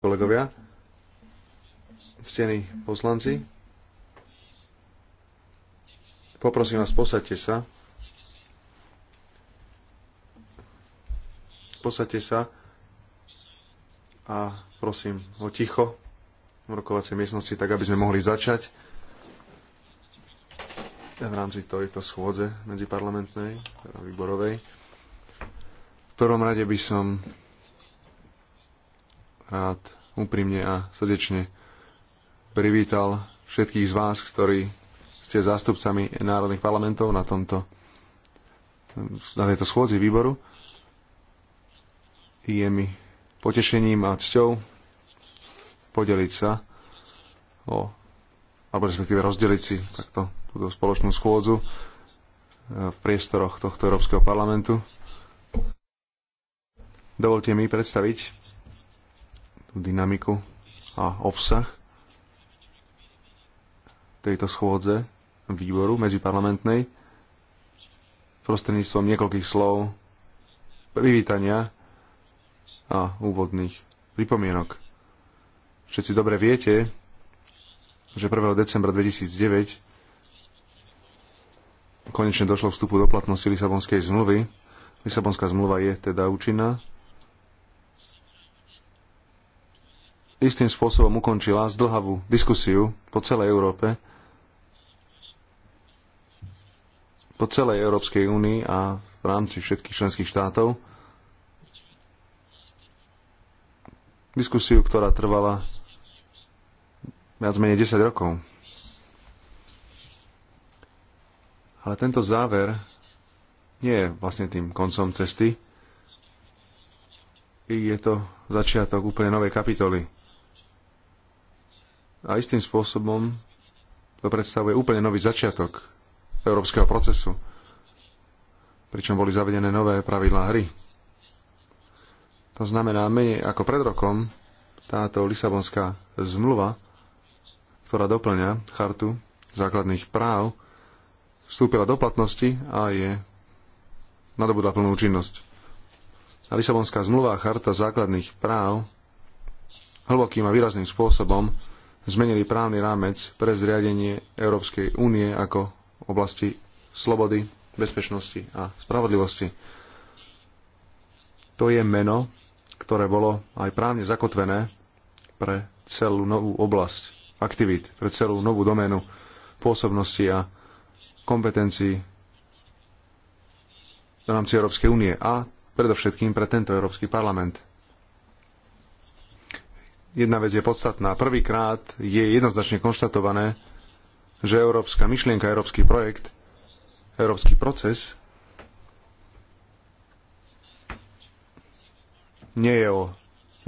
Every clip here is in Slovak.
kolegovia, ctení poslanci. Poprosím vás, posaďte sa. Posaďte sa a prosím o ticho v rokovacej miestnosti, tak aby sme mohli začať v rámci tejto schôdze medziparlamentnej, teda výborovej. V prvom rade by som rád úprimne a srdečne privítal všetkých z vás, ktorí ste zástupcami národných parlamentov na tomto na tejto schôdzi výboru. Je mi potešením a cťou podeliť sa o, alebo respektíve rozdeliť si takto túto spoločnú schôdzu e, v priestoroch tohto Európskeho parlamentu. Dovolte mi predstaviť tú dynamiku a obsah tejto schôdze výboru medziparlamentnej prostredníctvom niekoľkých slov privítania a úvodných pripomienok. Všetci dobre viete, že 1. decembra 2009 konečne došlo vstupu do platnosti Lisabonskej zmluvy. Lisabonská zmluva je teda účinná istým spôsobom ukončila zdlhavú diskusiu po celej Európe, po celej Európskej únii a v rámci všetkých členských štátov. Diskusiu, ktorá trvala viac menej 10 rokov. Ale tento záver nie je vlastne tým koncom cesty. Je to začiatok úplne novej kapitoly a istým spôsobom to predstavuje úplne nový začiatok európskeho procesu, pričom boli zavedené nové pravidlá hry. To znamená, menej ako pred rokom táto Lisabonská zmluva, ktorá doplňa chartu základných práv, vstúpila do platnosti a je nadobudla plnú činnosť. A Lisabonská zmluva a charta základných práv hlbokým a výrazným spôsobom zmenili právny rámec pre zriadenie Európskej únie ako oblasti slobody, bezpečnosti a spravodlivosti. To je meno, ktoré bolo aj právne zakotvené pre celú novú oblasť aktivít, pre celú novú doménu pôsobnosti a kompetencií v rámci Európskej únie a predovšetkým pre tento Európsky parlament jedna vec je podstatná. Prvýkrát je jednoznačne konštatované, že európska myšlienka, európsky projekt, európsky proces nie je o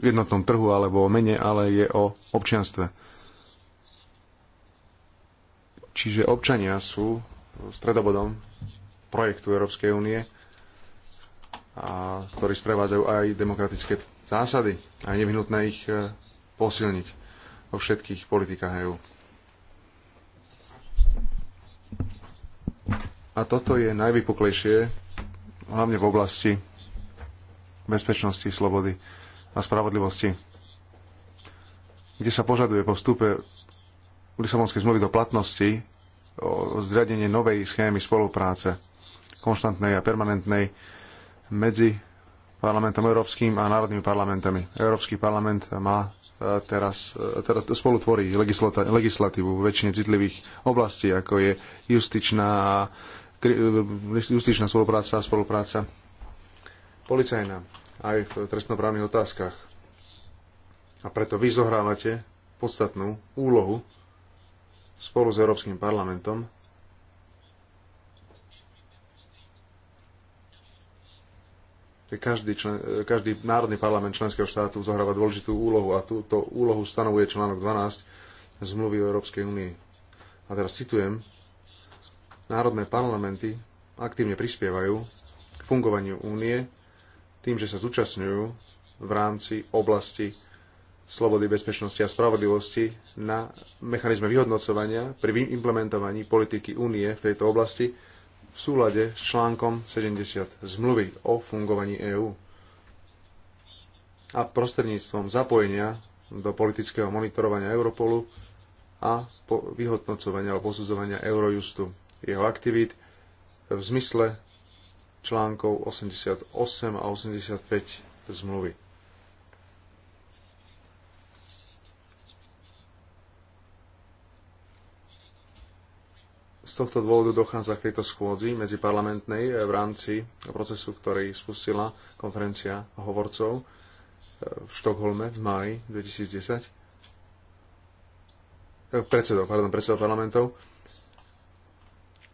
jednotnom trhu alebo o mene, ale je o občianstve. Čiže občania sú stredobodom projektu Európskej únie, a ktorí sprevádzajú aj demokratické zásady a nevyhnutné ich eh, posilniť vo všetkých politikách EÚ. A toto je najvypuklejšie, hlavne v oblasti bezpečnosti, slobody a spravodlivosti, kde sa požaduje po vstupe Lisabonskej zmluvy do platnosti o zriadenie novej schémy spolupráce, konštantnej a permanentnej medzi parlamentom európskym a národnými parlamentami. Európsky parlament má e, teraz, e, teda spolu tvorí legislatívu v väčšine citlivých oblastí, ako je justičná, e, justičná spolupráca a spolupráca policajná aj v trestnoprávnych otázkach. A preto vy zohrávate podstatnú úlohu spolu s Európskym parlamentom každý, člen, každý národný parlament členského štátu zohráva dôležitú úlohu a túto úlohu stanovuje článok 12 zmluvy o Európskej únii. A teraz citujem. Národné parlamenty aktívne prispievajú k fungovaniu únie tým, že sa zúčastňujú v rámci oblasti slobody, bezpečnosti a spravodlivosti na mechanizme vyhodnocovania pri implementovaní politiky únie v tejto oblasti v súlade s článkom 70 zmluvy o fungovaní EÚ a prostredníctvom zapojenia do politického monitorovania Europolu a vyhodnocovania alebo posudzovania Eurojustu, jeho aktivít v zmysle článkov 88 a 85 zmluvy. Z tohto dôvodu dochádza k tejto schôdzi medziparlamentnej v rámci procesu, ktorý spustila konferencia hovorcov eh, v Štokholme v máji 2010. Eh, predsedov, pardon, predsedov parlamentov.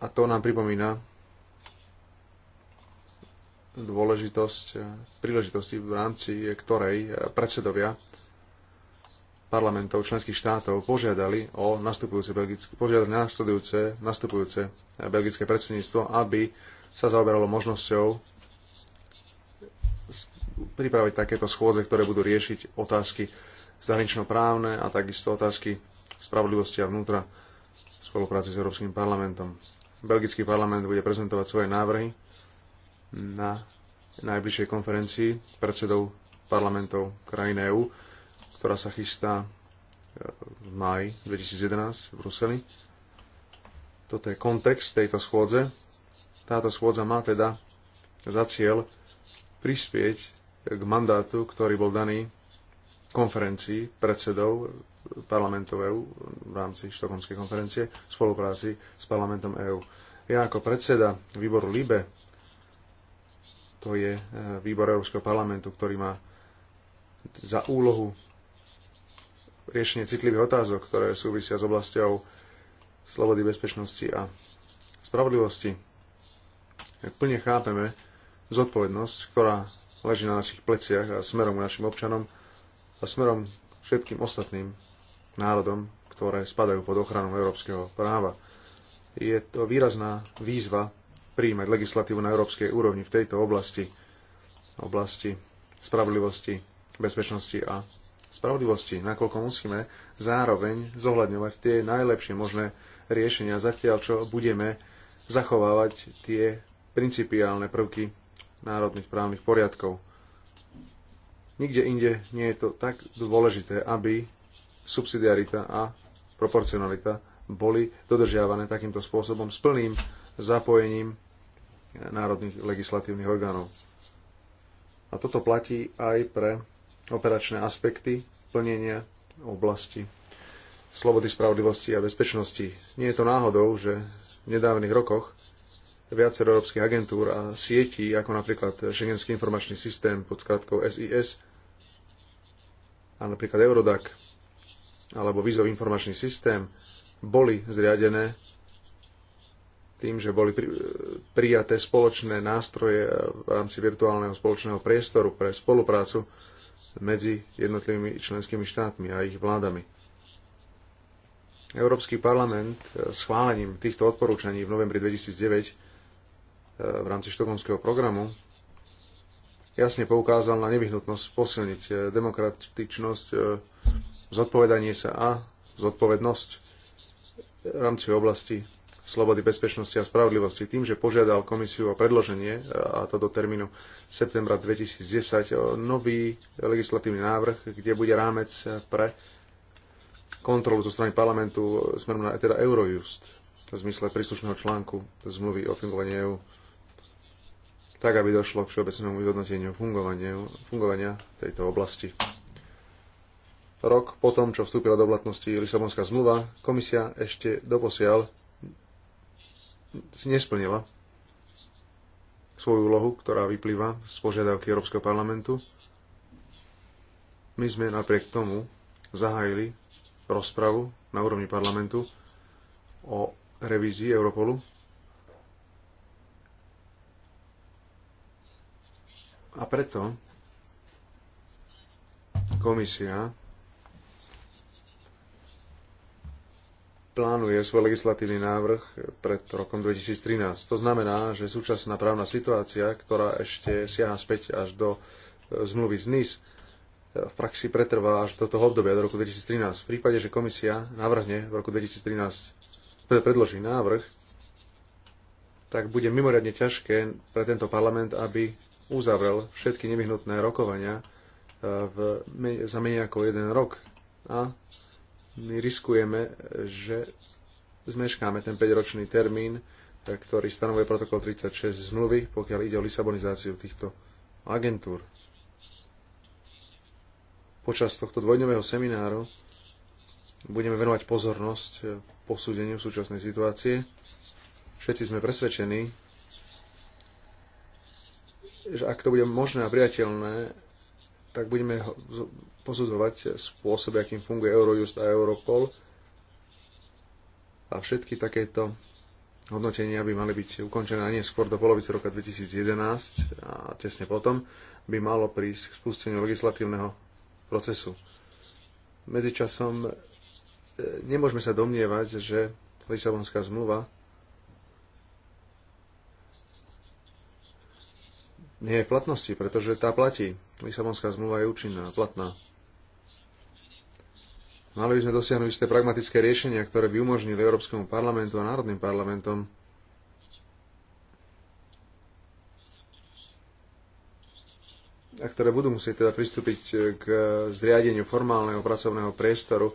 A to nám pripomína dôležitosť eh, príležitosti, v rámci ktorej predsedovia parlamentov členských štátov požiadali o nastupujúce belgické, požiadali nastupujúce, nastupujúce eh, belgické predsedníctvo, aby sa zaoberalo možnosťou pripraviť takéto schôdze, ktoré budú riešiť otázky zahranično-právne a takisto otázky spravodlivosti a vnútra v spolupráci s Európskym parlamentom. Belgický parlament bude prezentovať svoje návrhy na najbližšej konferencii predsedov parlamentov krajín EÚ ktorá sa chystá e, v máji 2011 v Bruseli. Toto je kontext tejto schôdze. Táto schôdza má teda za cieľ prispieť k mandátu, ktorý bol daný konferencii predsedov parlamentov EÚ v rámci štokomskej konferencie v spolupráci s parlamentom EÚ. Ja ako predseda výboru LIBE, to je e, výbor Európskeho parlamentu, ktorý má za úlohu riešenie citlivých otázok, ktoré súvisia s oblasťou slobody, bezpečnosti a spravodlivosti. Plne chápeme zodpovednosť, ktorá leží na našich pleciach a smerom k našim občanom a smerom všetkým ostatným národom, ktoré spadajú pod ochranu európskeho práva. Je to výrazná výzva príjmať legislatívu na európskej úrovni v tejto oblasti, oblasti spravodlivosti, bezpečnosti a spravodlivosti, nakoľko musíme zároveň zohľadňovať tie najlepšie možné riešenia, zatiaľ čo budeme zachovávať tie principiálne prvky národných právnych poriadkov. Nikde inde nie je to tak dôležité, aby subsidiarita a proporcionalita boli dodržiavané takýmto spôsobom s plným zapojením národných legislatívnych orgánov. A toto platí aj pre operačné aspekty plnenia oblasti slobody, spravodlivosti a bezpečnosti. Nie je to náhodou, že v nedávnych rokoch viacero európskych agentúr a sietí, ako napríklad Schengenský informačný systém pod skratkou SIS a napríklad Eurodac alebo vízový informačný systém, boli zriadené tým, že boli prijaté spoločné nástroje v rámci virtuálneho spoločného priestoru pre spoluprácu medzi jednotlivými členskými štátmi a ich vládami. Európsky parlament e, schválením týchto odporúčaní v novembri 2009 e, v rámci štokholmského programu jasne poukázal na nevyhnutnosť posilniť e, demokratičnosť, zodpovedanie sa a zodpovednosť v rámci oblasti slobody, bezpečnosti a spravodlivosti tým, že požiadal komisiu o predloženie, e, a to do termínu septembra 2010, nový legislatívny návrh, kde bude rámec pre kontrolu zo strany parlamentu e, smerom na teda Eurojust v zmysle príslušného článku zmluvy o fungovaní EU, tak, aby došlo k všeobecnému vyhodnoteniu fungovania tejto oblasti. Rok po tom, čo vstúpila do platnosti Lisabonská zmluva, komisia ešte doposiaľ si nesplnila svoju úlohu, ktorá vyplýva z požiadavky Európskeho parlamentu. My sme napriek tomu zahájili rozpravu na úrovni parlamentu o revízii Europolu. A preto komisia plánuje svoj legislatívny návrh pred rokom 2013. To znamená, že súčasná právna situácia, ktorá ešte siaha späť až do e, zmluvy z NIS, e, v praxi pretrvá až do toho obdobia, do roku 2013. V prípade, že komisia navrhne v roku 2013, teda predloží návrh, tak bude mimoriadne ťažké pre tento parlament, aby uzavrel všetky nevyhnutné rokovania e, v, za menej ako jeden rok. A my riskujeme, že zmeškáme ten 5-ročný termín, ktorý stanovuje protokol 36 zmluvy, pokiaľ ide o lisabonizáciu týchto agentúr. Počas tohto dvojdňového semináru budeme venovať pozornosť posúdeniu súčasnej situácie. Všetci sme presvedčení, že ak to bude možné a priateľné, tak budeme posudzovať spôsob, akým funguje Eurojust a Europol. A všetky takéto hodnotenia by mali byť ukončené skôr do polovice roka 2011 a tesne potom by malo prísť k spusteniu legislatívneho procesu. Medzičasom e, nemôžeme sa domnievať, že Lisabonská zmluva nie je v platnosti, pretože tá platí. Lisabonská zmluva je účinná, platná. Mali by sme dosiahnuť isté pragmatické riešenia, ktoré by umožnili Európskemu parlamentu a národným parlamentom a ktoré budú musieť teda pristúpiť e, k zriadeniu formálneho pracovného priestoru, e,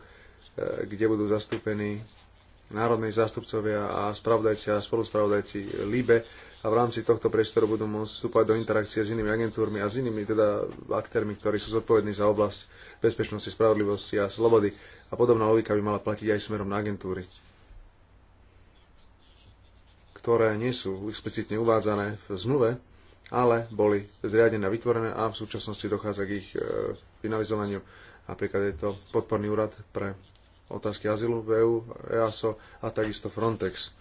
kde budú zastúpení národnej zástupcovia a spravodajci a spoluspravodajci LIBE a v rámci tohto priestoru budú môcť vstúpať do interakcie s inými agentúrmi a s inými teda aktérmi, ktorí sú zodpovední za oblasť bezpečnosti, spravodlivosti a slobody. A podobná logika by mala platiť aj smerom na agentúry ktoré nie sú explicitne uvádzané v zmluve, ale boli zriadené a vytvorené a v súčasnosti dochádza k ich e, finalizovaniu. Napríklad je to podporný úrad pre otázky azylu v EU, EASO a takisto Frontex.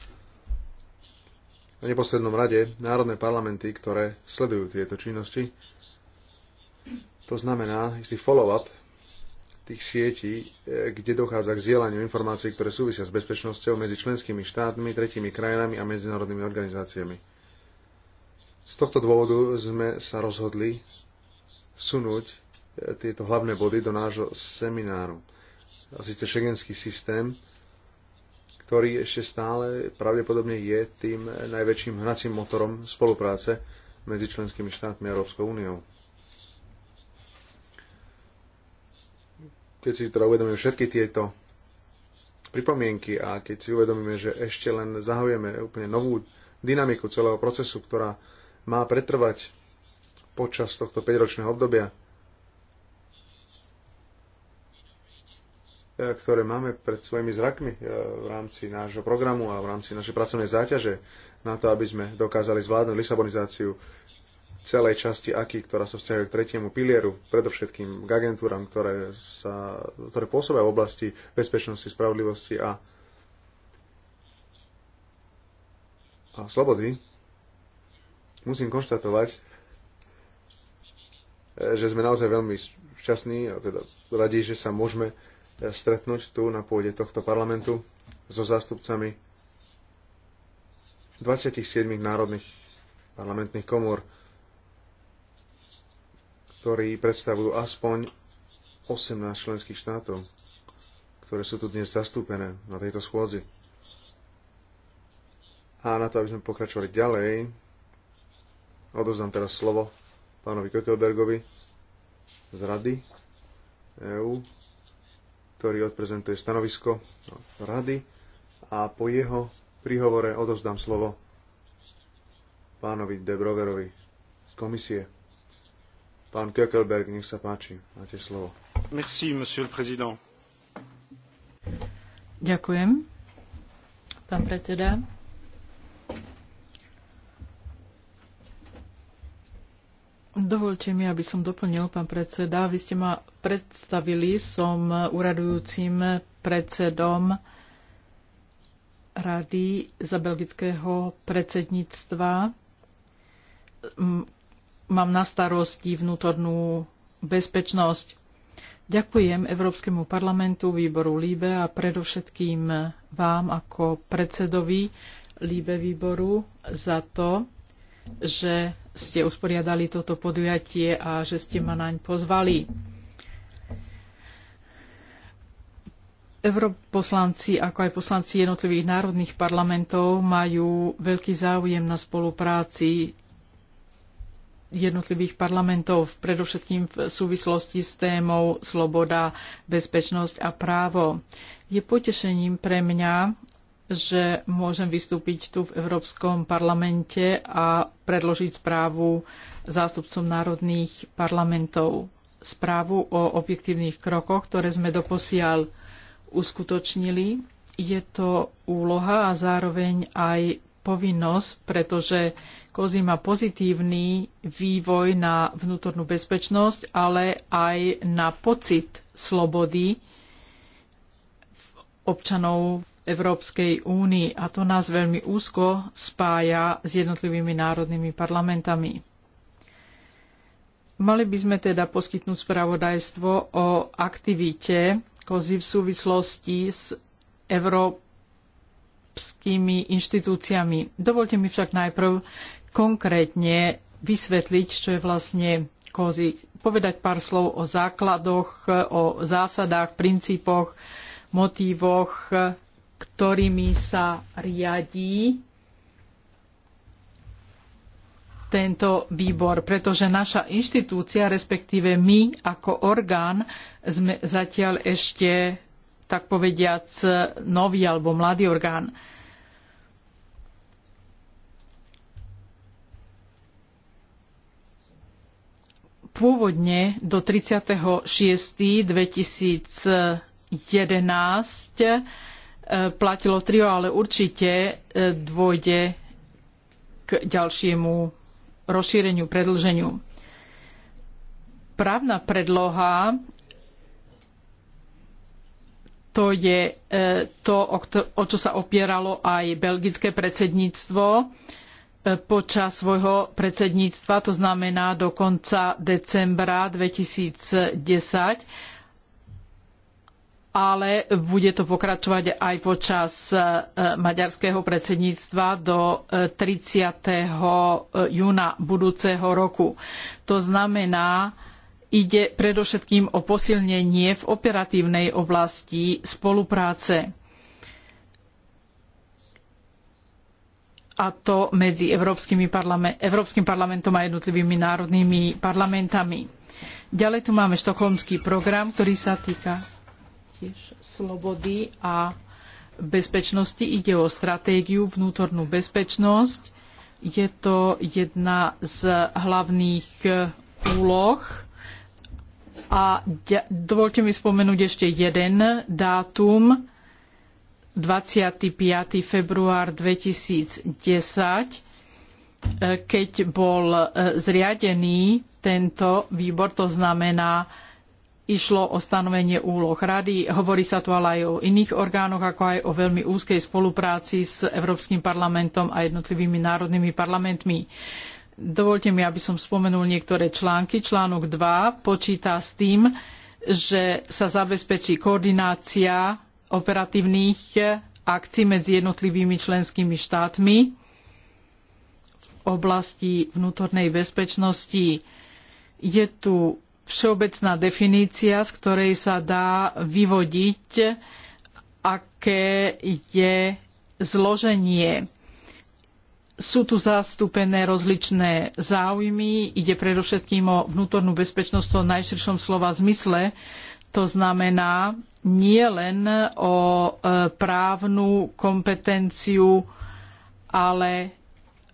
V neposlednom rade národné parlamenty, ktoré sledujú tieto činnosti, to znamená istý follow-up tých sietí, e, kde dochádza k zielaniu informácií, ktoré súvisia s bezpečnosťou medzi členskými štátmi, tretími krajinami a medzinárodnými organizáciami. Z tohto dôvodu sme sa rozhodli sunúť e, tieto hlavné body do nášho semináru a síce šengenský systém, ktorý ešte stále pravdepodobne je tým najväčším hnacím motorom spolupráce medzi členskými štátmi a Európskou úniou. Keď si teda uvedomíme všetky tieto pripomienky a keď si uvedomíme, že ešte len zahujeme úplne novú dynamiku celého procesu, ktorá má pretrvať počas tohto 5-ročného obdobia, E, ktoré máme pred svojimi zrakmi e, v rámci nášho programu a v rámci našej pracovnej záťaže na to, aby sme dokázali zvládnuť Lisabonizáciu celej časti AKI, ktorá sa vzťahuje k tretiemu pilieru, predovšetkým k agentúram, ktoré, sa, ktoré pôsobia v oblasti bezpečnosti, spravodlivosti a, a slobody, musím konštatovať, e, že sme naozaj veľmi šťastní a teda radi, že sa môžeme stretnúť tu na pôde tohto parlamentu so zástupcami 27 národných parlamentných komôr, ktorí predstavujú aspoň 18 členských štátov, ktoré sú tu dnes zastúpené na tejto schôdzi. A na to, aby sme pokračovali ďalej, odozdám teraz slovo pánovi Kökelbergovi z Rady EÚ ktorý odprezentuje stanovisko rady a po jeho príhovore odozdám slovo pánovi De Broverovi z komisie. Pán Kökelberg, nech sa páči, máte slovo. Merci, monsieur le président. Ďakujem, pán predseda. Dovolte mi, aby som doplnil, pán predseda. Vy ste ma predstavili, som uradujúcim predsedom rady za belgického predsedníctva. Mám na starosti vnútornú bezpečnosť. Ďakujem Európskemu parlamentu, výboru Líbe a predovšetkým vám ako predsedovi Líbe výboru za to, že ste usporiadali toto podujatie a že ste ma naň pozvali. Europoslanci, ako aj poslanci jednotlivých národných parlamentov, majú veľký záujem na spolupráci jednotlivých parlamentov, predovšetkým v súvislosti s témou sloboda, bezpečnosť a právo. Je potešením pre mňa, že môžem vystúpiť tu v Európskom parlamente a predložiť správu zástupcom národných parlamentov. Správu o objektívnych krokoch, ktoré sme doposiaľ uskutočnili. Je to úloha a zároveň aj povinnosť, pretože kozy má pozitívny vývoj na vnútornú bezpečnosť, ale aj na pocit slobody občanov Európskej únii a to nás veľmi úzko spája s jednotlivými národnými parlamentami. Mali by sme teda poskytnúť spravodajstvo o aktivite kozy v súvislosti s európskymi inštitúciami. Dovolte mi však najprv konkrétne vysvetliť, čo je vlastne kozy. Povedať pár slov o základoch, o zásadách, princípoch, motívoch ktorými sa riadí tento výbor, pretože naša inštitúcia, respektíve my ako orgán, sme zatiaľ ešte, tak povediac, nový alebo mladý orgán. Pôvodne do 2011 platilo trio, ale určite e, dôjde k ďalšiemu rozšíreniu, predlženiu. Právna predloha to je e, to, o čo sa opieralo aj belgické predsedníctvo e, počas svojho predsedníctva, to znamená do konca decembra 2010 ale bude to pokračovať aj počas e, maďarského predsedníctva do 30. E, e, júna budúceho roku. To znamená, ide predovšetkým o posilnenie v operatívnej oblasti spolupráce. a to medzi parlament, Európskym parlamentom a jednotlivými národnými parlamentami. Ďalej tu máme štokholmský program, ktorý sa týka tiež slobody a bezpečnosti. Ide o stratégiu, vnútornú bezpečnosť. Je to jedna z hlavných e, úloh. A dovolte mi spomenúť ešte jeden dátum. 25. február 2010, e, keď bol e, zriadený tento výbor, to znamená išlo o stanovenie úloh rady. Hovorí sa tu ale aj o iných orgánoch, ako aj o veľmi úzkej spolupráci s Európskym parlamentom a jednotlivými národnými parlamentmi. Dovolte mi, aby som spomenul niektoré články. Článok 2 počíta s tým, že sa zabezpečí koordinácia operatívnych akcií medzi jednotlivými členskými štátmi v oblasti vnútornej bezpečnosti. Je tu všeobecná definícia, z ktorej sa dá vyvodiť, aké je zloženie. Sú tu zastúpené rozličné záujmy, ide predovšetkým o vnútornú bezpečnosť v najširšom slova zmysle, to znamená nie len o e, právnu kompetenciu, ale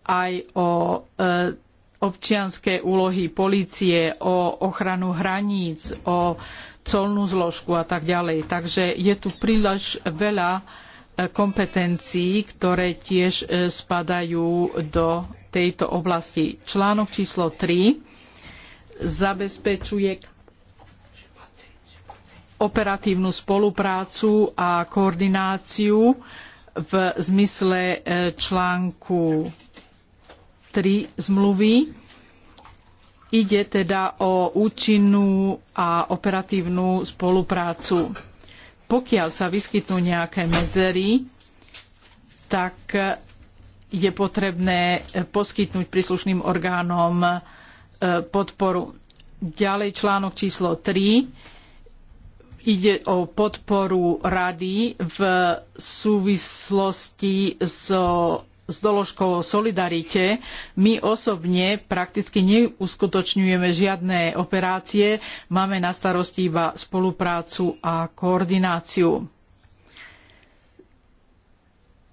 aj o e, občianske úlohy polície, o ochranu hraníc, o colnú zložku a tak ďalej. Takže je tu príliš veľa e, kompetencií, ktoré tiež e, spadajú do tejto oblasti. Článok číslo 3 zabezpečuje operatívnu spoluprácu a koordináciu v zmysle e, článku 3 zmluvy. Ide teda o účinnú a operatívnu spoluprácu. Pokiaľ sa vyskytnú nejaké medzery, tak je potrebné poskytnúť príslušným orgánom e, podporu. Ďalej článok číslo 3 ide o podporu rady v súvislosti so s doložkou o solidarite. My osobne prakticky neuskutočňujeme žiadne operácie, máme na starosti iba spoluprácu a koordináciu.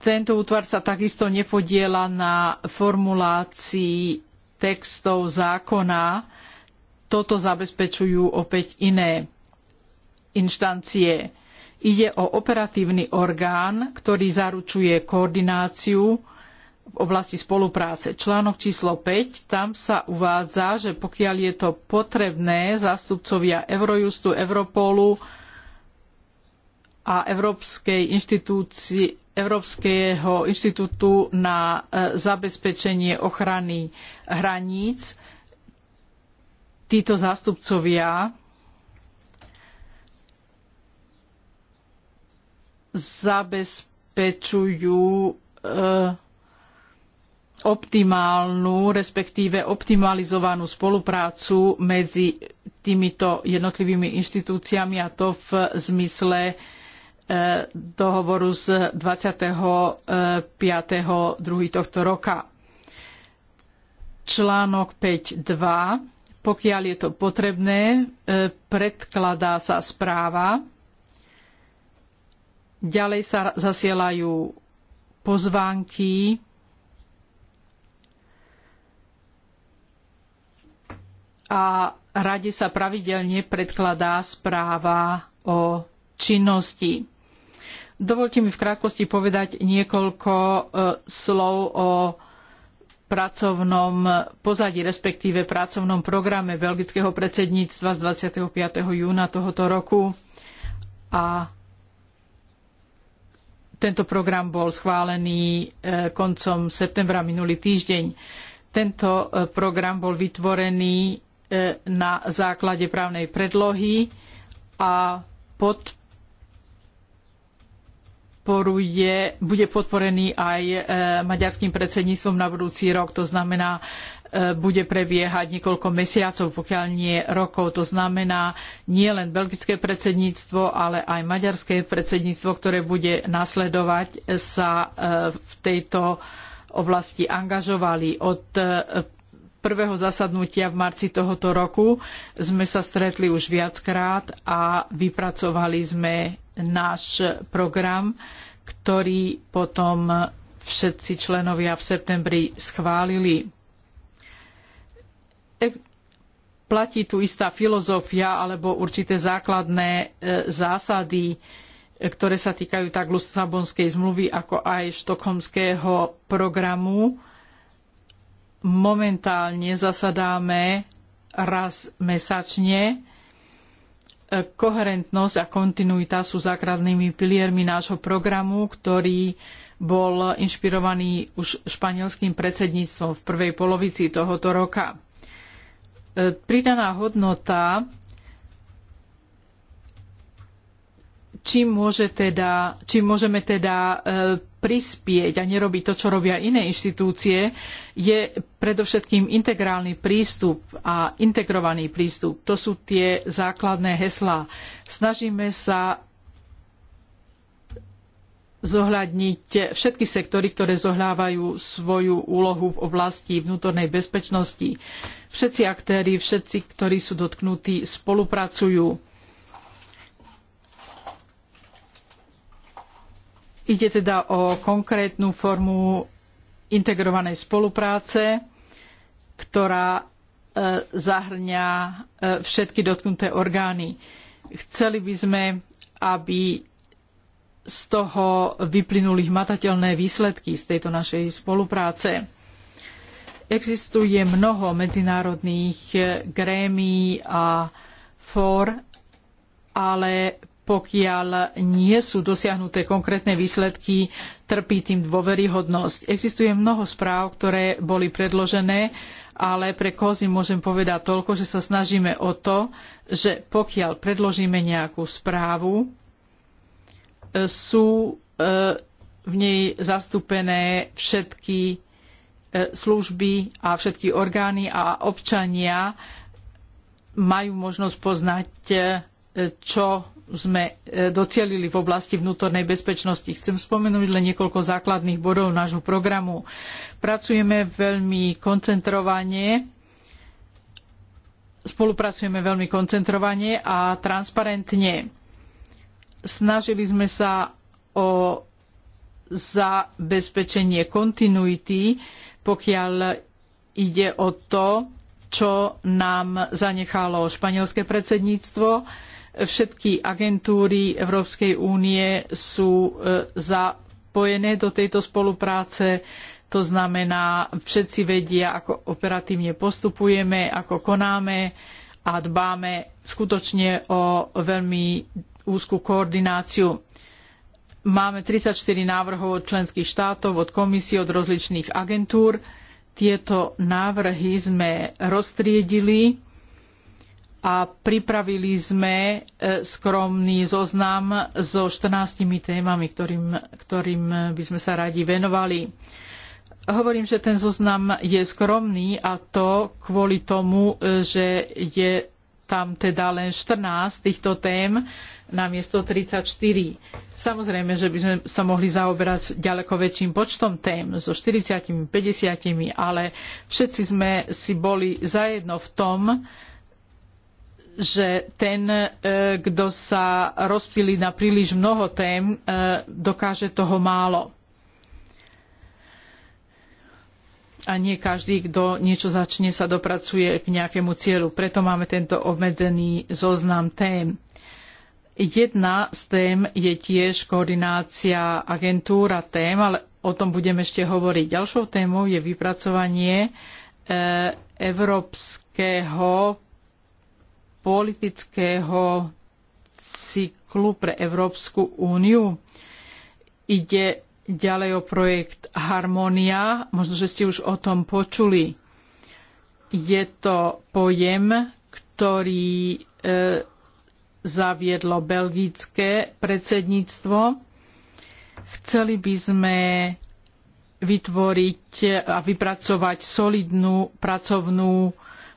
Tento útvar sa takisto nepodiela na formulácii textov zákona. Toto zabezpečujú opäť iné inštancie. Ide o operatívny orgán, ktorý zaručuje koordináciu v oblasti spolupráce. Článok číslo 5, tam sa uvádza, že pokiaľ je to potrebné, zástupcovia Eurojustu, Europolu a Európskej inštitúcie, Európskeho inštitútu na e, zabezpečenie ochrany hraníc. Títo zástupcovia zabezpečujú e, optimálnu, respektíve optimalizovanú spoluprácu medzi týmito jednotlivými inštitúciami a to v zmysle e, dohovoru z 25.2. E, tohto roka. Článok 5.2. Pokiaľ je to potrebné, e, predkladá sa správa. Ďalej sa zasielajú pozvánky a rade sa pravidelne predkladá správa o činnosti. Dovolte mi v krátkosti povedať niekoľko e, slov o pracovnom pozadí, respektíve pracovnom programe belgického predsedníctva z 25. júna tohoto roku. A tento program bol schválený e, koncom septembra minulý týždeň. Tento e, program bol vytvorený E, na základe právnej predlohy a podporuje, bude podporený aj e, maďarským predsedníctvom na budúci rok. To znamená, e, bude prebiehať niekoľko mesiacov, pokiaľ nie rokov. To znamená nielen belgické predsedníctvo, ale aj maďarské predsedníctvo, ktoré bude nasledovať, sa v tejto oblasti angažovali. Od prvého zasadnutia v marci tohoto roku sme sa stretli už viackrát a vypracovali sme náš program, ktorý potom všetci členovia v septembri schválili. E, platí tu istá filozofia alebo určité základné e, zásady, e, ktoré sa týkajú tak Lisabonskej zmluvy, ako aj štokholmského programu momentálne zasadáme raz mesačne. E, koherentnosť a kontinuita sú základnými piliermi nášho programu, ktorý bol inšpirovaný už španielským predsedníctvom v prvej polovici tohoto roka. E, pridaná hodnota Čím môže teda, čím môžeme teda e, prispieť a nerobiť to, čo robia iné inštitúcie, je predovšetkým integrálny prístup a integrovaný prístup. To sú tie základné heslá. Snažíme sa zohľadniť všetky sektory, ktoré zohľávajú svoju úlohu v oblasti vnútornej bezpečnosti. Všetci aktéri, všetci, ktorí sú dotknutí, spolupracujú Ide teda o konkrétnu formu integrovanej spolupráce, ktorá e, zahŕňa e, všetky dotknuté orgány. Chceli by sme, aby z toho vyplynuli hmatateľné výsledky z tejto našej spolupráce. Existuje mnoho medzinárodných e, grémií a fór, ale pokiaľ nie sú dosiahnuté konkrétne výsledky, trpí tým dôveryhodnosť. Existuje mnoho správ, ktoré boli predložené, ale pre kozy môžem povedať toľko, že sa snažíme o to, že pokiaľ predložíme nejakú správu, sú e, v nej zastúpené všetky e, služby a všetky orgány a občania majú možnosť poznať, e, čo sme e, docielili v oblasti vnútornej bezpečnosti. Chcem spomenúť len niekoľko základných bodov nášho programu. Pracujeme veľmi koncentrovane, spolupracujeme veľmi koncentrovane a transparentne. Snažili sme sa o zabezpečenie kontinuity, pokiaľ ide o to, čo nám zanechalo španielské predsedníctvo. Všetky agentúry Európskej únie sú e, zapojené do tejto spolupráce. To znamená, všetci vedia, ako operatívne postupujeme, ako konáme a dbáme skutočne o veľmi úzku koordináciu. Máme 34 návrhov od členských štátov, od komisí, od rozličných agentúr tieto návrhy sme roztriedili a pripravili sme e, skromný zoznam so 14 témami, ktorým, ktorým by sme sa radi venovali. Hovorím, že ten zoznam je skromný a to kvôli tomu, e, že je tam teda len 14 týchto tém namiesto 34. Samozrejme, že by sme sa mohli zaoberať ďaleko väčším počtom tém, so 40, 50, ale všetci sme si boli zajedno v tom, že ten, e, kto sa rozptýli na príliš mnoho tém, e, dokáže toho málo. a nie každý, kto niečo začne, sa dopracuje k nejakému cieľu. Preto máme tento obmedzený zoznam tém. Jedna z tém je tiež koordinácia agentúra tém, ale o tom budem ešte hovoriť. Ďalšou témou je vypracovanie e, európskeho politického cyklu pre Európsku úniu. Ide ďalej o projekt Harmonia. Možno, že ste už o tom počuli. Je to pojem, ktorý e, zaviedlo belgické predsedníctvo. Chceli by sme vytvoriť a vypracovať solidnú pracovnú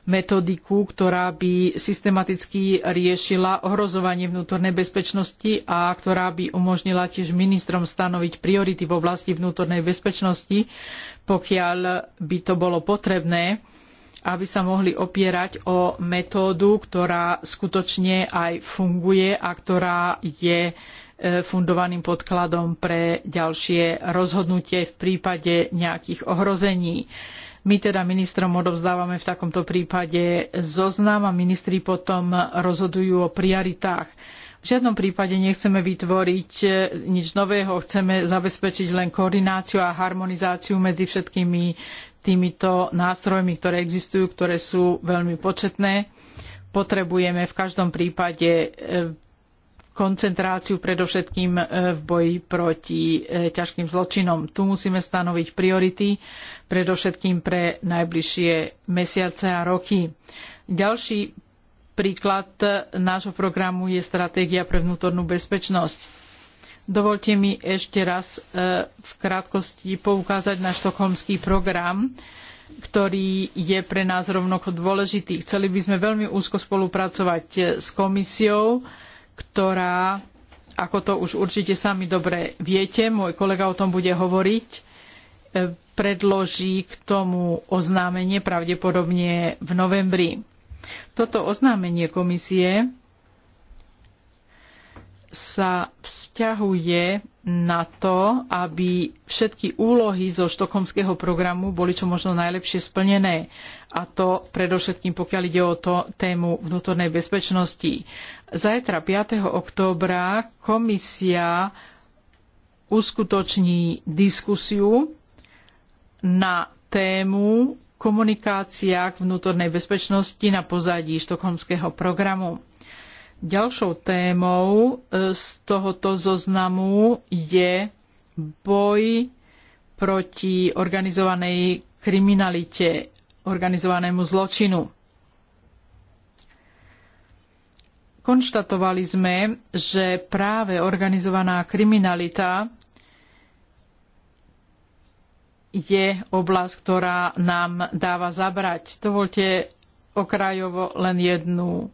metodiku, ktorá by systematicky riešila ohrozovanie vnútornej bezpečnosti a ktorá by umožnila tiež ministrom stanoviť priority v oblasti vnútornej bezpečnosti, pokiaľ by to bolo potrebné aby sa mohli opierať o metódu, ktorá skutočne aj funguje a ktorá je e, fundovaným podkladom pre ďalšie rozhodnutie v prípade nejakých ohrození. My teda ministrom odovzdávame v takomto prípade zoznam a ministri potom rozhodujú o prioritách. V žiadnom prípade nechceme vytvoriť e, nič nového, chceme zabezpečiť len koordináciu a harmonizáciu medzi všetkými týmito nástrojmi, ktoré existujú, ktoré sú veľmi početné potrebujeme v každom prípade e, koncentráciu predovšetkým e, v boji proti e, ťažkým zločinom. Tu musíme stanoviť priority predovšetkým pre najbližšie mesiace a roky. Ďalší príklad e, nášho programu je stratégia pre vnútornú bezpečnosť. Dovolte mi ešte raz v krátkosti poukázať na štokholmský program, ktorý je pre nás rovnako dôležitý. Chceli by sme veľmi úzko spolupracovať s komisiou, ktorá, ako to už určite sami dobre viete, môj kolega o tom bude hovoriť, e, predloží k tomu oznámenie pravdepodobne v novembri. Toto oznámenie komisie sa vzťahuje na to, aby všetky úlohy zo štokholmského programu boli čo možno najlepšie splnené. A to predovšetkým, pokiaľ ide o to tému vnútornej bezpečnosti. Zajtra 5. októbra komisia uskutoční diskusiu na tému komunikácia k vnútornej bezpečnosti na pozadí štokholmského programu. Ďalšou témou e, z tohoto zoznamu je boj proti organizovanej kriminalite, organizovanému zločinu. Konštatovali sme, že práve organizovaná kriminalita je oblasť, ktorá nám dáva zabrať. Dovolte okrajovo len jednu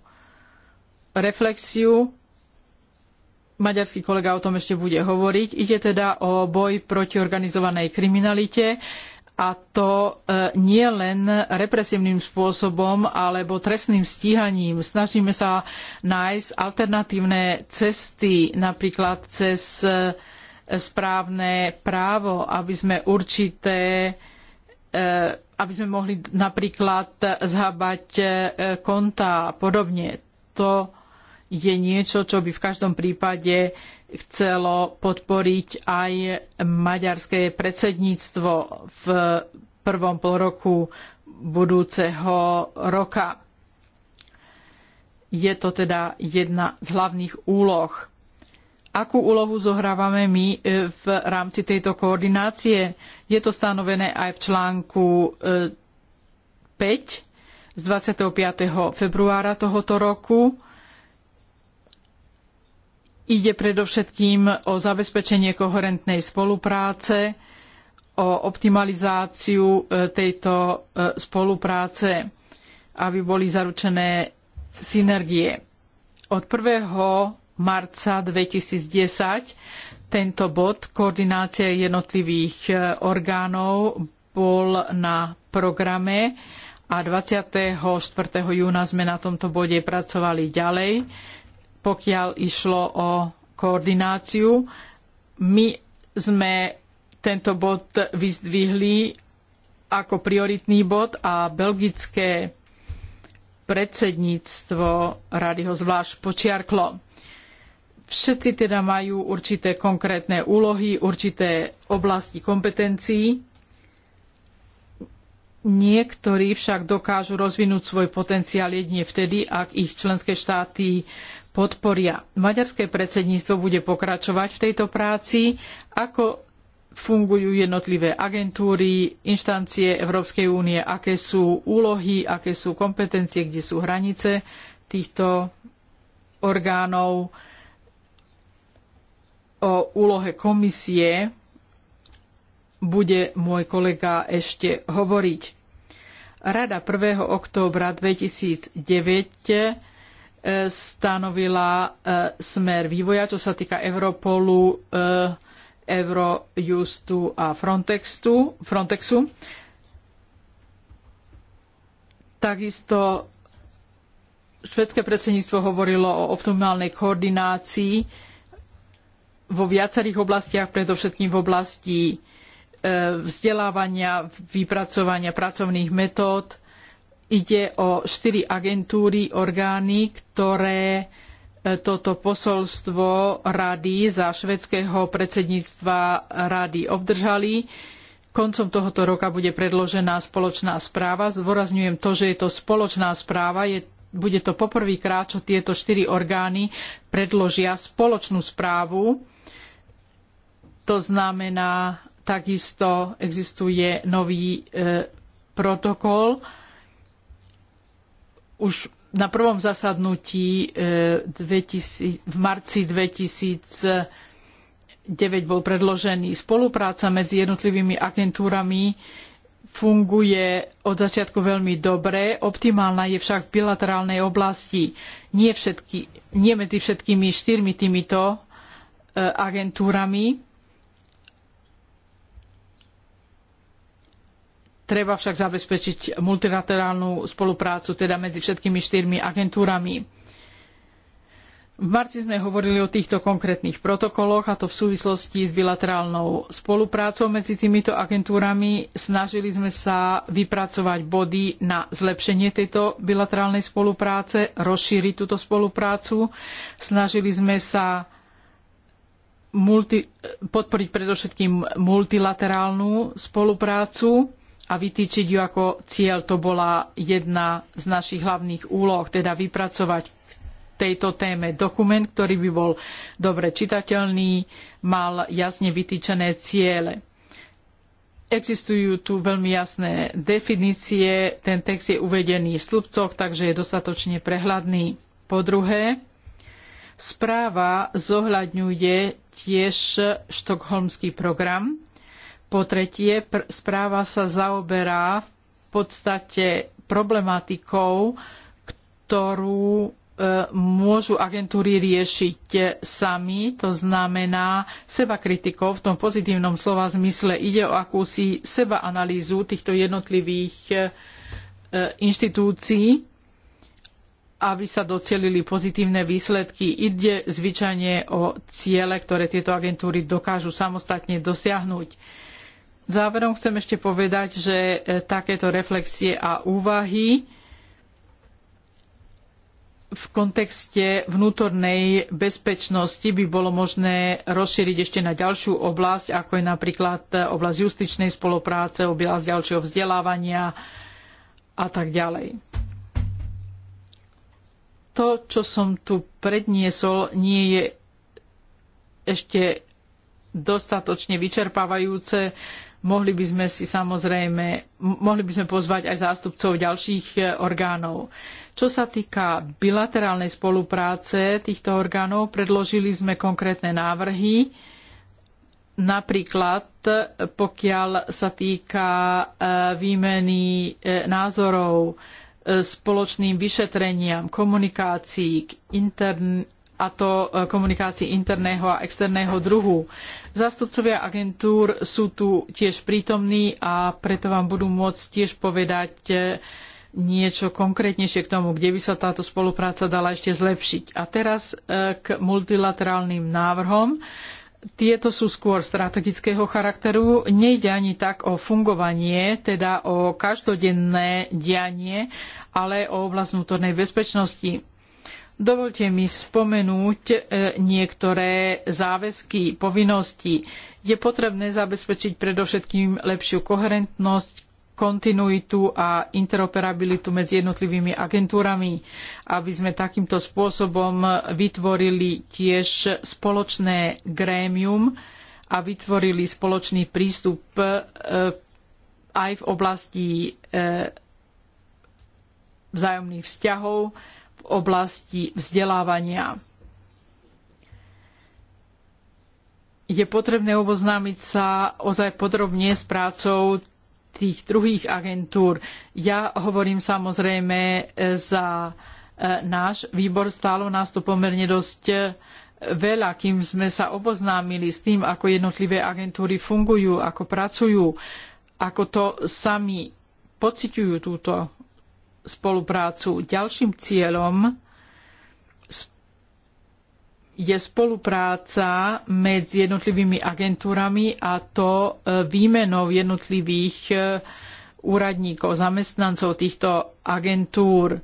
reflexiu. Maďarský kolega o tom ešte bude hovoriť. Ide teda o boj proti organizovanej kriminalite a to e, nie len represívnym spôsobom alebo trestným stíhaním. Snažíme sa nájsť alternatívne cesty, napríklad cez e, správne právo, aby sme určité e, aby sme mohli napríklad zhábať konta a podobne. To je niečo, čo by v každom prípade chcelo podporiť aj maďarské predsedníctvo v prvom polroku budúceho roka. Je to teda jedna z hlavných úloh. Akú úlohu zohrávame my e, v rámci tejto koordinácie? Je to stanovené aj v článku 5 e, z 25. februára tohoto roku Ide predovšetkým o zabezpečenie koherentnej spolupráce, o optimalizáciu e, tejto e, spolupráce, aby boli zaručené synergie. Od 1. marca 2010 tento bod koordinácie jednotlivých e, orgánov bol na programe a 24. júna sme na tomto bode pracovali ďalej pokiaľ išlo o koordináciu. My sme tento bod vyzdvihli ako prioritný bod a belgické predsedníctvo rady ho zvlášť počiarklo. Všetci teda majú určité konkrétne úlohy, určité oblasti kompetencií. Niektorí však dokážu rozvinúť svoj potenciál jedine vtedy, ak ich členské štáty podporia. Maďarské predsedníctvo bude pokračovať v tejto práci, ako fungujú jednotlivé agentúry, inštancie Európskej únie, aké sú úlohy, aké sú kompetencie, kde sú hranice týchto orgánov, o úlohe komisie bude môj kolega ešte hovoriť. Rada 1. októbra 2009 stanovila e, smer vývoja, čo sa týka Europolu, e, Eurojustu a Frontextu, Frontexu. Takisto švedské predsedníctvo hovorilo o optimálnej koordinácii vo viacerých oblastiach, predovšetkým v oblasti e, vzdelávania, vypracovania pracovných metód Ide o štyri agentúry, orgány, ktoré e, toto posolstvo rady za švedského predsedníctva rady obdržali. Koncom tohoto roka bude predložená spoločná správa. Zdôrazňujem to, že je to spoločná správa. Je, bude to poprvýkrát, čo tieto štyri orgány predložia spoločnú správu. To znamená, takisto existuje nový e, protokol už na prvom zasadnutí e, v marci 2009 bol predložený. Spolupráca medzi jednotlivými agentúrami funguje od začiatku veľmi dobre, optimálna je však v bilaterálnej oblasti. Nie, všetky, nie medzi všetkými štyrmi týmito e, agentúrami Treba však zabezpečiť multilaterálnu spoluprácu teda medzi všetkými štyrmi agentúrami. V marci sme hovorili o týchto konkrétnych protokoloch a to v súvislosti s bilaterálnou spoluprácou medzi týmito agentúrami. Snažili sme sa vypracovať body na zlepšenie tejto bilaterálnej spolupráce, rozšíriť túto spoluprácu. Snažili sme sa multi, podporiť predovšetkým multilaterálnu spoluprácu a vytýčiť ju ako cieľ. To bola jedna z našich hlavných úloh, teda vypracovať v tejto téme dokument, ktorý by bol dobre čitateľný, mal jasne vytýčené ciele. Existujú tu veľmi jasné definície, ten text je uvedený v slupcoch, takže je dostatočne prehľadný. Po druhé, správa zohľadňuje tiež štokholmský program, po tretie, správa sa zaoberá v podstate problematikou, ktorú e, môžu agentúry riešiť e, sami, to znamená seba v tom pozitívnom slova zmysle. Ide o akúsi seba analýzu týchto jednotlivých e, inštitúcií, aby sa docielili pozitívne výsledky. Ide zvyčajne o ciele, ktoré tieto agentúry dokážu samostatne dosiahnuť Záverom chcem ešte povedať, že e, takéto reflexie a úvahy v kontexte vnútornej bezpečnosti by bolo možné rozšíriť ešte na ďalšiu oblasť, ako je napríklad e, oblasť justičnej spolupráce, oblasť ďalšieho vzdelávania a tak ďalej. To, čo som tu predniesol, nie je ešte dostatočne vyčerpávajúce. Mohli by sme si samozrejme, mohli by sme pozvať aj zástupcov ďalších e, orgánov. Čo sa týka bilaterálnej spolupráce týchto orgánov, predložili sme konkrétne návrhy, napríklad pokiaľ sa týka e, výmeny e, názorov spoločným vyšetreniam, komunikácií, k intern, a to e, komunikácii interného a externého druhu. Zástupcovia agentúr sú tu tiež prítomní a preto vám budú môcť tiež povedať e, niečo konkrétnejšie k tomu, kde by sa táto spolupráca dala ešte zlepšiť. A teraz e, k multilaterálnym návrhom. Tieto sú skôr strategického charakteru. Nejde ani tak o fungovanie, teda o každodenné dianie, ale o oblasť vnútornej bezpečnosti Dovolte mi spomenúť e, niektoré záväzky, povinnosti. Je potrebné zabezpečiť predovšetkým lepšiu koherentnosť, kontinuitu a interoperabilitu medzi jednotlivými agentúrami, aby sme takýmto spôsobom vytvorili tiež spoločné grémium a vytvorili spoločný prístup e, aj v oblasti e, vzájomných vzťahov oblasti vzdelávania. Je potrebné oboznámiť sa ozaj podrobne s prácou tých druhých agentúr. Ja hovorím samozrejme za e, náš výbor, stálo nás to pomerne dosť e, veľa, kým sme sa oboznámili s tým, ako jednotlivé agentúry fungujú, ako pracujú, ako to sami pociťujú túto spoluprácu. Ďalším cieľom je spolupráca medzi jednotlivými agentúrami a to e, výmenou jednotlivých e, úradníkov, zamestnancov týchto agentúr.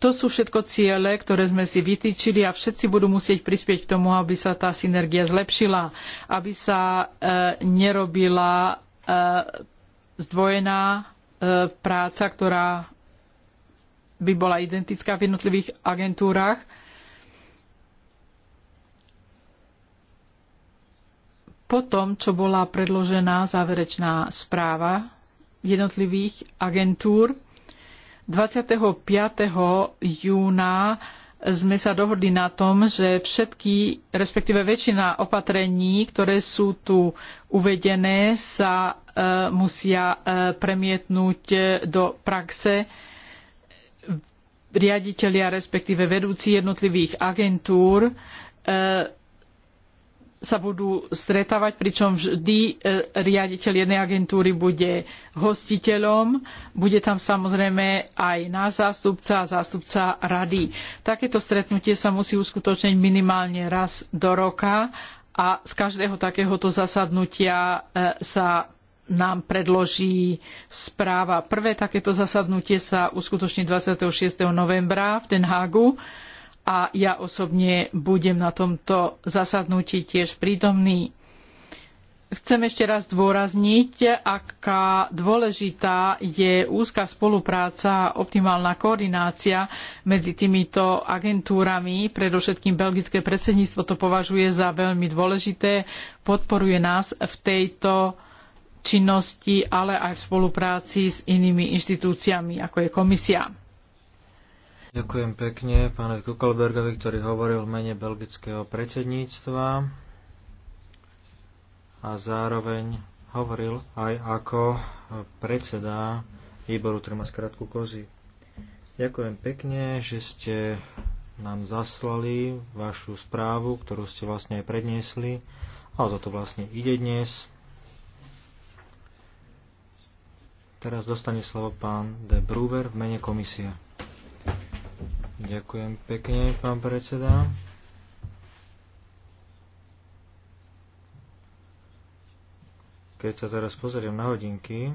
To sú všetko ciele, ktoré sme si vytýčili a všetci budú musieť prispieť k tomu, aby sa tá synergia zlepšila, aby sa e, nerobila zdvojená práca, ktorá by bola identická v jednotlivých agentúrach. Po tom, čo bola predložená záverečná správa jednotlivých agentúr, 25. júna sme sa dohodli na tom, že všetky, respektíve väčšina opatrení, ktoré sú tu uvedené, sa e, musia e, premietnúť e, do praxe riaditelia, respektíve vedúci jednotlivých agentúr e, sa budú stretávať, pričom vždy e, riaditeľ jednej agentúry bude hostiteľom. Bude tam samozrejme aj náš zástupca a zástupca rady. Takéto stretnutie sa musí uskutočniť minimálne raz do roka a z každého takéhoto zasadnutia e, sa nám predloží správa. Prvé takéto zasadnutie sa uskutoční 26. novembra v Den Hagu a ja osobne budem na tomto zasadnutí tiež prítomný. Chcem ešte raz dôrazniť, aká dôležitá je úzka spolupráca a optimálna koordinácia medzi týmito agentúrami. Predovšetkým belgické predsedníctvo to považuje za veľmi dôležité. Podporuje nás v tejto činnosti, ale aj v spolupráci s inými inštitúciami, ako je komisia. Ďakujem pekne pánovi Kukalbergovi, ktorý hovoril v mene belgického predsedníctva a zároveň hovoril aj ako predseda výboru, ktorý má skratku kozy. Ďakujem pekne, že ste nám zaslali vašu správu, ktorú ste vlastne aj predniesli. A o to vlastne ide dnes. Teraz dostane slovo pán De Bruver v mene komisie. Ďakujem pekne, pán predseda. Keď sa teraz pozriem na hodinky,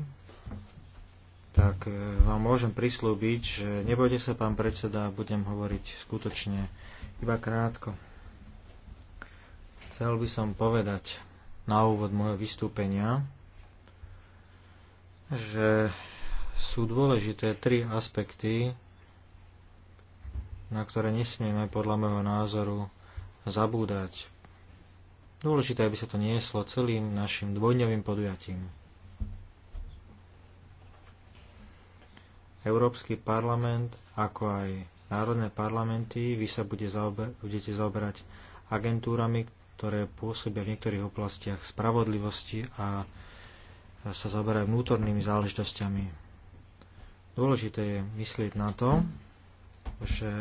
tak e, vám môžem prislúbiť, že nebojte sa, pán predseda, budem hovoriť skutočne iba krátko. Chcel by som povedať na úvod môjho vystúpenia, že sú dôležité tri aspekty, na ktoré nesmieme podľa môjho názoru zabúdať. Dôležité, aby sa to nieslo celým našim dvojňovým podujatím. Európsky parlament, ako aj národné parlamenty, vy sa bude zaober- budete zaoberať agentúrami, ktoré pôsobia v niektorých oblastiach spravodlivosti a sa zaberajú vnútornými záležitosťami. Dôležité je myslieť na to, že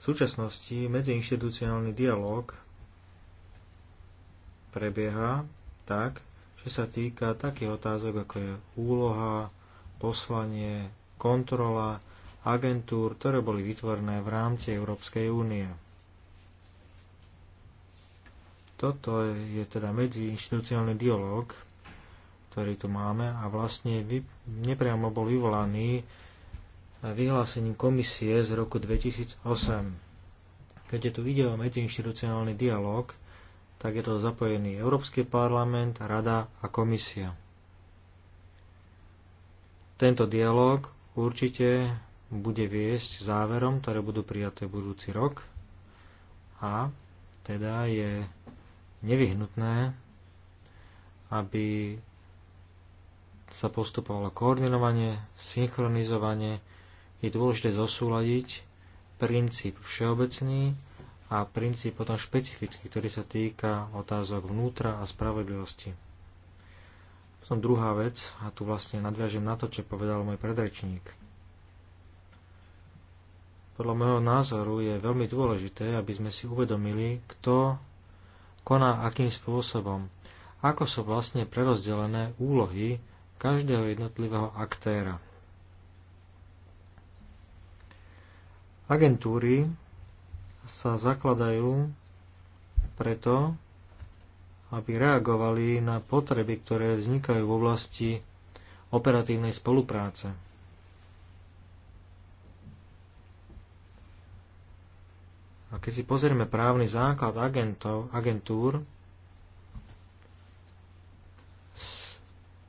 v súčasnosti medziinštitucionálny dialog prebieha tak, že sa týka takých otázok, ako je úloha, poslanie, kontrola agentúr, ktoré boli vytvorené v rámci Európskej únie. Toto je teda medziinstitucionálny dialog, ktorý tu máme a vlastne vy, nepriamo bol vyvolaný vyhlásením komisie z roku 2008. Keďže tu ide o medziinstitucionálny dialog, tak je to zapojený Európsky parlament, Rada a komisia. Tento dialog určite bude viesť záverom, ktoré budú prijaté budúci rok a teda je nevyhnutné, aby sa postupovalo koordinovanie, synchronizovanie, je dôležité zosúľadiť princíp všeobecný a princíp potom špecifický, ktorý sa týka otázok vnútra a spravodlivosti. Potom druhá vec, a tu vlastne nadviažem na to, čo povedal môj predrečník. Podľa môjho názoru je veľmi dôležité, aby sme si uvedomili, kto koná akým spôsobom, ako sú vlastne prerozdelené úlohy každého jednotlivého aktéra. Agentúry sa zakladajú preto, aby reagovali na potreby, ktoré vznikajú v oblasti operatívnej spolupráce. A keď si pozrieme právny základ agentov, agentúr,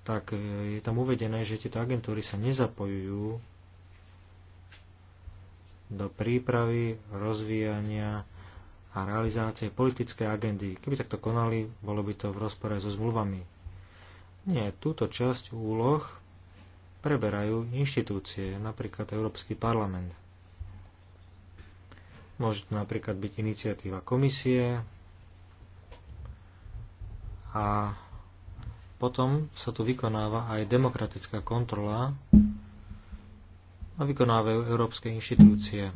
tak e, je tam uvedené, že tieto agentúry sa nezapojujú do prípravy, rozvíjania a realizácie politickej agendy. Keby takto konali, bolo by to v rozpore so zmluvami. Nie, túto časť úloh preberajú inštitúcie, napríklad Európsky parlament. Môže to napríklad byť iniciatíva komisie a potom sa tu vykonáva aj demokratická kontrola a vykonávajú európske inštitúcie.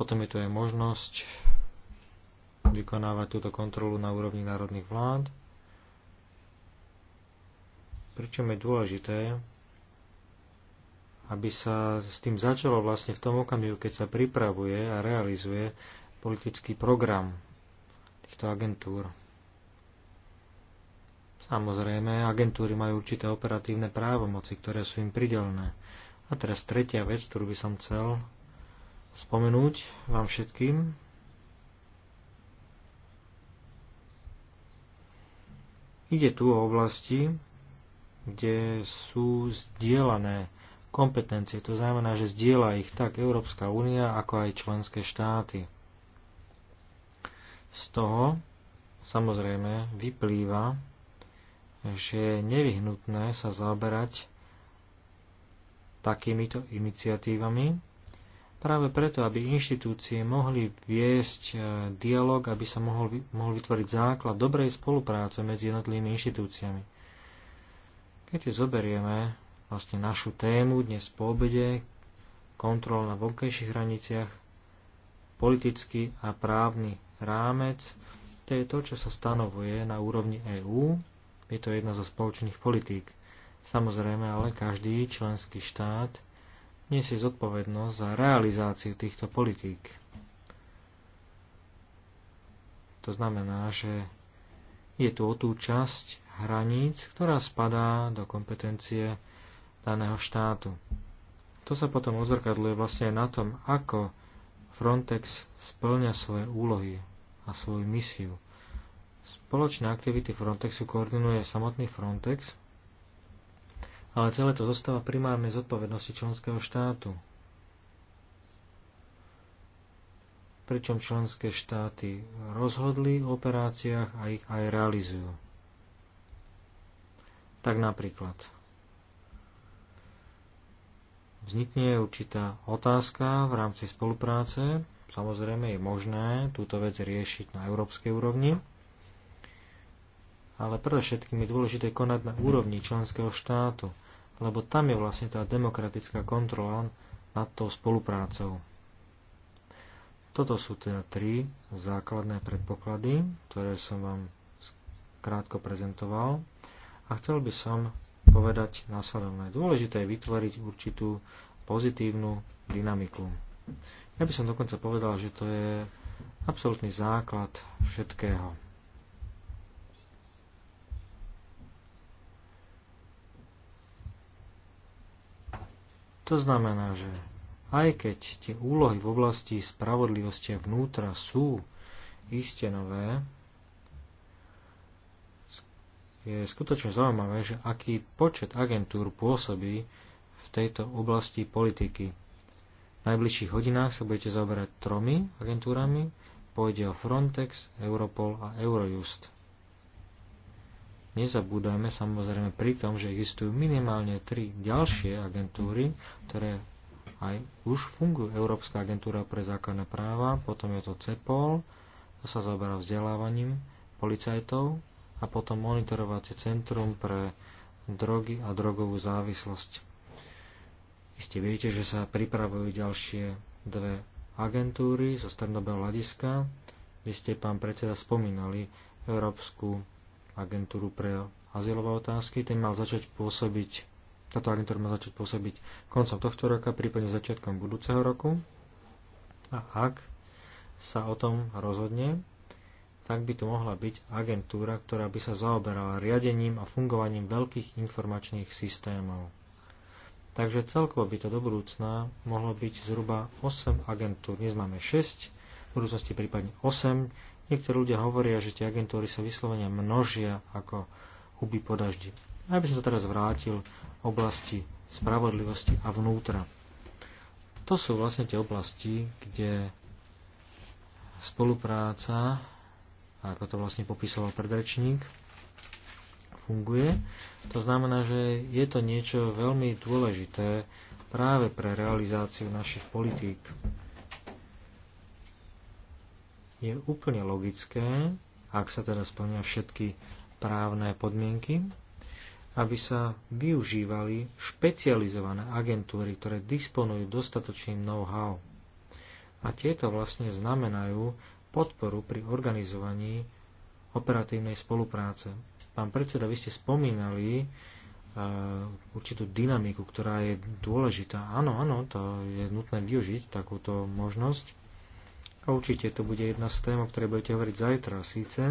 Potom je tu aj možnosť vykonávať túto kontrolu na úrovni národných vlád, pričom je dôležité, aby sa s tým začalo vlastne v tom okamihu, keď sa pripravuje a realizuje politický program týchto agentúr. Samozrejme, agentúry majú určité operatívne právomoci, ktoré sú im pridelené. A teraz tretia vec, ktorú by som chcel spomenúť vám všetkým. Ide tu o oblasti, kde sú zdieľané kompetencie. To znamená, že zdieľa ich tak Európska únia, ako aj členské štáty. Z toho samozrejme vyplýva, že je nevyhnutné sa zaoberať takýmito iniciatívami, práve preto, aby inštitúcie mohli viesť e, dialog, aby sa mohol, mohol vytvoriť základ dobrej spolupráce medzi jednotlivými inštitúciami. Keď si zoberieme vlastne našu tému dnes po obede, kontrol na vonkajších hraniciach, politický a právny rámec. To je to, čo sa stanovuje na úrovni EÚ. Je to jedna zo spoločných politík. Samozrejme, ale každý členský štát nesie zodpovednosť za realizáciu týchto politík. To znamená, že je tu o tú časť hraníc, ktorá spadá do kompetencie daného štátu. To sa potom ozrkadluje vlastne aj na tom, ako Frontex splňa svoje úlohy a svoju misiu. Spoločné aktivity Frontexu koordinuje samotný Frontex, ale celé to zostáva z zodpovednosti členského štátu. Pričom členské štáty rozhodli o operáciách a ich aj realizujú. Tak napríklad vznikne určitá otázka v rámci spolupráce. Samozrejme je možné túto vec riešiť na európskej úrovni, ale predovšetkým je dôležité konať na úrovni členského štátu, lebo tam je vlastne tá demokratická kontrola nad tou spoluprácou. Toto sú teda tri základné predpoklady, ktoré som vám krátko prezentoval a chcel by som povedať následovné. Dôležité je vytvoriť určitú pozitívnu dynamiku. Ja by som dokonca povedal, že to je absolútny základ všetkého. To znamená, že aj keď tie úlohy v oblasti spravodlivosti vnútra sú iste nové, je skutočne zaujímavé, že aký počet agentúr pôsobí v tejto oblasti politiky. V najbližších hodinách sa budete zaoberať tromi agentúrami, pôjde o Frontex, Europol a Eurojust. Nezabúdajme samozrejme pri tom, že existujú minimálne tri ďalšie agentúry, ktoré aj už fungujú. Európska agentúra pre základné práva, potom je to CEPOL, to sa zaoberá vzdelávaním policajtov a potom monitorovacie centrum pre drogy a drogovú závislosť. Isté viete, že sa pripravujú ďalšie dve agentúry zo strednobého hľadiska. Vy ste, pán predseda, spomínali Európsku agentúru pre azylové otázky. Ten mal začať pôsobiť, táto agentúra má začať pôsobiť koncom tohto roka, prípadne začiatkom budúceho roku. A ak sa o tom rozhodne, tak by to mohla byť agentúra, ktorá by sa zaoberala riadením a fungovaním veľkých informačných systémov. Takže celkovo by to do budúcna mohlo byť zhruba 8 agentúr. Dnes máme 6, v budúcnosti prípadne 8. Niektorí ľudia hovoria, že tie agentúry sa vyslovene množia ako huby po daždi. Aby som sa teraz vrátil oblasti spravodlivosti a vnútra. To sú vlastne tie oblasti, kde spolupráca ako to vlastne popisoval predrečník, funguje. To znamená, že je to niečo veľmi dôležité práve pre realizáciu našich politík. Je úplne logické, ak sa teda splnia všetky právne podmienky, aby sa využívali špecializované agentúry, ktoré disponujú dostatočným know-how. A tieto vlastne znamenajú podporu pri organizovaní operatívnej spolupráce. Pán predseda, vy ste spomínali e, určitú dynamiku, ktorá je dôležitá. Áno, áno, to je nutné využiť takúto možnosť. A určite to bude jedna z tém, o ktorej budete hovoriť zajtra. Síce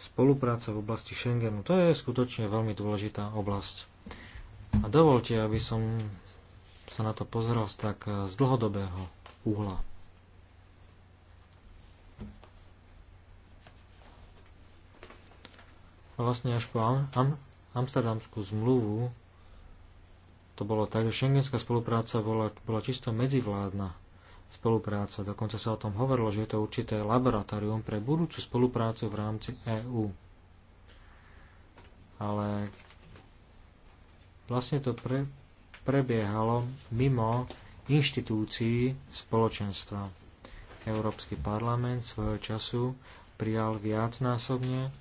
spolupráca v oblasti Schengenu, to je skutočne veľmi dôležitá oblasť. A dovolte, aby som sa na to pozeral z tak e, z dlhodobého uhla. vlastne až po Am- Am- Amsterdamskú zmluvu to bolo tak, že šengenská spolupráca bola, bola čisto medzivládna spolupráca. Dokonca sa o tom hovorilo, že je to určité laboratórium pre budúcu spoluprácu v rámci EÚ. Ale vlastne to pre, prebiehalo mimo inštitúcií spoločenstva. Európsky parlament svojho času prijal viacnásobne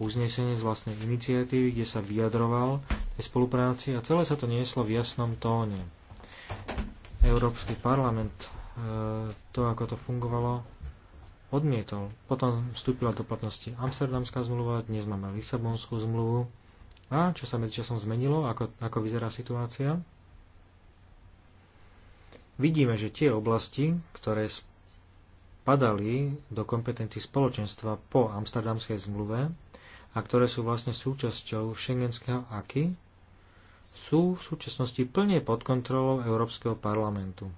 uznesenie z vlastnej iniciatívy, kde sa vyjadroval tej spolupráci a celé sa to nieslo v jasnom tóne. Európsky parlament e, to, ako to fungovalo, odmietol. Potom vstúpila do platnosti Amsterdamská zmluva, dnes máme Lisabonskú zmluvu. A čo sa medzičasom zmenilo, ako, ako vyzerá situácia? Vidíme, že tie oblasti, ktoré spadali do kompetencií spoločenstva po Amsterdamskej zmluve, a ktoré sú vlastne súčasťou šengenského AKI, sú v súčasnosti plne pod kontrolou Európskeho parlamentu.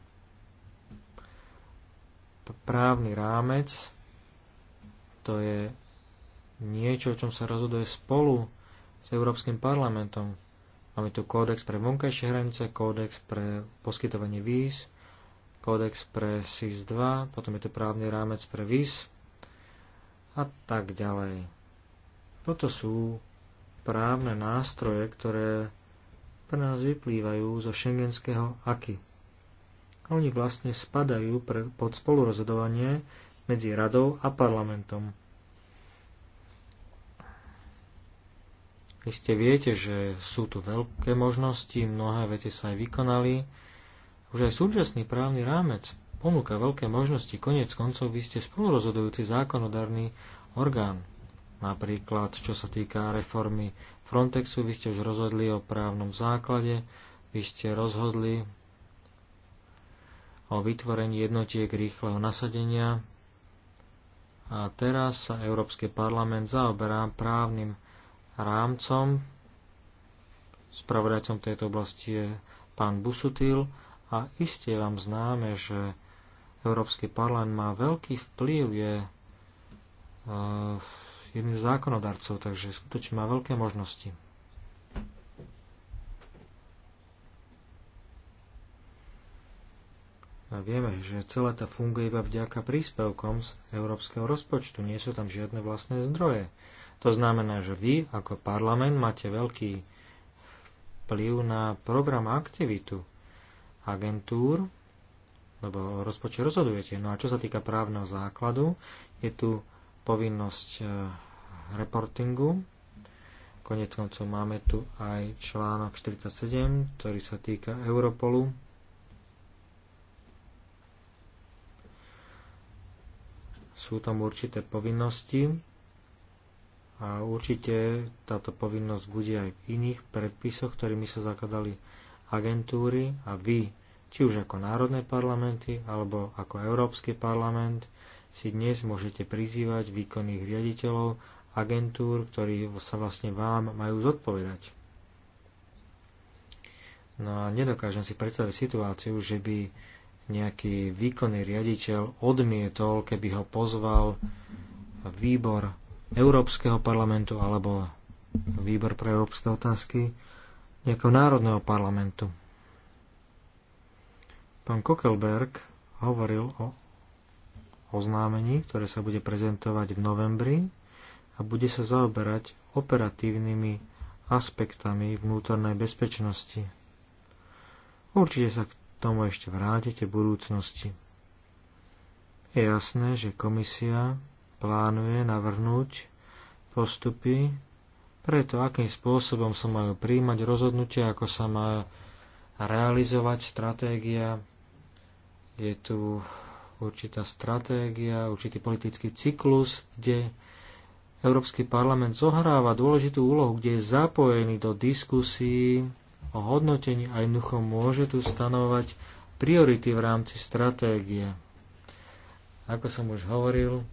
Právny rámec to je niečo, o čom sa rozhoduje spolu s Európskym parlamentom. Máme tu kódex pre vonkajšie hranice, kódex pre poskytovanie víz, kódex pre SIS-2, potom je tu právny rámec pre víz a tak ďalej. Toto sú právne nástroje, ktoré pre nás vyplývajú zo šengenského aky. A oni vlastne spadajú pre, pod spolurozhodovanie medzi radou a parlamentom. Iste viete, že sú tu veľké možnosti, mnohé veci sa aj vykonali. Už aj súčasný právny rámec ponúka veľké možnosti, konec koncov vy ste spolurozhodujúci zákonodárny orgán. Napríklad, čo sa týka reformy Frontexu, vy ste už rozhodli o právnom základe, vy ste rozhodli o vytvorení jednotiek rýchleho nasadenia a teraz sa Európsky parlament zaoberá právnym rámcom. Spravodajcom tejto oblasti je pán Busutil a iste vám známe, že Európsky parlament má veľký vplyv, je uh, jedným z zákonodarcov, takže skutočne má veľké možnosti. A vieme, že celé to funguje iba vďaka príspevkom z európskeho rozpočtu. Nie sú tam žiadne vlastné zdroje. To znamená, že vy ako parlament máte veľký vplyv na program a aktivitu agentúr, lebo rozpočet rozhodujete. No a čo sa týka právneho základu, je tu povinnosť eh, reportingu. Konec koncov máme tu aj článok 47, ktorý sa týka Europolu. Sú tam určité povinnosti a určite táto povinnosť bude aj v iných predpisoch, ktorými sa zakladali agentúry a vy, či už ako národné parlamenty alebo ako Európsky parlament, si dnes môžete prizývať výkonných riaditeľov agentúr, ktorí sa vlastne vám majú zodpovedať. No a nedokážem si predstaviť situáciu, že by nejaký výkonný riaditeľ odmietol, keby ho pozval výbor Európskeho parlamentu alebo výbor pre európske otázky nejakého národného parlamentu. Pán Kokelberg hovoril o oznámení, ktoré sa bude prezentovať v novembri a bude sa zaoberať operatívnymi aspektami vnútornej bezpečnosti. Určite sa k tomu ešte vrátite v budúcnosti. Je jasné, že komisia plánuje navrhnúť postupy preto, akým spôsobom sa majú príjmať rozhodnutia, ako sa má realizovať stratégia. Je tu určitá stratégia, určitý politický cyklus, kde Európsky parlament zohráva dôležitú úlohu, kde je zapojený do diskusí o hodnotení a jednoducho môže tu stanovať priority v rámci stratégie. Ako som už hovoril,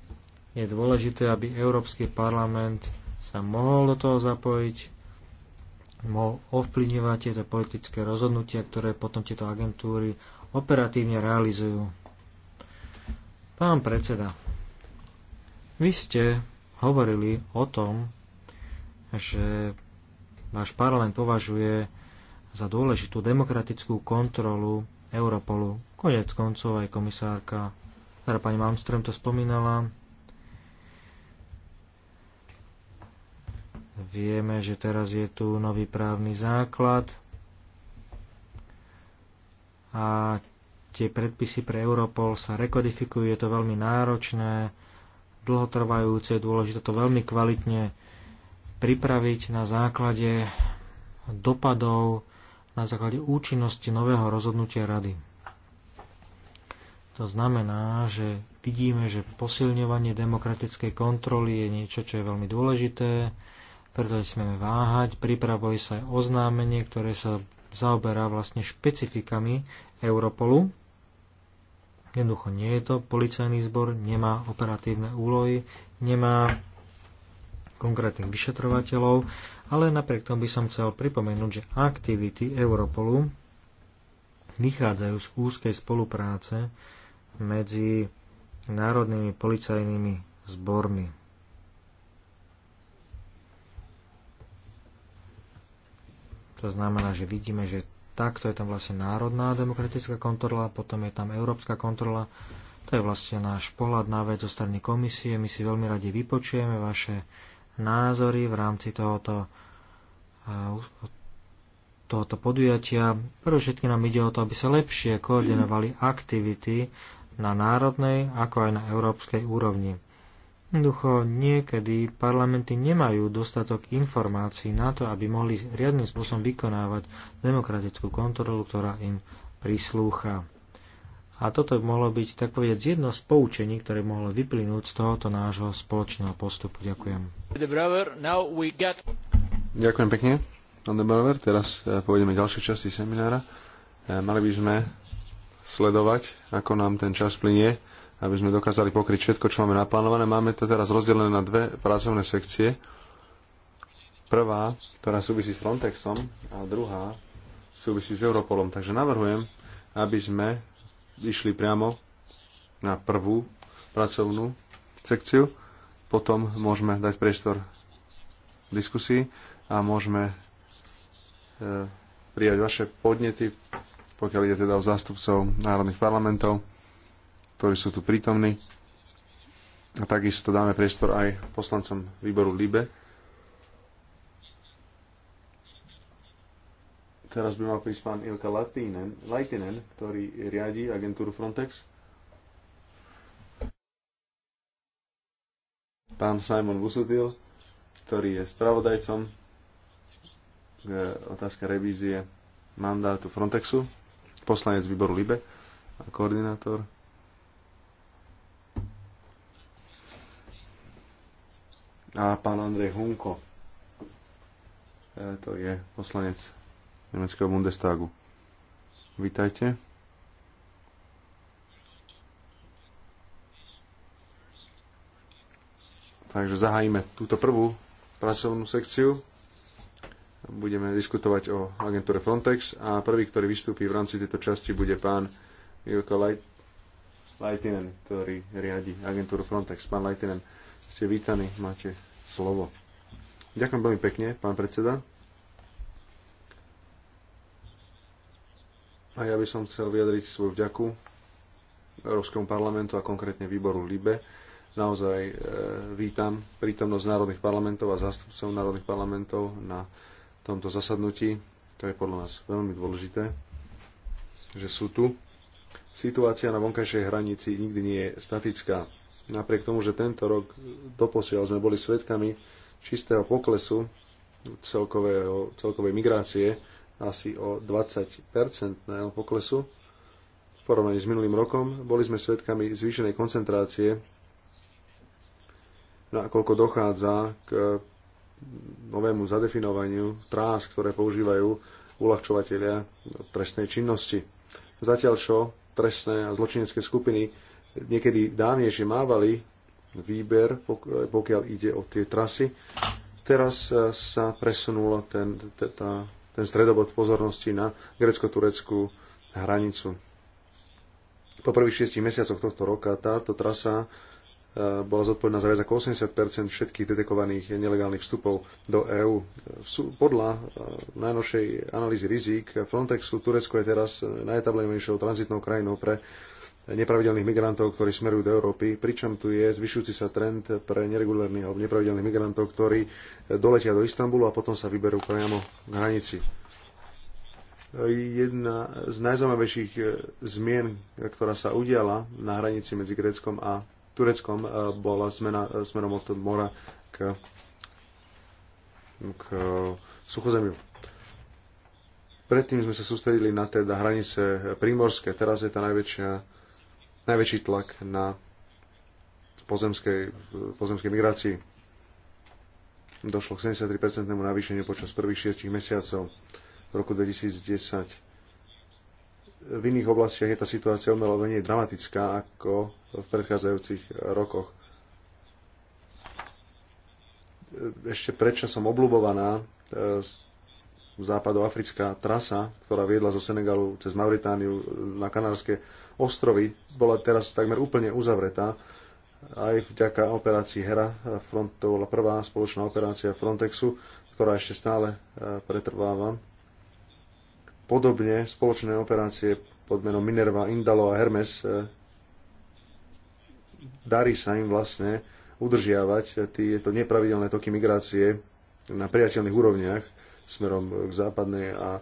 je dôležité, aby Európsky parlament sa mohol do toho zapojiť, mohol ovplyvňovať tieto politické rozhodnutia, ktoré potom tieto agentúry operatívne realizujú. Pán predseda, vy ste hovorili o tom, že váš parlament považuje za dôležitú demokratickú kontrolu Europolu. Konec koncov aj komisárka, teda pani Malmström to spomínala. Vieme, že teraz je tu nový právny základ a tie predpisy pre Europol sa rekodifikujú, je to veľmi náročné, dlhotrvajúce, je dôležité to veľmi kvalitne pripraviť na základe dopadov, na základe účinnosti nového rozhodnutia rady. To znamená, že vidíme, že posilňovanie demokratickej kontroly je niečo, čo je veľmi dôležité, preto smieme váhať, pripravuje sa aj oznámenie, ktoré sa zaoberá vlastne špecifikami Europolu. Jednoducho nie je to. Policajný zbor nemá operatívne úlohy, nemá konkrétnych vyšetrovateľov, ale napriek tomu by som chcel pripomenúť, že aktivity Europolu vychádzajú z úzkej spolupráce medzi národnými policajnými zbormi. To znamená, že vidíme, že takto je tam vlastne národná demokratická kontrola, potom je tam európska kontrola. To je vlastne náš pohľad na vec zo strany komisie. My si veľmi radi vypočujeme vaše názory v rámci tohoto, eh, tohoto podujatia. Prvo všetky nám ide o to, aby sa lepšie koordinovali aktivity na národnej ako aj na európskej úrovni. Jednoducho niekedy parlamenty nemajú dostatok informácií na to, aby mohli riadnym spôsobom vykonávať demokratickú kontrolu, ktorá im prislúcha. A toto by mohlo byť, tak povedať, jedno z poučení, ktoré mohlo vyplynúť z tohoto nášho spoločného postupu. Ďakujem. Ďakujem pekne, Debrover, Teraz eh, pôjdeme ďalšej časti seminára. Eh, mali by sme sledovať, ako nám ten čas plinie aby sme dokázali pokryť všetko, čo máme naplánované. Máme to teraz rozdelené na dve pracovné sekcie. Prvá, ktorá súvisí s Frontexom a druhá súvisí s Europolom. Takže navrhujem, aby sme išli priamo na prvú pracovnú sekciu. Potom môžeme dať priestor diskusii a môžeme e, prijať vaše podnety, pokiaľ ide teda o zástupcov národných parlamentov ktorí sú tu prítomní. A takisto dáme priestor aj poslancom výboru LIBE. Teraz by mal prísť pán Ilka Latinen, Latinen, ktorý riadi agentúru Frontex. Pán Simon Busutil, ktorý je spravodajcom k otázka revízie mandátu Frontexu, poslanec výboru LIBE a koordinátor a pán Andrej Hunko. E, to je poslanec nemeckého Bundestagu. Vítajte. Takže zahájime túto prvú pracovnú sekciu. Budeme diskutovať o agentúre Frontex a prvý, ktorý vystúpi v rámci tejto časti, bude pán Ilko Leitinen, ktorý riadi agentúru Frontex. Pán Lajtinen, ste vítaní, máte slovo. Ďakujem veľmi pekne, pán predseda. A ja by som chcel vyjadriť svoju vďaku Európskemu parlamentu a konkrétne výboru LIBE. Naozaj e, vítam prítomnosť národných parlamentov a zástupcov národných parlamentov na tomto zasadnutí. To je podľa nás veľmi dôležité, že sú tu. Situácia na vonkajšej hranici nikdy nie je statická Napriek tomu, že tento rok doposiaľ sme boli svedkami čistého poklesu celkového, celkovej migrácie, asi o 20% na poklesu, v porovnaní s minulým rokom boli sme svedkami zvýšenej koncentrácie, nakoľko dochádza k novému zadefinovaniu trás, ktoré používajú uľahčovateľia trestnej činnosti. Zatiaľ čo trestné a zločinecké skupiny niekedy dávnejšie mávali výber, pokiaľ ide o tie trasy. Teraz e, sa presunula ten, ten stredobod pozornosti na grecko-tureckú hranicu. Po prvých šiestich mesiacoch tohto roka táto trasa e, bola zodpovedná za viac ako 80 všetkých detekovaných nelegálnych vstupov do EÚ. Podľa e, najnovšej analýzy rizík Frontexu Turecko je teraz najetablenejšou tranzitnou krajinou pre nepravidelných migrantov, ktorí smerujú do Európy, pričom tu je zvyšujúci sa trend pre neregulárnych alebo nepravidelných migrantov, ktorí doletia do Istanbulu a potom sa vyberú priamo k hranici. Jedna z najzaujímavejších e, zmien, ktorá sa udiala na hranici medzi Gréckom a Tureckom, e, bola zmena e, smerom od mora k, k suchozemiu. Predtým sme sa sústredili na teda hranice prímorské, teraz je tá najväčšia najväčší tlak na pozemskej, pozemskej migrácii. Došlo k 73-percentnému navýšeniu počas prvých šiestich mesiacov v roku 2010. V iných oblastiach je tá situácia omelo menej dramatická ako v predchádzajúcich rokoch. Ešte predčasom obľubovaná e, západoafrická trasa, ktorá viedla zo Senegalu cez Mauritániu na Kanárske ostrovy, bola teraz takmer úplne uzavretá. Aj vďaka operácii Hera, to bola prvá spoločná operácia Frontexu, ktorá ešte stále e, pretrváva. Podobne spoločné operácie pod menom Minerva, Indalo a Hermes e, darí sa im vlastne udržiavať tieto nepravidelné toky migrácie na priateľných úrovniach smerom k západnej a e,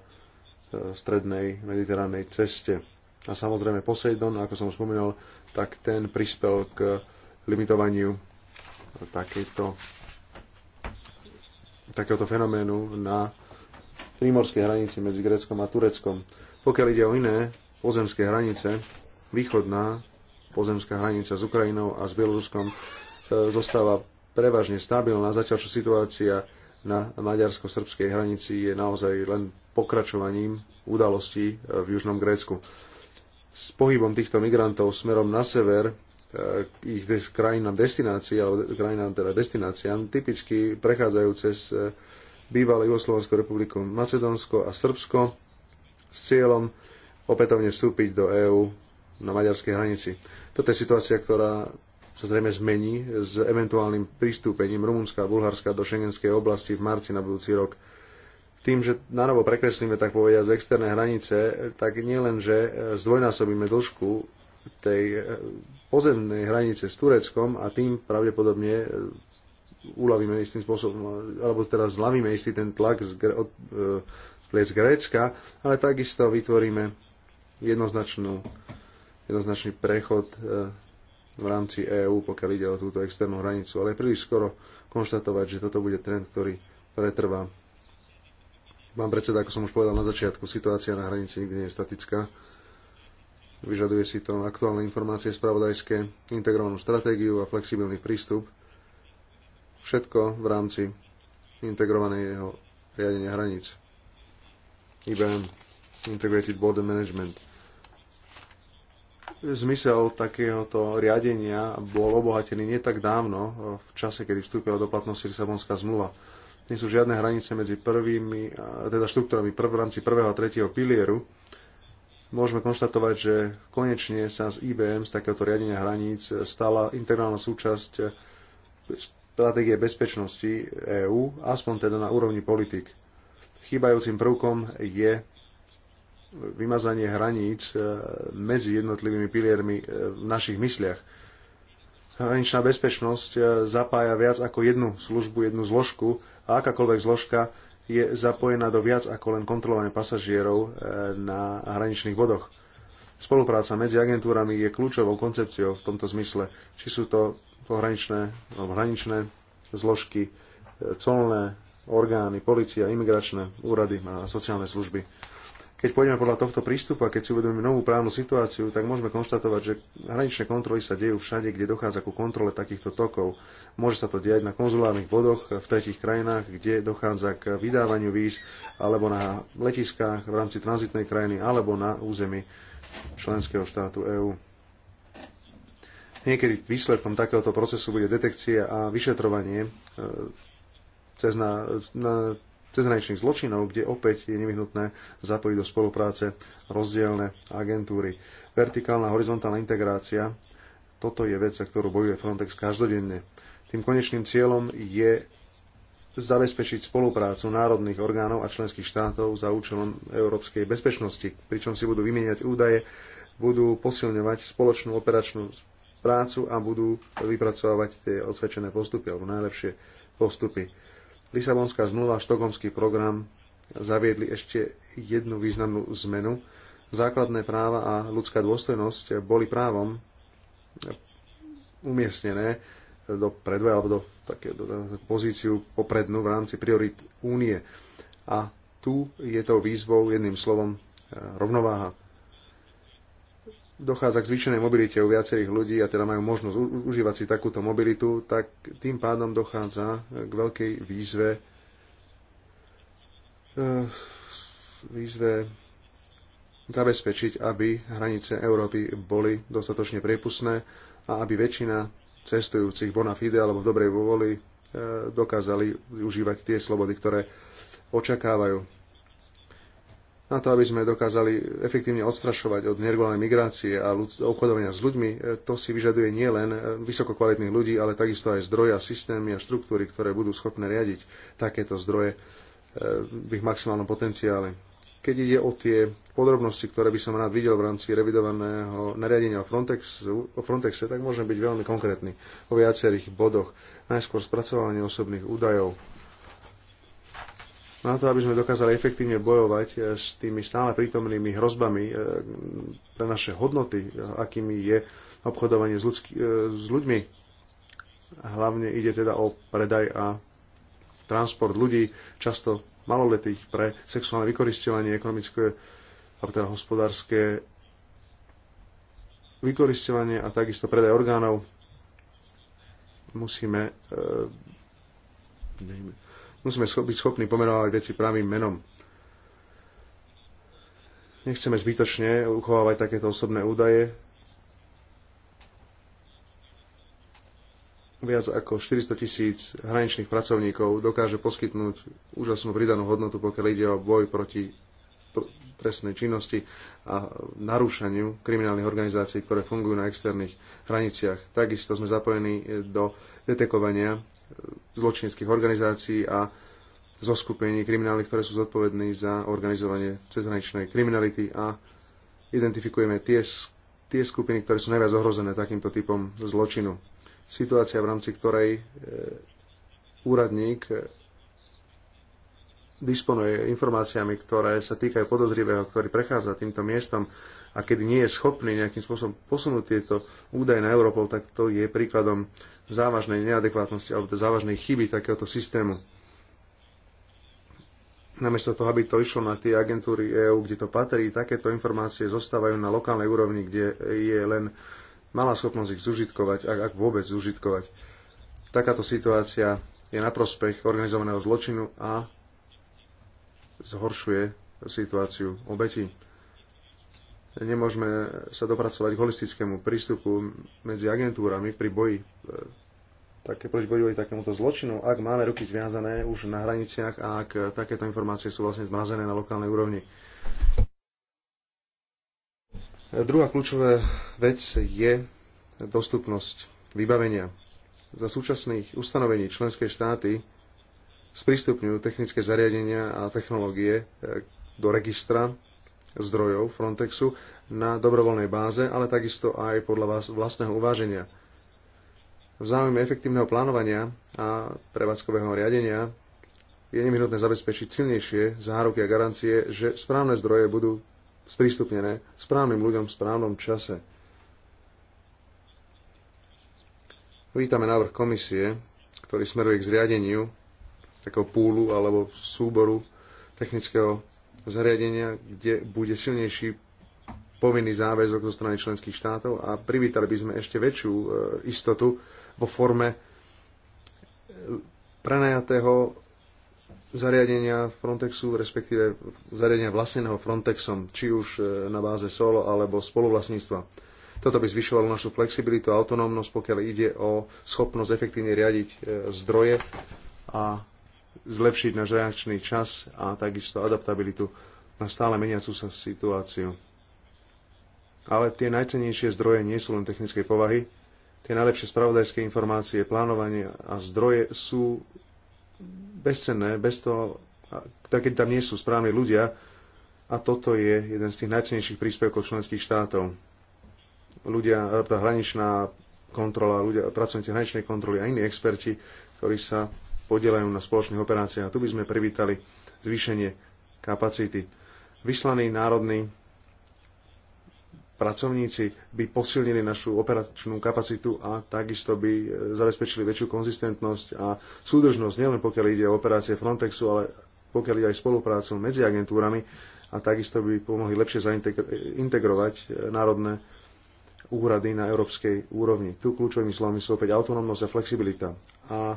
strednej mediteránnej ceste. A samozrejme Poseidon, ako som spomínal, tak ten prispel k limitovaniu takéto, takéhoto fenoménu na prímorskej hranici medzi Gréckom a Tureckom. Pokiaľ ide o iné pozemské hranice, východná pozemská hranica s Ukrajinou a s Bieloruskom e, zostáva prevažne stabilná, zatiaľ čo situácia na maďarsko-srbskej hranici je naozaj len pokračovaním udalostí e, v Južnom Grécku. S pohybom týchto migrantov smerom na sever k e, ich krajinám destinácií, alebo krajinám teda destináciám, typicky prechádzajú cez e, bývalé Jugoslovanskú republiku Macedónsko a Srbsko s cieľom opätovne vstúpiť do EÚ na maďarskej hranici. Toto je situácia, ktorá sa zrejme zmení s eventuálnym pristúpením Rumunska a Bulharska do šengenskej oblasti v marci na budúci rok. Tým, že nanovo prekreslíme, tak povediať, z externé hranice, tak nielen, že e, zdvojnásobíme dĺžku tej e, pozemnej hranice s Tureckom a tým pravdepodobne e, uľavíme istým spôsobom, alebo teda zľavíme istý ten tlak z, od, z Grécka, ale takisto vytvoríme jednoznačnú jednoznačný prechod v rámci EÚ, pokiaľ ide o túto externú hranicu. Ale je príliš skoro konštatovať, že toto bude trend, ktorý pretrvá. Pán predseda, ako som už povedal na začiatku, situácia na hranici nikdy nie je statická. Vyžaduje si to aktuálne informácie spravodajské, integrovanú stratégiu a flexibilný prístup. Všetko v rámci integrovaného riadenia hraníc. IBM, Integrated Border Management zmysel takéhoto riadenia bol obohatený nie tak dávno, eh, v čase, kedy vstúpila do platnosti Lisabonská zmluva. Nie sú žiadne hranice medzi prvými, eh, teda štruktúrami prv, v rámci prvého a tretieho pilieru. Môžeme konštatovať, že konečne sa z IBM, z takéhoto riadenia hraníc, eh, stala integrálna súčasť stratégie bezpečnosti EÚ, aspoň teda na úrovni politik. Chýbajúcim prvkom je vymazanie hraníc e, medzi jednotlivými piliermi e, v našich mysliach. Hraničná bezpečnosť e, zapája viac ako jednu službu, jednu zložku a akákoľvek zložka je zapojená do viac ako len kontrolovania pasažierov na hraničných bodoch. Spolupráca medzi agentúrami je kľúčovou koncepciou v tomto zmysle. Či sú to pohraničné, alebo hraničné zložky, colné orgány, policia, imigračné úrady a sociálne služby keď pôjdeme podľa tohto prístupu a keď si uvedomíme novú právnu situáciu, tak môžeme konštatovať, že hraničné kontroly sa dejú všade, kde dochádza ku kontrole takýchto tokov. Môže sa to diať na konzulárnych bodoch v tretích krajinách, kde dochádza k vydávaniu víz, alebo na letiskách v rámci tranzitnej krajiny, alebo na území členského štátu EÚ. Niekedy výsledkom takéhoto procesu bude detekcia a vyšetrovanie e, cez na, na cezhraničných zločinov, kde opäť je nevyhnutné zapojiť do spolupráce rozdielne agentúry. Vertikálna horizontálna integrácia, toto je vec, za ktorú bojuje Frontex každodenne. Tým konečným cieľom je zabezpečiť spoluprácu národných orgánov a členských štátov za účelom európskej bezpečnosti, pričom si budú vymieňať údaje, budú posilňovať spoločnú operačnú prácu a budú vypracovať tie osvedčené postupy alebo najlepšie postupy Lisabonská zmluva a štokholmský program zaviedli ešte jednu významnú zmenu. Základné práva a ľudská dôstojnosť boli právom umiestnené do predve alebo do, také, do, do pozíciu poprednú v rámci priorit únie. A tu je to výzvou jedným slovom eh, rovnováha dochádza k zvýšenej mobilite u viacerých ľudí a teda majú možnosť užívať si takúto mobilitu, tak tým pádom dochádza e, k veľkej výzve e, výzve zabezpečiť, aby hranice Európy boli dostatočne priepustné a aby väčšina cestujúcich bona fide alebo v dobrej vôli e, dokázali užívať tie slobody, ktoré očakávajú na to, aby sme dokázali efektívne odstrašovať od neregulárnej migrácie a obchodovania s ľuďmi, e, to si vyžaduje nielen e, vysokokvalitných ľudí, ale takisto aj zdroje a systémy a štruktúry, ktoré budú schopné riadiť takéto zdroje e, v ich maximálnom potenciále. Keď ide o tie podrobnosti, ktoré by som rád videl v rámci revidovaného nariadenia o, Frontex, o Frontexe, tak môžem byť veľmi konkrétny o viacerých bodoch. Najskôr spracovanie osobných údajov na to, aby sme dokázali efektívne bojovať eh, s tými stále prítomnými hrozbami eh, pre naše hodnoty, eh, akými je obchodovanie s, ľudský, s ľuďmi. Hlavne ide teda o predaj a transport ľudí, často maloletých, pre sexuálne vykoristovanie, ekonomické, alebo teda hospodárske vykoristovanie a takisto predaj orgánov. Musíme e, Musíme byť schopní pomenovať veci pravým menom. Nechceme zbytočne uchovávať takéto osobné údaje. Viac ako 400 tisíc hraničných pracovníkov dokáže poskytnúť úžasnú pridanú hodnotu, pokiaľ ide o boj proti trestnej činnosti a narúšaniu kriminálnych organizácií, ktoré fungujú na externých hraniciach. Takisto sme zapojení do detekovania e, zločineckých organizácií a zoskupení kriminálnych, ktoré sú zodpovední za organizovanie cezhraničnej kriminality a identifikujeme tie, tie skupiny, ktoré sú najviac ohrozené takýmto typom zločinu. Situácia, v rámci ktorej e, úradník disponuje informáciami, ktoré sa týkajú podozrivého, ktorý prechádza týmto miestom a kedy nie je schopný nejakým spôsobom posunúť tieto údaje na Európol, tak to je príkladom závažnej neadekvátnosti alebo závažnej chyby takéhoto systému. Namiesto toho, aby to išlo na tie agentúry EÚ, kde to patrí, takéto informácie zostávajú na lokálnej úrovni, kde je len malá schopnosť ich zužitkovať, ak, ak vôbec zužitkovať. Takáto situácia je na prospech organizovaného zločinu a zhoršuje situáciu obetí. Nemôžeme sa dopracovať k holistickému prístupu medzi agentúrami pri boji e, také proti boju takémuto zločinu, ak máme ruky zviazané už na hraniciach a ak takéto informácie sú vlastne zmrazené na lokálnej úrovni. Druhá kľúčová vec je dostupnosť vybavenia. Za súčasných ustanovení členské štáty sprístupňujú technické zariadenia a technológie e, do registra zdrojov Frontexu na dobrovoľnej báze, ale takisto aj podľa vlastného uváženia. V záujme efektívneho plánovania a prevádzkového riadenia je nevyhnutné zabezpečiť silnejšie záruky a garancie, že správne zdroje budú sprístupnené správnym ľuďom v správnom čase. Vítame návrh komisie, ktorý smeruje k zriadeniu takého púlu alebo súboru technického zariadenia, kde bude silnejší povinný záväzok zo strany členských štátov a privítali by sme ešte väčšiu e, istotu vo forme e, prenajatého zariadenia Frontexu, respektíve zariadenia vlastneného Frontexom, či už e, na báze solo alebo spoluvlastníctva. Toto by zvyšovalo našu flexibilitu a autonómnosť, pokiaľ ide o schopnosť efektívne riadiť zdroje a zlepšiť náš reakčný čas a takisto adaptabilitu na stále meniacu sa situáciu. Ale tie najcennejšie zdroje nie sú len technickej povahy. Tie najlepšie spravodajské informácie, plánovanie a zdroje sú bezcenné, bez toho, keď tam nie sú správni ľudia. A toto je jeden z tých najcennejších príspevkov členských štátov. Ľudia, tá hraničná kontrola, ľudia, pracovníci hraničnej kontroly a iní experti, ktorí sa podielajú na spoločných operáciách. a Tu by sme privítali zvýšenie kapacity. Vyslaní národní pracovníci by posilnili našu operačnú kapacitu a takisto by e, zabezpečili väčšiu konzistentnosť a súdržnosť, nielen pokiaľ ide o operácie Frontexu, ale pokiaľ ide aj spoluprácu medzi agentúrami a takisto by pomohli lepšie zaintegrovať e, národné úrady na európskej úrovni. Tu kľúčovými slovami sú opäť autonómnosť a flexibilita. A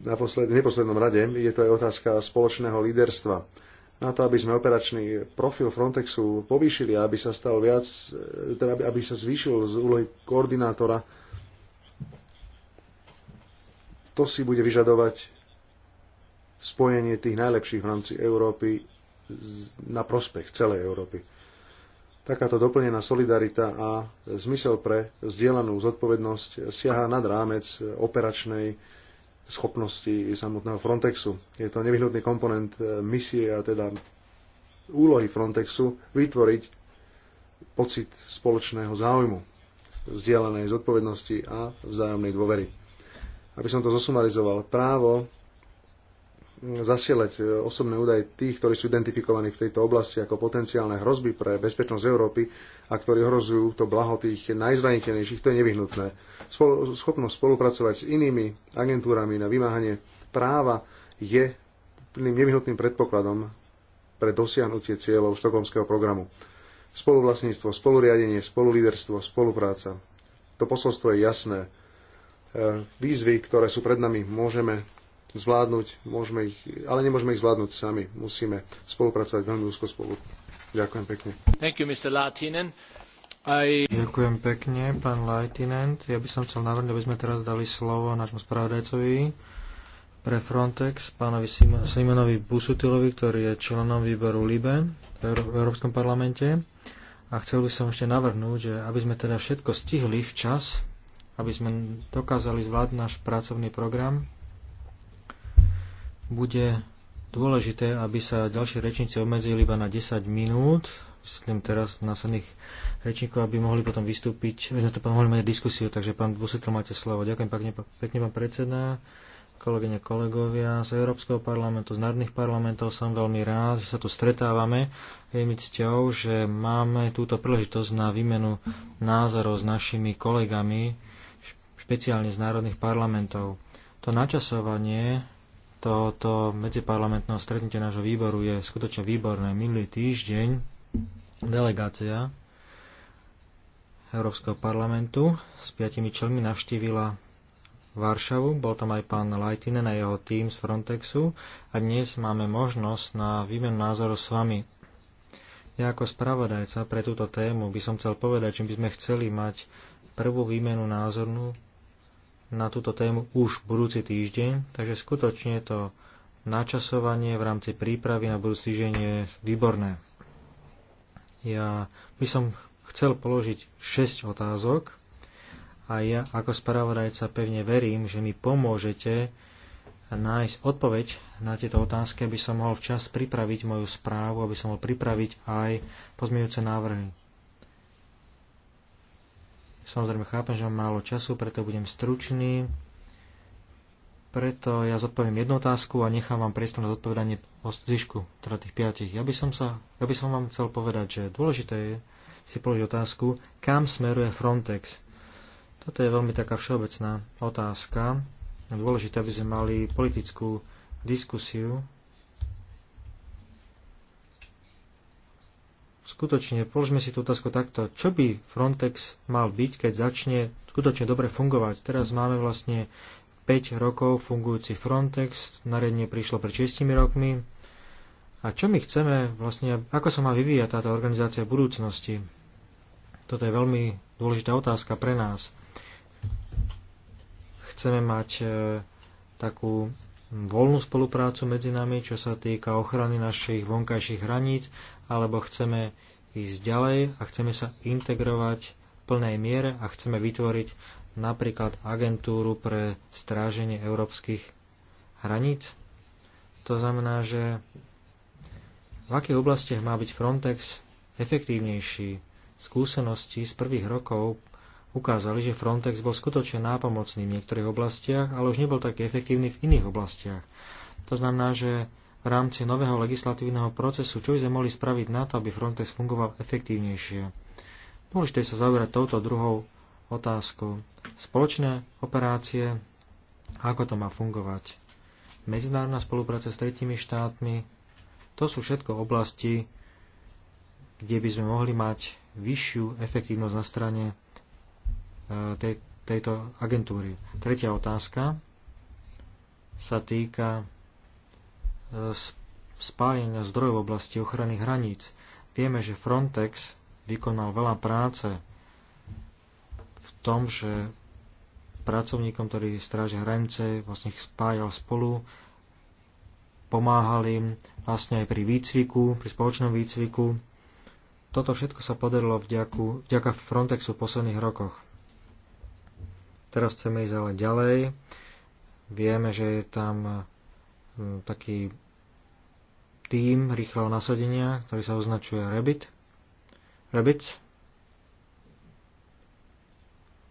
v neposlednom rade je to aj otázka spoločného líderstva. Na to, aby sme operačný profil Frontexu povýšili, aby sa stal viac, teda aby sa zvýšil z úlohy koordinátora, to si bude vyžadovať spojenie tých najlepších v rámci Európy na prospech celej Európy. Takáto doplnená solidarita a zmysel pre zdieľanú zodpovednosť siaha nad rámec operačnej schopnosti samotného Frontexu. Je to nevyhnutný komponent e, misie a teda úlohy Frontexu vytvoriť pocit spoločného záujmu, zdieľanej zodpovednosti a vzájomnej dôvery. Aby som to zosumarizoval, právo zasielať e, osobné údaje tých, ktorí sú identifikovaní v tejto oblasti ako potenciálne hrozby pre bezpečnosť Európy a ktorí hrozujú to blaho tých najzraniteľnejších, to je nevyhnutné. Spol- schopnosť spolupracovať s inými agentúrami na vymáhanie práva je plným nevyhnutným predpokladom pre dosiahnutie cieľov štokholmského programu. Spoluvlastníctvo, spoluriadenie, spolulíderstvo, spolupráca. To posolstvo je jasné. E, výzvy, ktoré sú pred nami, môžeme zvládnuť, môžeme ich, ale nemôžeme ich zvládnuť sami. Musíme spolupracovať veľmi úzko spolu. Ďakujem pekne. Thank you, Mr. Latinen. I... Ďakujem pekne, pán Lajtinen. Ja by som chcel navrhnúť, aby sme teraz dali slovo nášmu spravodajcovi pre Frontex, pánovi Simonovi Busutilovi, ktorý je členom výboru LIBE v Európskom parlamente. A chcel by som ešte navrhnúť, že aby sme teda všetko stihli včas, aby sme dokázali zvládť náš pracovný program, bude dôležité, aby sa ďalší rečníci obmedzili iba na 10 minút. Myslím teraz na následných rečníkov, aby mohli potom vystúpiť, aby sme to potom mohli mať diskusiu. Takže pán Busetl, máte slovo. Ďakujem pekne, pekne pán predseda, kolegyne, kolegovia z Európskeho parlamentu, z národných parlamentov. Som veľmi rád, že sa tu stretávame. Je mi cťou, že máme túto príležitosť na výmenu názorov s našimi kolegami, špeciálne z národných parlamentov. To načasovanie toto medziparlamentného stretnutie nášho výboru je skutočne výborné. Minulý týždeň delegácia Európskeho parlamentu s piatimi členmi navštívila Varšavu. Bol tam aj pán Lajtinen a jeho tým z Frontexu a dnes máme možnosť na výmenu názoru s vami. Ja ako spravodajca pre túto tému by som chcel povedať, že by sme chceli mať prvú výmenu názornú na túto tému už budúci týždeň, takže skutočne to načasovanie v rámci prípravy na budúci týždeň je výborné. Ja by som chcel položiť 6 otázok a ja ako spravodajca pevne verím, že mi pomôžete nájsť odpoveď na tieto otázky, aby som mohol včas pripraviť moju správu, aby som mohol pripraviť aj pozmeňujúce návrhy. Samozrejme, chápem, že mám málo času, preto budem stručný. Preto ja zodpoviem jednu otázku a nechám vám priestor na zodpovedanie o zvyšku, teda tých piatich. Ja by, som sa, ja by som vám chcel povedať, že dôležité je si položiť otázku, kam smeruje Frontex. Toto je veľmi taká všeobecná otázka. Dôležité, aby sme mali politickú diskusiu skutočne, položme si tú otázku takto, čo by Frontex mal byť, keď začne skutočne dobre fungovať. Teraz máme vlastne 5 rokov fungujúci Frontex, nariadenie prišlo pred 6 rokmi. A čo my chceme, vlastne, ako sa má vyvíjať táto organizácia v budúcnosti? Toto je veľmi dôležitá otázka pre nás. Chceme mať e, takú voľnú spoluprácu medzi nami, čo sa týka ochrany našich vonkajších hraníc, alebo chceme ísť ďalej a chceme sa integrovať v plnej miere a chceme vytvoriť napríklad agentúru pre stráženie európskych hraníc. To znamená, že v akých oblastiach má byť Frontex efektívnejší? Skúsenosti z prvých rokov ukázali, že Frontex bol skutočne nápomocný v niektorých oblastiach, ale už nebol taký efektívny v iných oblastiach. To znamená, že v rámci nového legislatívneho procesu, čo by sme mohli spraviť na to, aby Frontex fungoval efektívnejšie. Môžete sa zaoberať touto druhou otázkou. Spoločné operácie, ako to má fungovať. Medzinárodná spolupráca s tretími štátmi, to sú všetko oblasti, kde by sme mohli mať vyššiu efektívnosť na strane Eh, tej, tejto agentúry. Tretia otázka sa týka eh, spájania zdrojov v oblasti ochrany hraníc. Vieme, že Frontex vykonal veľa práce v tom, že pracovníkom, ktorí strážia hranice, vlastne ich spájal spolu, pomáhal im vlastne aj pri výcviku, pri spoločnom výcviku. Toto všetko sa podarilo vďaku, vďaka Frontexu v posledných rokoch. Teraz chceme ísť ale ďalej. Vieme, že je tam e, taký tým rýchleho nasadenia, ktorý sa označuje Rabbit. Rabbits.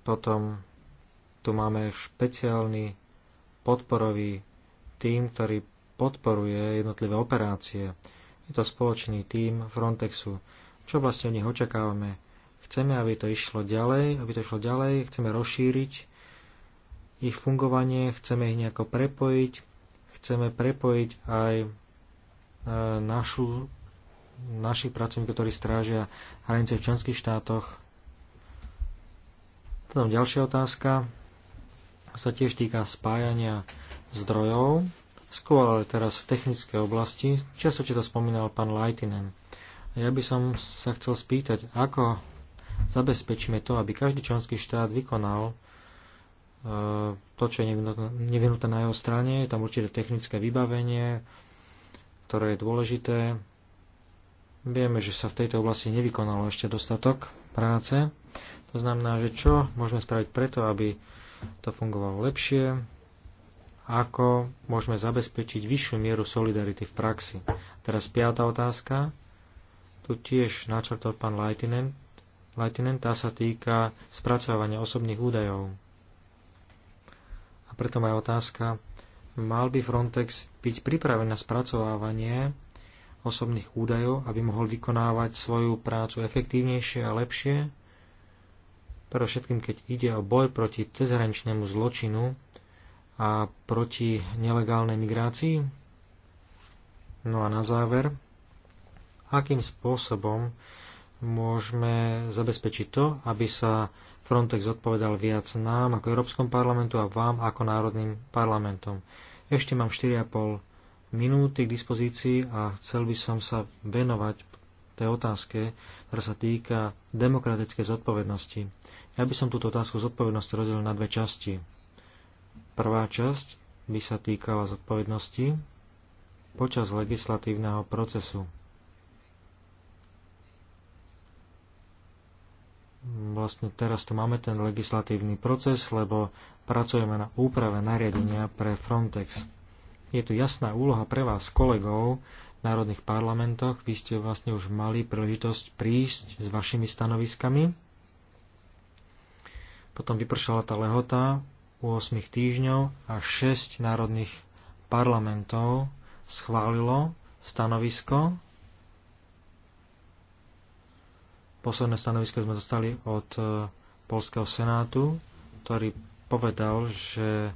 Potom tu máme špeciálny podporový tým, ktorý podporuje jednotlivé operácie. Je to spoločný tým Frontexu. Čo vlastne od nich očakávame? Chceme, aby to išlo ďalej, aby to išlo ďalej, chceme rozšíriť ich fungovanie, chceme ich nejako prepojiť, chceme prepojiť aj e, našu, našich pracovníkov, ktorí strážia hranice v členských štátoch. Potom ďalšia otázka sa tiež týka spájania zdrojov, skôr ale teraz v technickej oblasti. či to spomínal pán Lajtinen. Ja by som sa chcel spýtať, ako zabezpečíme to, aby každý členský štát vykonal E, to, čo je nevyhnuté na jeho strane. Je tam určité technické vybavenie, ktoré je dôležité. Vieme, že sa v tejto oblasti nevykonalo ešte dostatok práce. To znamená, že čo môžeme spraviť preto, aby to fungovalo lepšie, ako môžeme zabezpečiť vyššiu mieru solidarity v praxi. Teraz piata otázka. Tu tiež načrtol pán Leitinen. Leitinen, tá sa týka spracovania osobných údajov preto moja otázka, mal by Frontex byť pripravený na spracovávanie osobných údajov, aby mohol vykonávať svoju prácu efektívnejšie a lepšie? Pre všetkým, keď ide o boj proti cezhraničnému zločinu a proti nelegálnej migrácii? No a na záver, akým spôsobom môžeme zabezpečiť to, aby sa Frontex odpovedal viac nám ako Európskom parlamentu a vám ako Národným parlamentom. Ešte mám 4,5 minúty k dispozícii a chcel by som sa venovať tej otázke, ktorá sa týka demokratickej zodpovednosti. Ja by som túto otázku zodpovednosti rozdelil na dve časti. Prvá časť by sa týkala zodpovednosti počas legislatívneho procesu. vlastne teraz tu máme ten legislatívny proces, lebo pracujeme na úprave nariadenia pre Frontex. Je tu jasná úloha pre vás, kolegov, v národných parlamentoch. Vy ste vlastne už mali príležitosť prísť s vašimi stanoviskami. Potom vypršala tá lehota u 8 týždňov a 6 národných parlamentov schválilo stanovisko Posledné stanovisko sme dostali od e, Polského senátu, ktorý povedal, že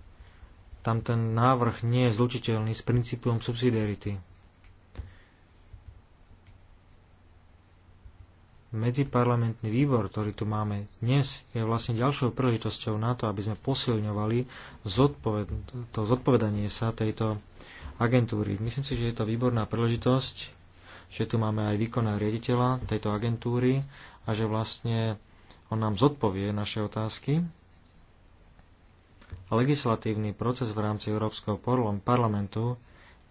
tam ten návrh nie je zlučiteľný s princípom subsidiarity. Medziparlamentný výbor, ktorý tu máme dnes, je vlastne ďalšou príležitosťou na to, aby sme posilňovali zodpoved- to zodpovedanie sa tejto agentúry. Myslím si, že je to výborná príležitosť že tu máme aj výkonného riaditeľa tejto agentúry a že vlastne on nám zodpovie naše otázky. A legislatívny proces v rámci Európskeho parlamentu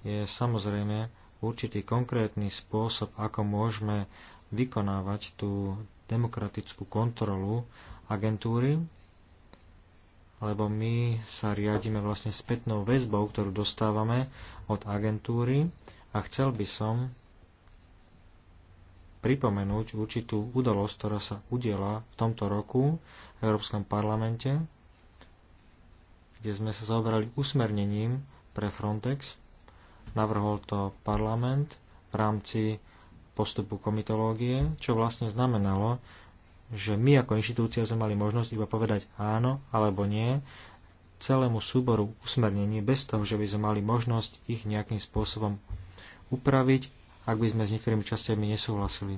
je samozrejme určitý konkrétny spôsob, ako môžeme vykonávať tú demokratickú kontrolu agentúry, lebo my sa riadíme vlastne spätnou väzbou, ktorú dostávame od agentúry a chcel by som pripomenúť určitú udalosť, ktorá sa udiela v tomto roku v Európskom parlamente, kde sme sa zaoberali usmernením pre Frontex. Navrhol to parlament v rámci postupu komitológie, čo vlastne znamenalo, že my ako inštitúcia sme mali možnosť iba povedať áno alebo nie celému súboru usmernení bez toho, že by sme mali možnosť ich nejakým spôsobom upraviť ak by sme s niektorými častiami nesúhlasili.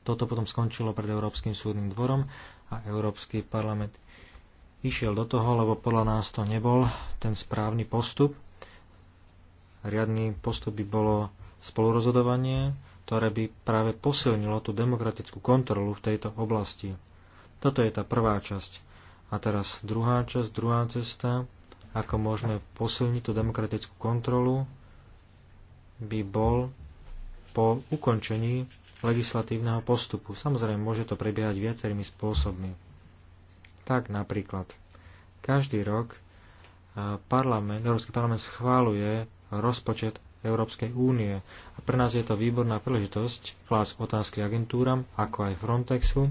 Toto potom skončilo pred Európskym súdnym dvorom a Európsky parlament išiel do toho, lebo podľa nás to nebol ten správny postup. Riadný postup by bolo spolurozhodovanie, ktoré by práve posilnilo tú demokratickú kontrolu v tejto oblasti. Toto je tá prvá časť. A teraz druhá časť, druhá cesta, ako môžeme posilniť tú demokratickú kontrolu, by bol po ukončení legislatívneho postupu. Samozrejme, môže to prebiehať viacerými spôsobmi. Tak napríklad, každý rok e, parlament, Európsky parlament schváluje rozpočet Európskej únie. A pre nás je to výborná príležitosť klásť otázky agentúram, ako aj Frontexu,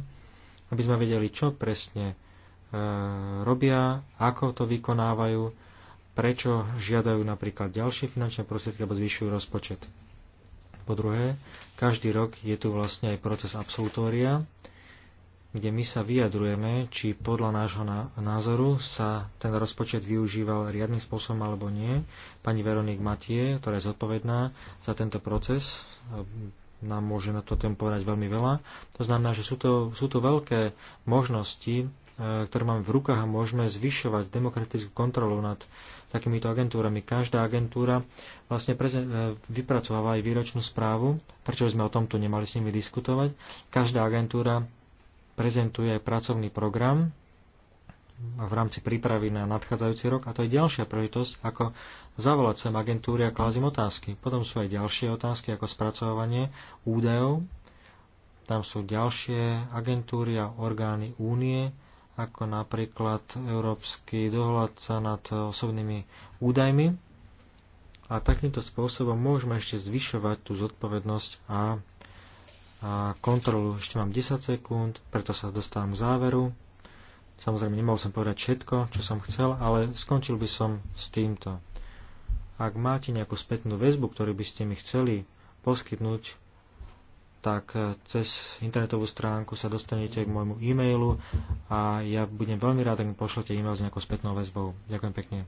aby sme vedeli, čo presne e, robia, ako to vykonávajú, prečo žiadajú napríklad ďalšie finančné prostriedky alebo zvyšujú rozpočet. Po druhé, každý rok je tu vlastne aj proces absolutória, kde my sa vyjadrujeme, či podľa nášho názoru sa ten rozpočet využíval riadnym spôsobom alebo nie. Pani Veronik Matie, ktorá je zodpovedná za tento proces, ehm, nám môže na to tém povedať veľmi veľa. To znamená, že sú to, sú to veľké možnosti Eh, ktoré máme v rukách a môžeme zvyšovať demokratickú kontrolu nad takýmito agentúrami. Každá agentúra vlastne eh, vypracováva aj výročnú správu, prečo sme o tomto nemali s nimi diskutovať. Každá agentúra prezentuje aj pracovný program v rámci prípravy na nadchádzajúci rok a to je ďalšia príležitosť, ako zavolať sem agentúry a klázim otázky. Potom sú aj ďalšie otázky, ako spracovanie údajov. Tam sú ďalšie agentúry a orgány únie, ako napríklad európsky dohľadca nad osobnými údajmi. A takýmto spôsobom môžeme ešte zvyšovať tú zodpovednosť a, a kontrolu. Ešte mám 10 sekúnd, preto sa dostávam k záveru. Samozrejme, nemohol som povedať všetko, čo som chcel, ale skončil by som s týmto. Ak máte nejakú spätnú väzbu, ktorú by ste mi chceli poskytnúť tak cez internetovú stránku sa dostanete k môjmu e-mailu a ja budem veľmi rád, ak mi pošlete e-mail s nejakou spätnou väzbou. Ďakujem pekne.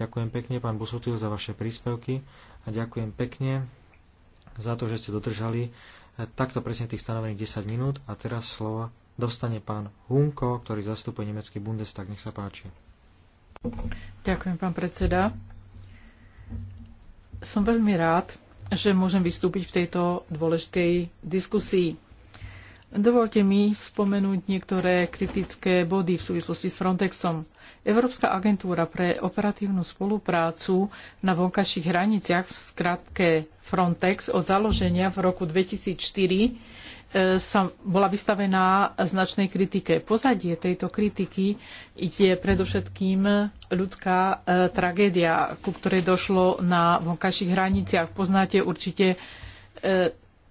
Ďakujem pekne, pán Busutil, za vaše príspevky a ďakujem pekne za to, že ste dodržali eh, takto presne tých stanovených 10 minút a teraz slovo dostane pán Hunko, ktorý zastupuje nemecký Bundestag. Nech sa páči. Ďakujem, pán predseda. Som veľmi rád, že môžem vystúpiť v tejto dôležitej diskusii. Dovolte mi spomenúť niektoré kritické body v súvislosti s Frontexom. Európska agentúra pre operatívnu spoluprácu na vonkajších hraniciach v skratke Frontex od založenia v roku 2004 E, sa bola vystavená značnej kritike. Pozadie tejto kritiky je predovšetkým ľudská e, tragédia, ku ktorej došlo na vonkajších hraniciach. Poznáte určite e,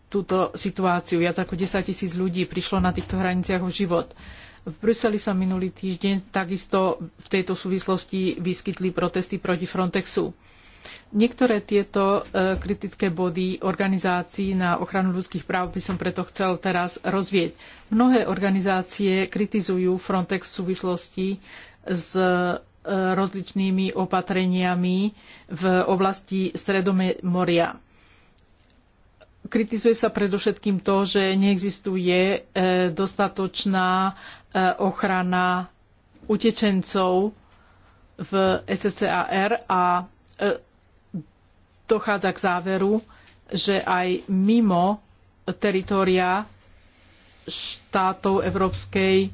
túto situáciu. Viac ako 10 tisíc ľudí prišlo na týchto hraniciach o život. V Bruseli sa minulý týždeň takisto v tejto súvislosti vyskytli protesty proti Frontexu. Niektoré tieto e, kritické body organizácií na ochranu ľudských práv by som preto chcel teraz rozvieť. Mnohé organizácie kritizujú Frontex v súvislosti s e, rozličnými opatreniami v oblasti Stredomoria. Kritizuje sa predovšetkým to, že neexistuje e, dostatočná ochrana utečencov v SCCAR a dochádza k záveru, že aj mimo teritoria štátov Európskej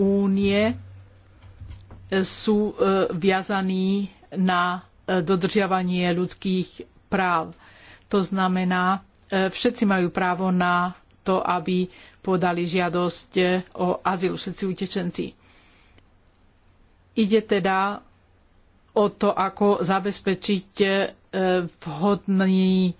únie sú e, viazaní na e, dodržiavanie ľudských práv. To znamená, e, všetci majú právo na to, aby podali žiadosť o azyl, všetci utečenci. Ide teda o to, ako zabezpečiť e, vhodný,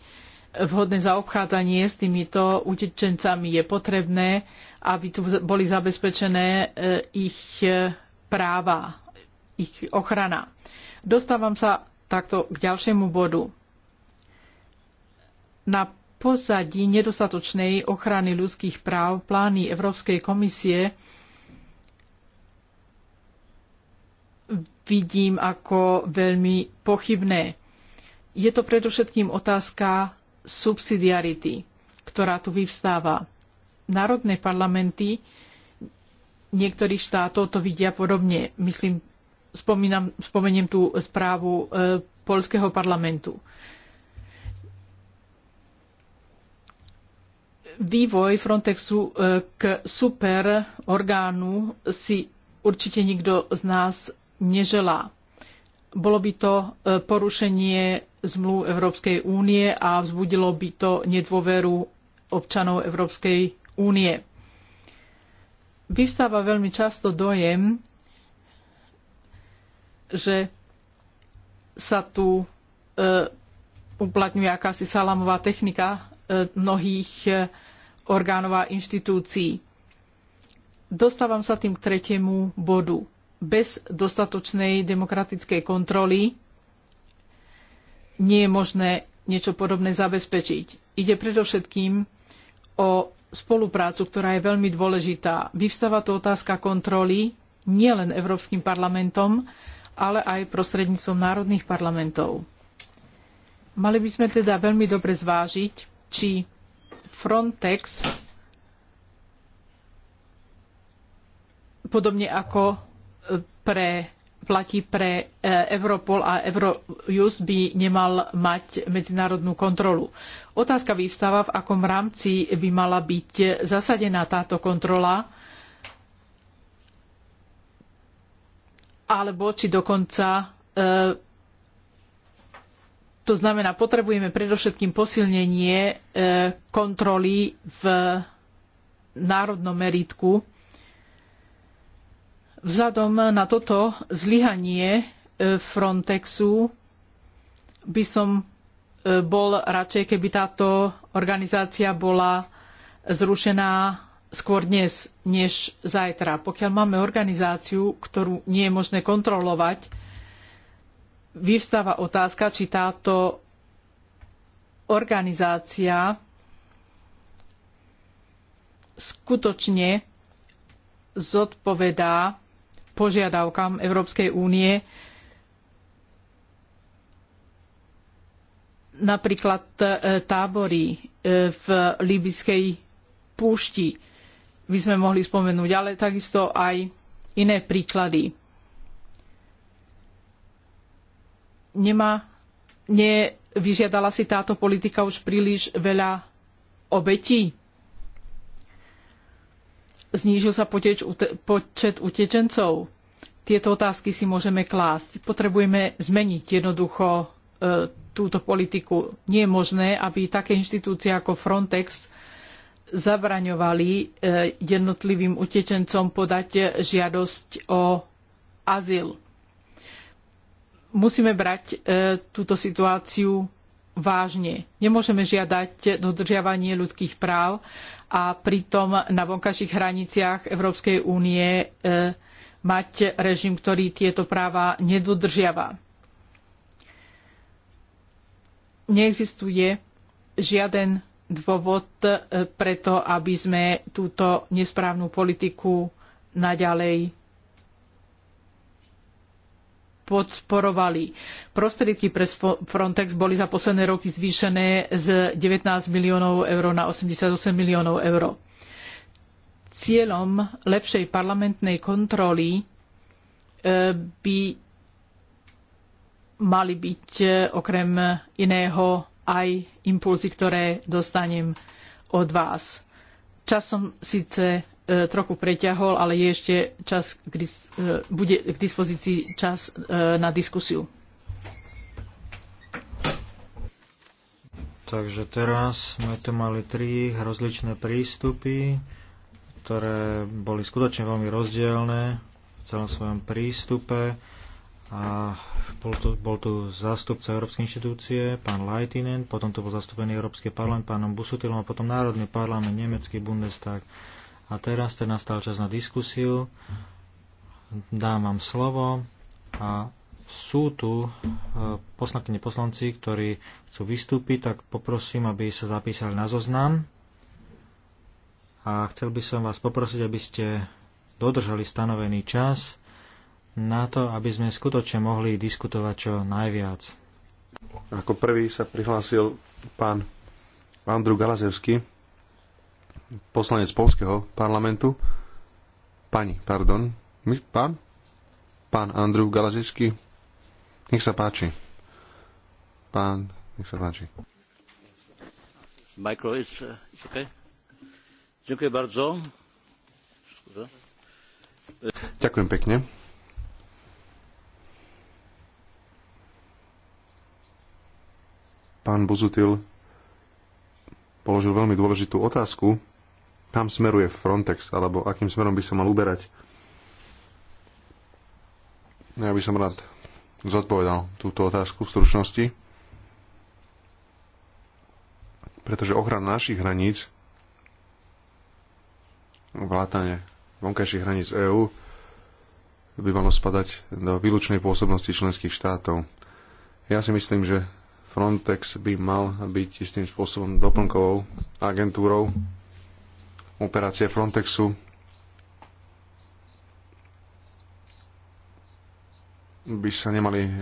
vhodné zaobchádzanie s týmito utečencami. Je potrebné, aby tu boli zabezpečené e, ich e, práva, ich ochrana. Dostávam sa takto k ďalšiemu bodu. Na pozadí nedostatočnej ochrany ľudských práv plány Európskej komisie vidím ako veľmi pochybné. Je to predovšetkým otázka subsidiarity, ktorá tu vyvstáva. Národné parlamenty niektorých štátov to vidia podobne. Myslím, spomínam, spomeniem tú správu e, polského parlamentu. Vývoj Frontexu e, k superorgánu si určite nikto z nás neželá. Bolo by to e, porušenie zmluv Európskej únie a vzbudilo by to nedôveru občanov Európskej únie. Vystáva veľmi často dojem, že sa tu e, uplatňuje akási salamová technika e, mnohých orgánov a inštitúcií. Dostávam sa tým k tretiemu bodu bez dostatočnej demokratickej kontroly nie je možné niečo podobné zabezpečiť. Ide predovšetkým o spoluprácu, ktorá je veľmi dôležitá. Vyvstáva to otázka kontroly nielen Európskym parlamentom, ale aj prostredníctvom národných parlamentov. Mali by sme teda veľmi dobre zvážiť, či Frontex, podobne ako pre, platí pre e, Europol a Eurojust by nemal mať medzinárodnú kontrolu. Otázka vyvstáva, v akom rámci by mala byť zasadená táto kontrola, alebo či dokonca e, to znamená, potrebujeme predovšetkým posilnenie e, kontroly v národnom meritku Vzhľadom na toto zlyhanie e, Frontexu by som e, bol radšej, keby táto organizácia bola zrušená skôr dnes než zajtra. Pokiaľ máme organizáciu, ktorú nie je možné kontrolovať, vyvstáva otázka, či táto organizácia skutočne zodpovedá požiadavkám Európskej únie. Napríklad e, tábory e, v libyskej púšti by sme mohli spomenúť, ale takisto aj iné príklady. Nemá, nevyžiadala si táto politika už príliš veľa obetí? znížil sa poteč, počet utečencov. Tieto otázky si môžeme klásť. Potrebujeme zmeniť jednoducho e, túto politiku. Nie je možné, aby také inštitúcie ako Frontex zabraňovali e, jednotlivým utečencom podať žiadosť o azyl. Musíme brať e, túto situáciu vážne. Nemôžeme žiadať dodržiavanie ľudských práv a pritom na vonkajších hraniciach Európskej únie e, mať režim, ktorý tieto práva nedodržiava. Neexistuje žiaden dôvod e, preto, aby sme túto nesprávnu politiku naďalej podporovali. Prostriedky pre Frontex boli za posledné roky zvýšené z 19 miliónov eur na 88 miliónov eur. Cieľom lepšej parlamentnej kontroly e, by mali byť e, okrem iného aj impulzy, ktoré dostanem od vás. Časom síce E, trochu preťahol, ale je ešte čas, kdy, e, bude k dispozícii čas e, na diskusiu. Takže teraz sme tu mali tri rozličné prístupy, ktoré boli skutočne veľmi rozdielne v celom svojom prístupe. A bol tu, bol tu zástupca Európskej inštitúcie, pán Leitinen, potom tu bol zastúpený Európsky parlament, pánom Busutilom a potom Národný parlament, Nemecký Bundestag. A teraz ten nastal čas na diskusiu. Dám vám slovo a sú tu e, poslankyne poslanci, ktorí chcú vystúpiť, tak poprosím, aby sa zapísali na zoznam. A chcel by som vás poprosiť, aby ste dodržali stanovený čas na to, aby sme skutočne mohli diskutovať čo najviac. Ako prvý sa prihlásil pán Andrew Galazevský poslanec polského parlamentu, pani, pardon, My, pán, pán Andrew Galazisky. Nech sa páči. Pán, nech sa páči. Micro is, uh, is okay. Ďakujem bardzo. Ďakujem pekne. Pán Buzutil položil veľmi dôležitú otázku kam smeruje Frontex, alebo akým smerom by sa mal uberať. Ja by som rád zodpovedal túto otázku v stručnosti, pretože ochrana našich hraníc, vlátanie vonkajších hraníc EÚ, by malo spadať do výlučnej pôsobnosti členských štátov. Ja si myslím, že Frontex by mal byť istým spôsobom doplnkovou agentúrou operácie Frontexu by sa nemali e,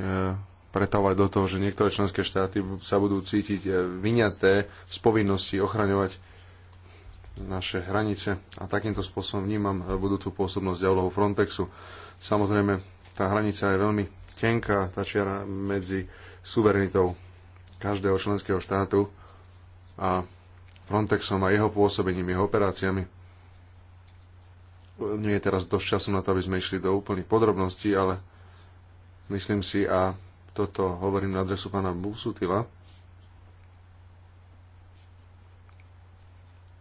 pretavovať do toho, že niektoré členské štáty sa budú cítiť e, vyňaté z povinnosti ochraňovať naše hranice a takýmto spôsobom vnímam e, budúcu pôsobnosť a Frontexu. Samozrejme, tá hranica je veľmi tenká, tá čiara medzi suverenitou každého členského štátu a Frontexom a jeho pôsobením, jeho operáciami. Nie je teraz dosť času na to, aby sme išli do úplných podrobností, ale myslím si, a toto hovorím na adresu pána Busutila,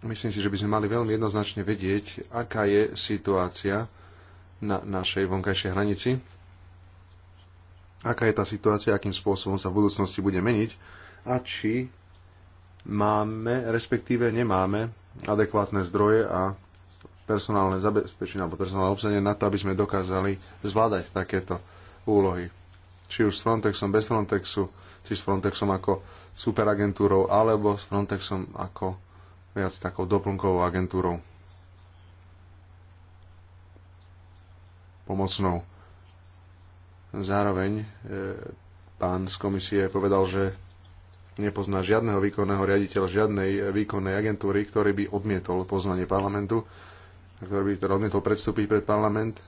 myslím si, že by sme mali veľmi jednoznačne vedieť, aká je situácia na našej vonkajšej hranici, aká je tá situácia, akým spôsobom sa v budúcnosti bude meniť a či máme, respektíve nemáme adekvátne zdroje a personálne zabezpečenie alebo personálne obsadenie na to, aby sme dokázali zvládať takéto úlohy. Či už s Frontexom, bez Frontexu, či s Frontexom ako superagentúrou, alebo s Frontexom ako viac takou doplnkovou agentúrou. Pomocnou. Zároveň e, pán z komisie povedal, že nepozná žiadneho výkonného riaditeľa žiadnej eh, výkonnej agentúry, ktorý by odmietol poznanie parlamentu, ktorý by teda odmietol predstúpiť pred parlament.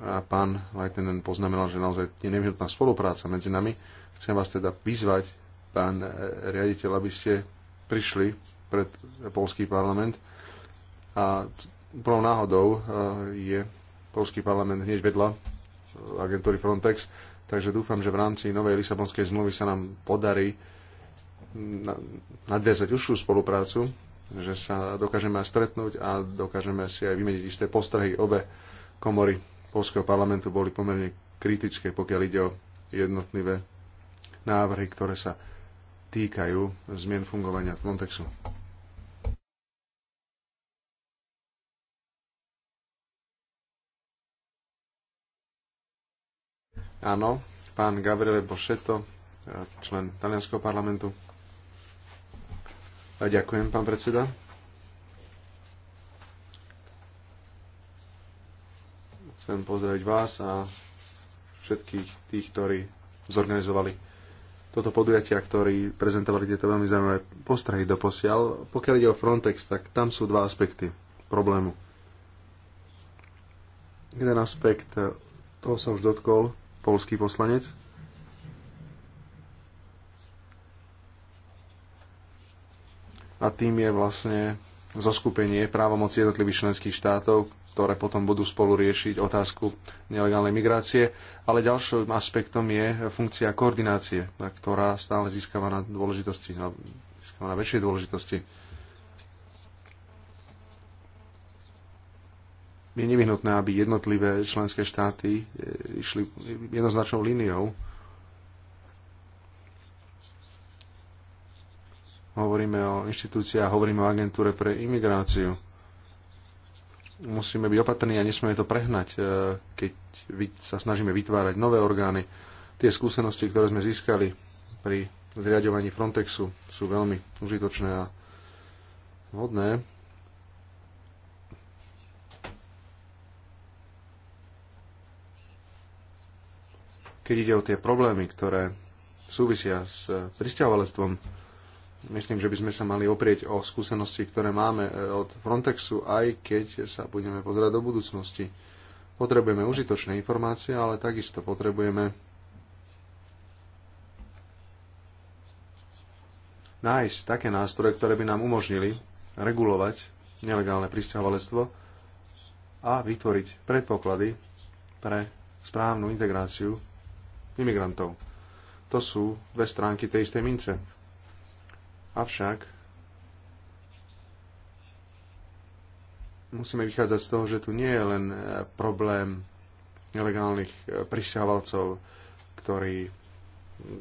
A pán Leitenen poznamenal, že naozaj je nevyhnutná spolupráca medzi nami. Chcem vás teda vyzvať, pán eh, riaditeľ, aby ste prišli pred polský parlament a úplnou náhodou eh, je polský parlament hneď vedľa agentúry Frontex Takže dúfam, že v rámci novej Lisabonskej zmluvy sa nám podarí nadviazať užšiu spoluprácu, že sa dokážeme aj stretnúť a dokážeme si aj vymeniť isté postrehy. Obe komory Polského parlamentu boli pomerne kritické, pokiaľ ide o jednotlivé návrhy, ktoré sa týkajú zmien fungovania Frontexu. Áno, pán Gabriele Bošeto, eh, člen Talianského parlamentu. A ďakujem, pán predseda. Chcem pozdraviť vás a všetkých tých, ktorí zorganizovali toto podujatia, ktorí prezentovali tieto veľmi zaujímavé postrehy do posiaľ. Pokiaľ ide o Frontex, tak tam sú dva aspekty problému. Jeden aspekt, eh, toho sa už dotkol, polský poslanec. A tým je vlastne zoskupenie právomoci jednotlivých členských štátov, ktoré potom budú spolu riešiť otázku nelegálnej migrácie. Ale ďalším aspektom je funkcia koordinácie, ktorá stále získava na dôležitosti, no, získava na väčšej dôležitosti. je nevyhnutné, aby jednotlivé členské štáty e, išli jednoznačnou líniou. Hovoríme o inštitúciách, hovoríme o agentúre pre imigráciu. Musíme byť opatrní a nesmieme to prehnať, e, keď sa snažíme vytvárať nové orgány. Tie skúsenosti, ktoré sme získali pri zriadovaní Frontexu, sú veľmi užitočné a vhodné Keď ide o tie problémy, ktoré súvisia s pristahovalectvom, myslím, že by sme sa mali oprieť o skúsenosti, ktoré máme e, od Frontexu, aj keď sa budeme pozerať do budúcnosti. Potrebujeme užitočné informácie, ale takisto potrebujeme nájsť také nástroje, ktoré by nám umožnili regulovať nelegálne pristahovalectvo a vytvoriť predpoklady pre správnu integráciu imigrantov. To sú dve stránky tej istej mince. Avšak musíme vychádzať z toho, že tu nie je len e, problém nelegálnych e, prisiavalcov, ktorí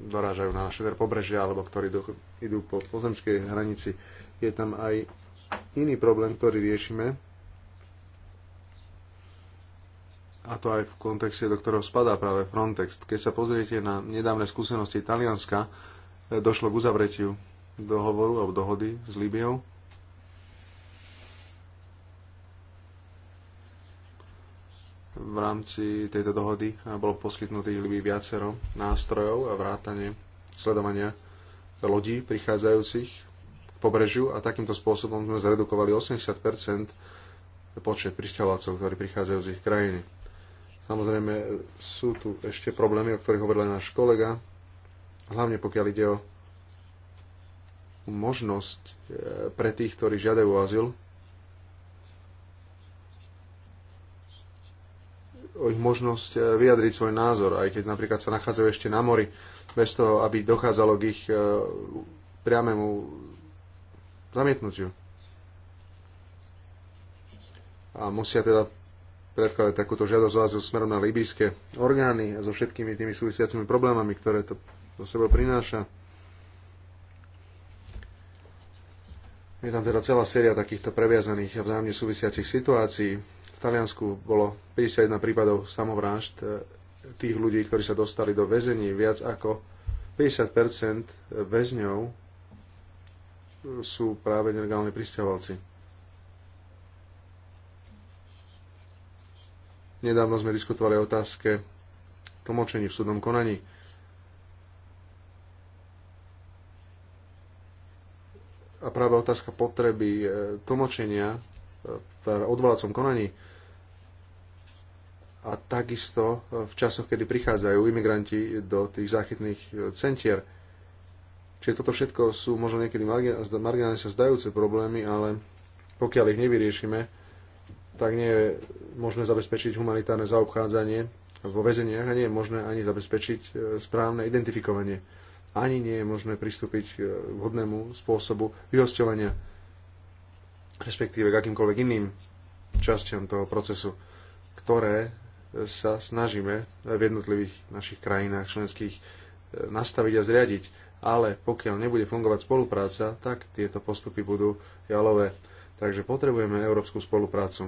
dorážajú na naše teda pobrežia alebo ktorí do, idú po pozemskej hranici. Je tam aj iný problém, ktorý riešime a to aj v kontexte, do ktorého spadá práve Frontex. Keď sa pozriete na nedávne skúsenosti Talianska, e, došlo k uzavretiu dohovoru alebo dohody s Líbiou. V rámci tejto dohody bolo poskytnutých Libii viacero nástrojov a vrátanie sledovania lodí prichádzajúcich k pobrežiu a takýmto spôsobom sme zredukovali 80 počet pristahovalcov, ktorí prichádzajú z ich krajiny Samozrejme sú tu ešte problémy, o ktorých hovoril náš kolega, hlavne pokiaľ ide o možnosť e, pre tých, ktorí žiadajú azyl, o ich možnosť e, vyjadriť svoj názor, aj keď napríklad sa nachádzajú ešte na mori, bez toho, aby dochádzalo k ich e, priamému zamietnutiu. A musia teda predkladať takúto žiadosť azyl smerom na líbyjské orgány a so všetkými tými súvisiacimi problémami, ktoré to do sebou prináša. Je tam teda celá séria takýchto previazaných a vzájomne súvisiacich situácií. V Taliansku bolo 51 prípadov samovrážd e, tých ľudí, ktorí sa dostali do väzení. Viac ako 50 väzňov sú práve nelegálni pristahovalci. Nedávno sme diskutovali o otázke tlmočení v súdnom konaní. A práve otázka potreby e, tlmočenia e, v odvolacom konaní a takisto e, v časoch, kedy prichádzajú imigranti do tých záchytných centier. Čiže toto všetko sú možno niekedy marginálne sa zdajúce problémy, ale pokiaľ ich nevyriešime, tak nie je možné zabezpečiť humanitárne zaobchádzanie vo väzeniach a nie je možné ani zabezpečiť e, správne identifikovanie. Ani nie je možné pristúpiť k e, vhodnému spôsobu vyhostovania, respektíve k akýmkoľvek iným častiam toho procesu, ktoré e, sa snažíme v jednotlivých našich krajinách členských nastaviť a zriadiť. Ale pokiaľ nebude fungovať spolupráca, tak tieto postupy budú jalové. Takže potrebujeme európsku spoluprácu.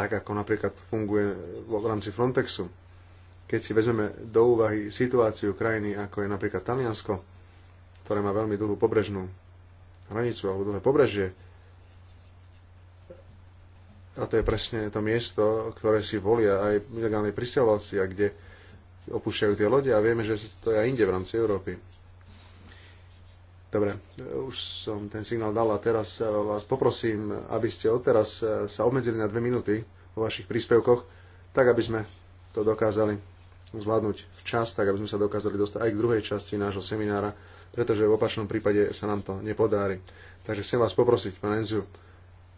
tak ako napríklad funguje v rámci Frontexu. Keď si vezmeme do úvahy situáciu krajiny, ako je napríklad Taliansko, ktoré má veľmi dlhú pobrežnú hranicu alebo dlhé pobrežie, a to je presne to miesto, ktoré si volia aj ilegálni pristahovalci a kde opúšťajú tie lode a vieme, že to je aj inde v rámci Európy Dobre, už som ten signál dal a teraz eh, vás poprosím, aby ste odteraz eh, sa obmedzili na dve minúty vo vašich príspevkoch, tak aby sme to dokázali zvládnuť včas, tak aby sme sa dokázali dostať aj k druhej časti nášho seminára, pretože v opačnom prípade sa nám to nepodarí. Takže chcem vás poprosiť, pán Enziu,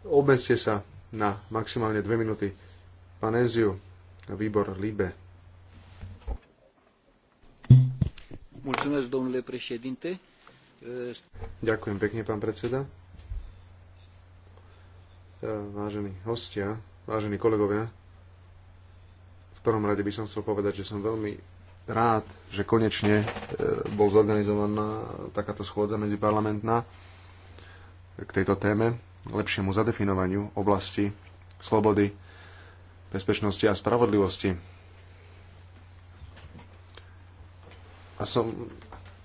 obmedzte sa na maximálne dve minúty. Pán Enziu, výbor Líbe. Mulțumesc, domnule președinte. Ďakujem pekne, pán predseda. E, vážení hostia, vážení kolegovia, v prvom rade by som chcel povedať, že som veľmi rád, že konečne e, bol zorganizovaná takáto schôdza medziparlamentná k tejto téme, lepšiemu zadefinovaniu oblasti slobody, bezpečnosti a spravodlivosti. A som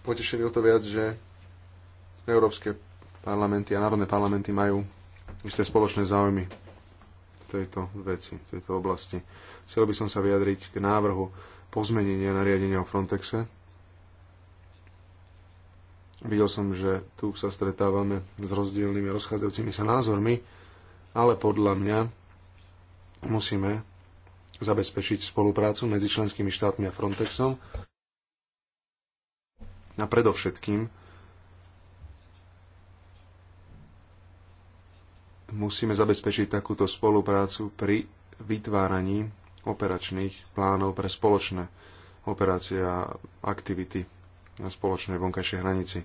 potešený o to viac, že Európske parlamenty a národné parlamenty majú isté spoločné záujmy v tejto veci, v tejto oblasti. Chcel by som sa vyjadriť k návrhu pozmenenia nariadenia o Frontexe. Videl som, že tu sa stretávame s rozdielnymi rozchádzajúcimi sa názormi, ale podľa mňa musíme zabezpečiť spoluprácu medzi členskými štátmi a Frontexom a predovšetkým musíme zabezpečiť takúto spoluprácu pri vytváraní operačných plánov pre spoločné operácie a aktivity na spoločnej vonkajšej hranici.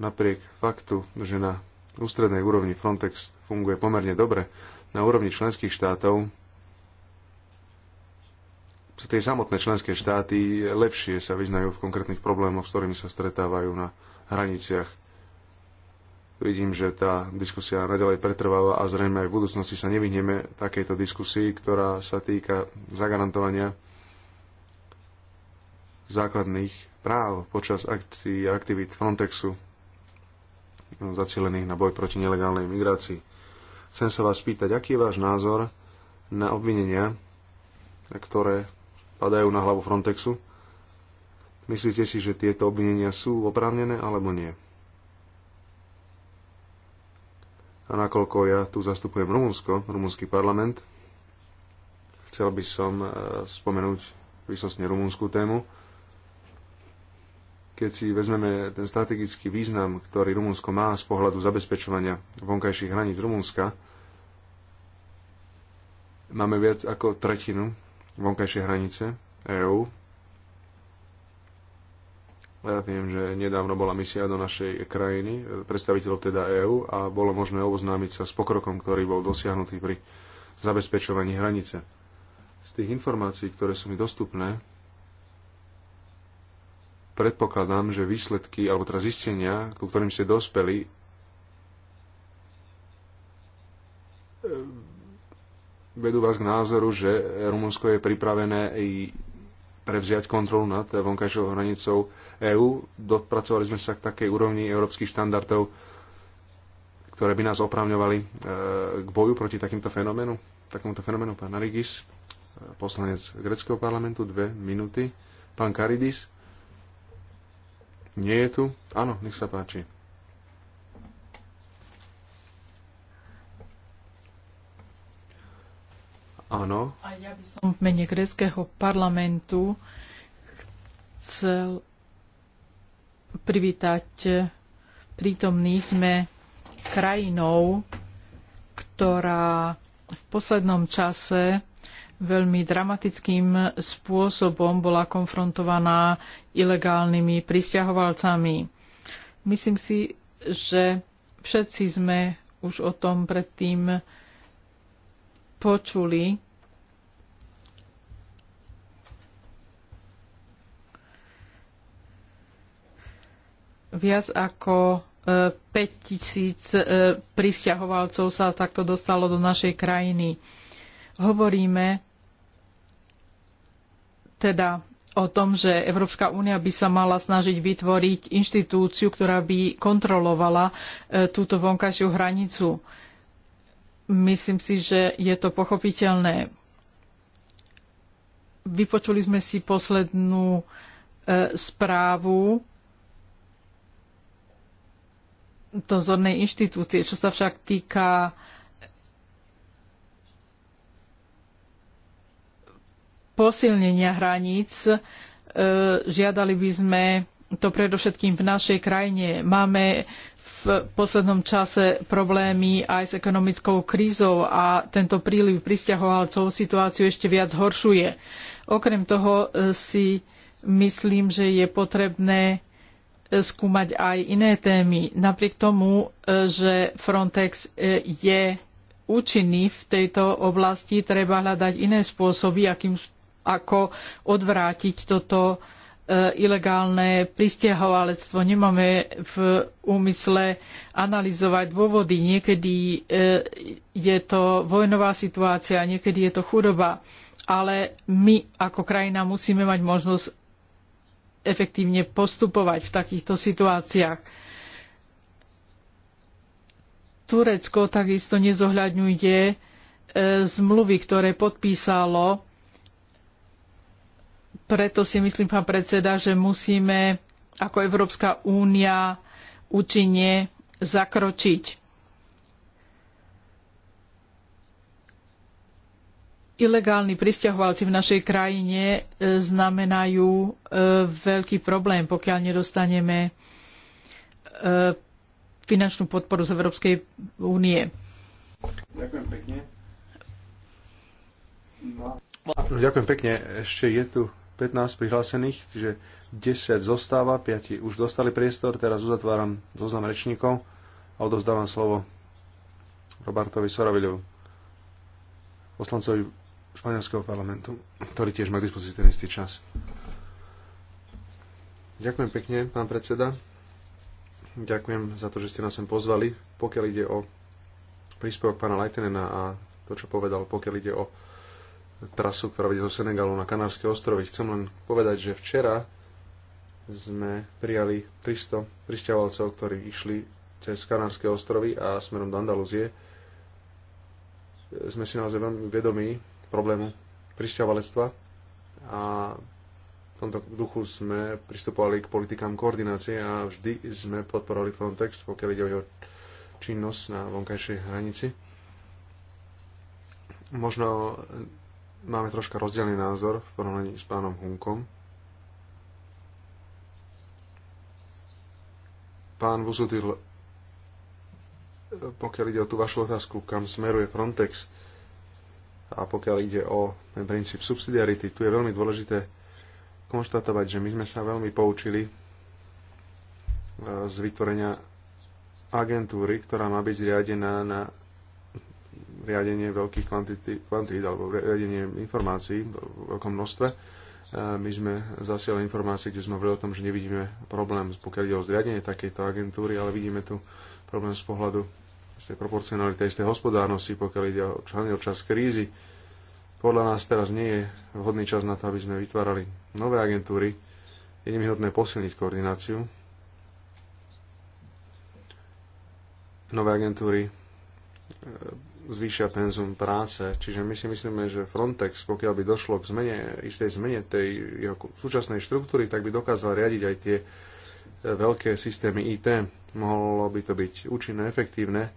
Napriek faktu, že na ústrednej úrovni Frontex funguje pomerne dobre, na úrovni členských štátov tie samotné členské štáty lepšie sa vyznajú v konkrétnych problémoch, s ktorými sa stretávajú na hraniciach Vidím, že tá diskusia naďalej pretrváva a zrejme aj v budúcnosti sa nevyhneme takejto diskusii, ktorá sa týka zagarantovania základných práv počas akcií a aktivít Frontexu no, zacielených na boj proti nelegálnej migrácii. Chcem sa vás spýtať, aký je váš názor na obvinenia, ktoré padajú na hlavu Frontexu? Myslíte si, že tieto obvinenia sú oprávnené alebo nie? A nakoľko ja tu zastupujem Rumunsko, rumunský parlament, chcel by som e, spomenúť výsostne rumunskú tému. Keď si vezmeme ten strategický význam, ktorý Rumunsko má z pohľadu zabezpečovania vonkajších hraníc Rumunska, máme viac ako tretinu vonkajšej hranice EÚ, ja viem, že nedávno bola misia do našej krajiny, e, predstaviteľov teda EÚ, a bolo možné oboznámiť sa s pokrokom, ktorý bol dosiahnutý pri zabezpečovaní hranice. Z tých informácií, ktoré sú mi dostupné, predpokladám, že výsledky, alebo teda zistenia, ku ktorým ste dospeli, e, vedú vás k názoru, že Rumunsko je pripravené i prevziať kontrolu nad vonkajšou hranicou EÚ. Dopracovali sme sa k takej úrovni európskych štandardov, ktoré by nás opravňovali e, k boju proti takýmto fenoménu. Takomuto fenoménu pán Arigis, e, poslanec greckého parlamentu, dve minúty. Pán Karidis, nie je tu? Áno, nech sa páči. Áno. A ja by som v mene greckého parlamentu chcel privítať prítomných. Sme krajinou, ktorá v poslednom čase veľmi dramatickým spôsobom bola konfrontovaná ilegálnymi pristahovalcami. Myslím si, že všetci sme už o tom predtým počuli. Viac ako 5000 e, e, pristahovalcov sa takto dostalo do našej krajiny. Hovoríme teda o tom, že Európska únia by sa mala snažiť vytvoriť inštitúciu, ktorá by kontrolovala e, túto vonkajšiu hranicu. Myslím si, že je to pochopiteľné. Vypočuli sme si poslednú e, správu dozornej inštitúcie, čo sa však týka posilnenia hraníc. E, žiadali by sme to predovšetkým v našej krajine. Máme v poslednom čase problémy aj s ekonomickou krízou a tento príliv prisťahovalcov situáciu ešte viac horšuje. Okrem toho e, si myslím, že je potrebné e, skúmať aj iné témy. Napriek tomu, e, že Frontex je účinný v tejto oblasti, treba hľadať iné spôsoby, akým, ako odvrátiť toto E, ilegálne pristahovalectvo. Nemáme v úmysle analyzovať dôvody. Niekedy e, je to vojnová situácia, niekedy je to chudoba. Ale my ako krajina musíme mať možnosť efektívne postupovať v takýchto situáciách. Turecko takisto nezohľadňuje e, zmluvy, ktoré podpísalo preto si myslím, pán predseda, že musíme ako Európska únia účinne zakročiť. Ilegálni pristahovalci v našej krajine e, znamenajú e, veľký problém, pokiaľ nedostaneme e, finančnú podporu z Európskej únie. Ďakujem pekne. No. Ďakujem pekne. Ešte je tu 15 prihlásených, čiže 10 zostáva, 5 už dostali priestor, teraz uzatváram zoznam rečníkov a odozdávam slovo Robertovi Soraviľovu, poslancovi španielského parlamentu, ktorý tiež má k dispozícii ten istý čas. Ďakujem pekne, pán predseda. Ďakujem za to, že ste nás sem pozvali. Pokiaľ ide o príspevok pána Lajtenena a to, čo povedal, pokiaľ ide o trasu, ktorá vedie zo Senegalu na Kanárske ostrovy. Chcem len povedať, že včera sme prijali 300 pristiavalcov, ktorí išli cez Kanárske ostrovy a smerom do Andalúzie. Sme si naozaj veľmi vedomí problému pristiavalectva a v tomto duchu sme pristupovali k politikám koordinácie a vždy sme podporovali Frontex, pokiaľ ide o jeho činnosť na vonkajšej hranici. Možno máme troška rozdielný názor v porovnaní s pánom Hunkom. Pán Busutil, eh, pokiaľ ide o tú vašu otázku, kam smeruje Frontex a pokiaľ ide o ten princíp subsidiarity, tu je veľmi dôležité konštatovať, že my sme sa veľmi poučili eh, z vytvorenia agentúry, ktorá má byť zriadená na riadenie veľkých kvantity, kvantít alebo riadenie informácií v veľkom množstve. E, my sme zasiali informácie, kde sme hovorili o tom, že nevidíme problém, pokiaľ ide o zriadenie takejto agentúry, ale vidíme tu problém z pohľadu z tej proporcionality, z tej hospodárnosti, pokiaľ ide o čas, o čas krízy. Podľa nás teraz nie je vhodný čas na to, aby sme vytvárali nové agentúry. Je nevyhodné posilniť koordináciu nové agentúry E, zvýšia penzum práce. Čiže my si myslíme, že Frontex, pokiaľ by došlo k zmene, istej zmene tej jeho súčasnej štruktúry, tak by dokázal riadiť aj tie e, veľké systémy IT. Mohlo by to byť účinné, efektívne, e,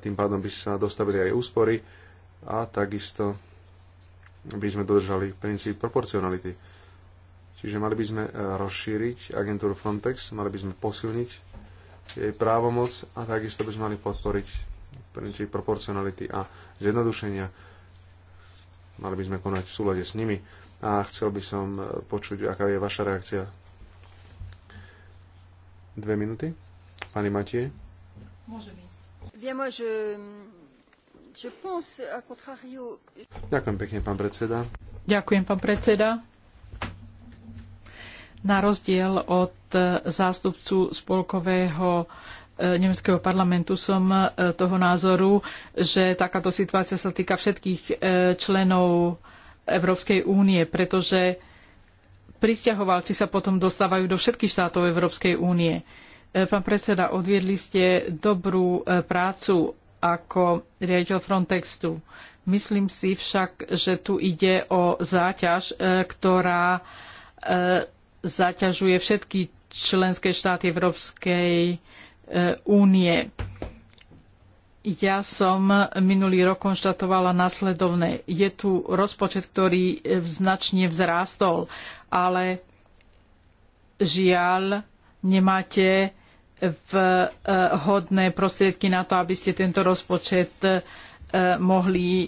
tým pádom by sa dostavili aj úspory a takisto by sme dodržali princíp proporcionality. Čiže mali by sme rozšíriť agentúru Frontex, mali by sme posilniť jej právomoc a takisto by sme mali podporiť princíp proporcionality a zjednodušenia. Mali by sme konať v súlade s nimi a chcel by som e, počuť, aká je vaša reakcia. Dve minúty. Pani Matie. Môžem ísť. Ďakujem pekne, pán predseda. Ďakujem, pán predseda. Na rozdiel od e, zástupcu spolkového nemeckého parlamentu som e, toho názoru, že takáto situácia sa týka všetkých e, členov Európskej únie, pretože pristahovalci sa potom dostávajú do všetkých štátov Európskej únie. E, pán predseda, odviedli ste dobrú prácu ako riaditeľ Frontextu. Myslím si však, že tu ide o záťaž, ktorá zaťažuje všetky členské štáty Európskej E, únie. Ja som minulý rok konštatovala nasledovné. Je tu rozpočet, ktorý e, značne vzrástol, ale žiaľ nemáte vhodné e, prostriedky na to, aby ste tento rozpočet mohli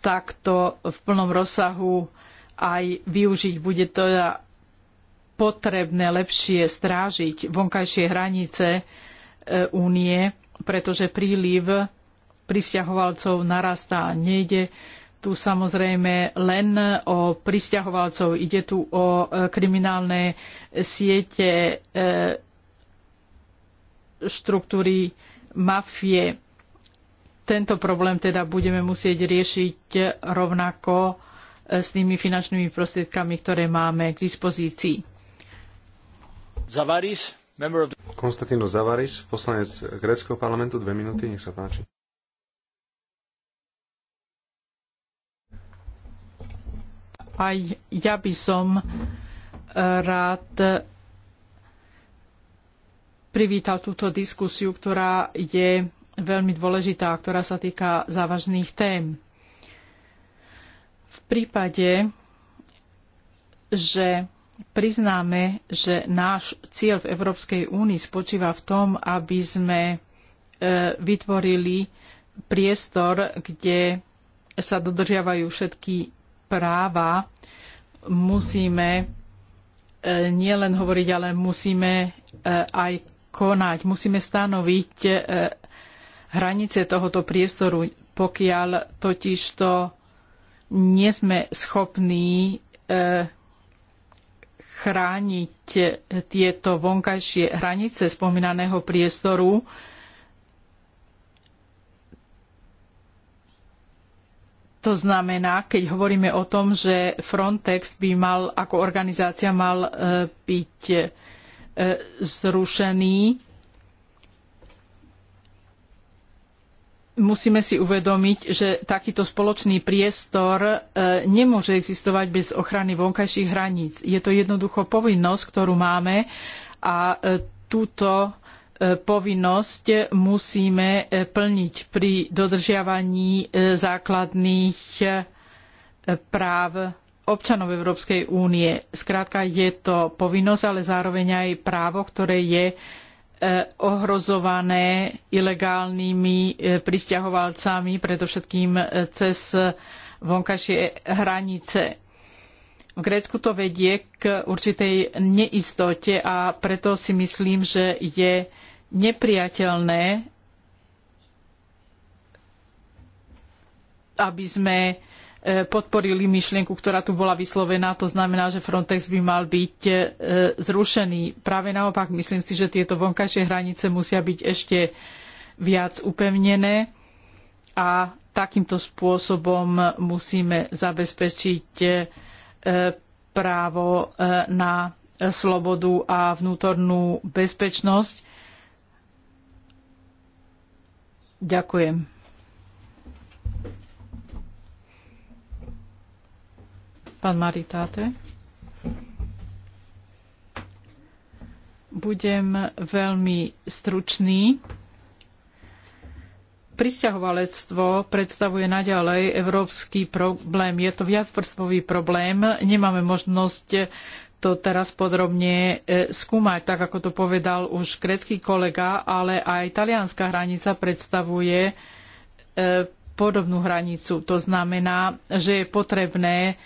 takto v plnom rozsahu aj využiť. Bude to teda potrebné lepšie strážiť vonkajšie hranice e, únie, pretože príliv pristahovalcov narastá. a Nejde tu samozrejme len o pristahovalcov, ide tu o e, kriminálne siete e, štruktúry mafie. Tento problém teda budeme musieť riešiť rovnako s tými finančnými prostriedkami, ktoré máme k dispozícii. Zavaris, member of... Konstantino Zavaris, poslanec gréckého parlamentu, dve minúty, nech sa páči. Aj ja by som e, rád privítal túto diskusiu, ktorá je veľmi dôležitá, ktorá sa týka závažných tém. V prípade, že priznáme, že náš cieľ v Európskej únii spočíva v tom, aby sme e, vytvorili priestor, kde sa dodržiavajú všetky práva, musíme e, nielen hovoriť, ale musíme e, aj konať. Musíme stanoviť hranice tohoto priestoru, pokiaľ totižto nie sme schopní chrániť tieto vonkajšie hranice spomínaného priestoru, To znamená, keď hovoríme o tom, že Frontex by mal ako organizácia mal e, byť e, zrušený, musíme si uvedomiť, že takýto spoločný priestor e, nemôže existovať bez ochrany vonkajších hraníc. Je to jednoducho povinnosť, ktorú máme a e, túto e, povinnosť musíme plniť pri dodržiavaní základných práv občanov Európskej únie. Skrátka je to povinnosť, ale zároveň aj právo, ktoré je Eh, ohrozované ilegálnymi eh, prisťahovalcami, predovšetkým eh, cez vonkajšie hranice. V Grécku to vedie k určitej neistote a preto si myslím, že je neprijateľné, aby sme E, podporili myšlienku, ktorá tu bola vyslovená. To znamená, že Frontex by mal byť e, zrušený. Práve naopak, myslím si, že tieto vonkajšie hranice musia byť ešte viac upevnené a takýmto spôsobom musíme zabezpečiť e, právo na slobodu a vnútornú bezpečnosť. Ďakujem. Pán Maritáte. Budem veľmi stručný. Prisťahovalectvo predstavuje naďalej európsky problém. Je to viacvrstvový problém. Nemáme možnosť to teraz podrobne e, skúmať, tak ako to povedal už grecký kolega, ale aj italianská hranica predstavuje e, podobnú hranicu. To znamená, že je potrebné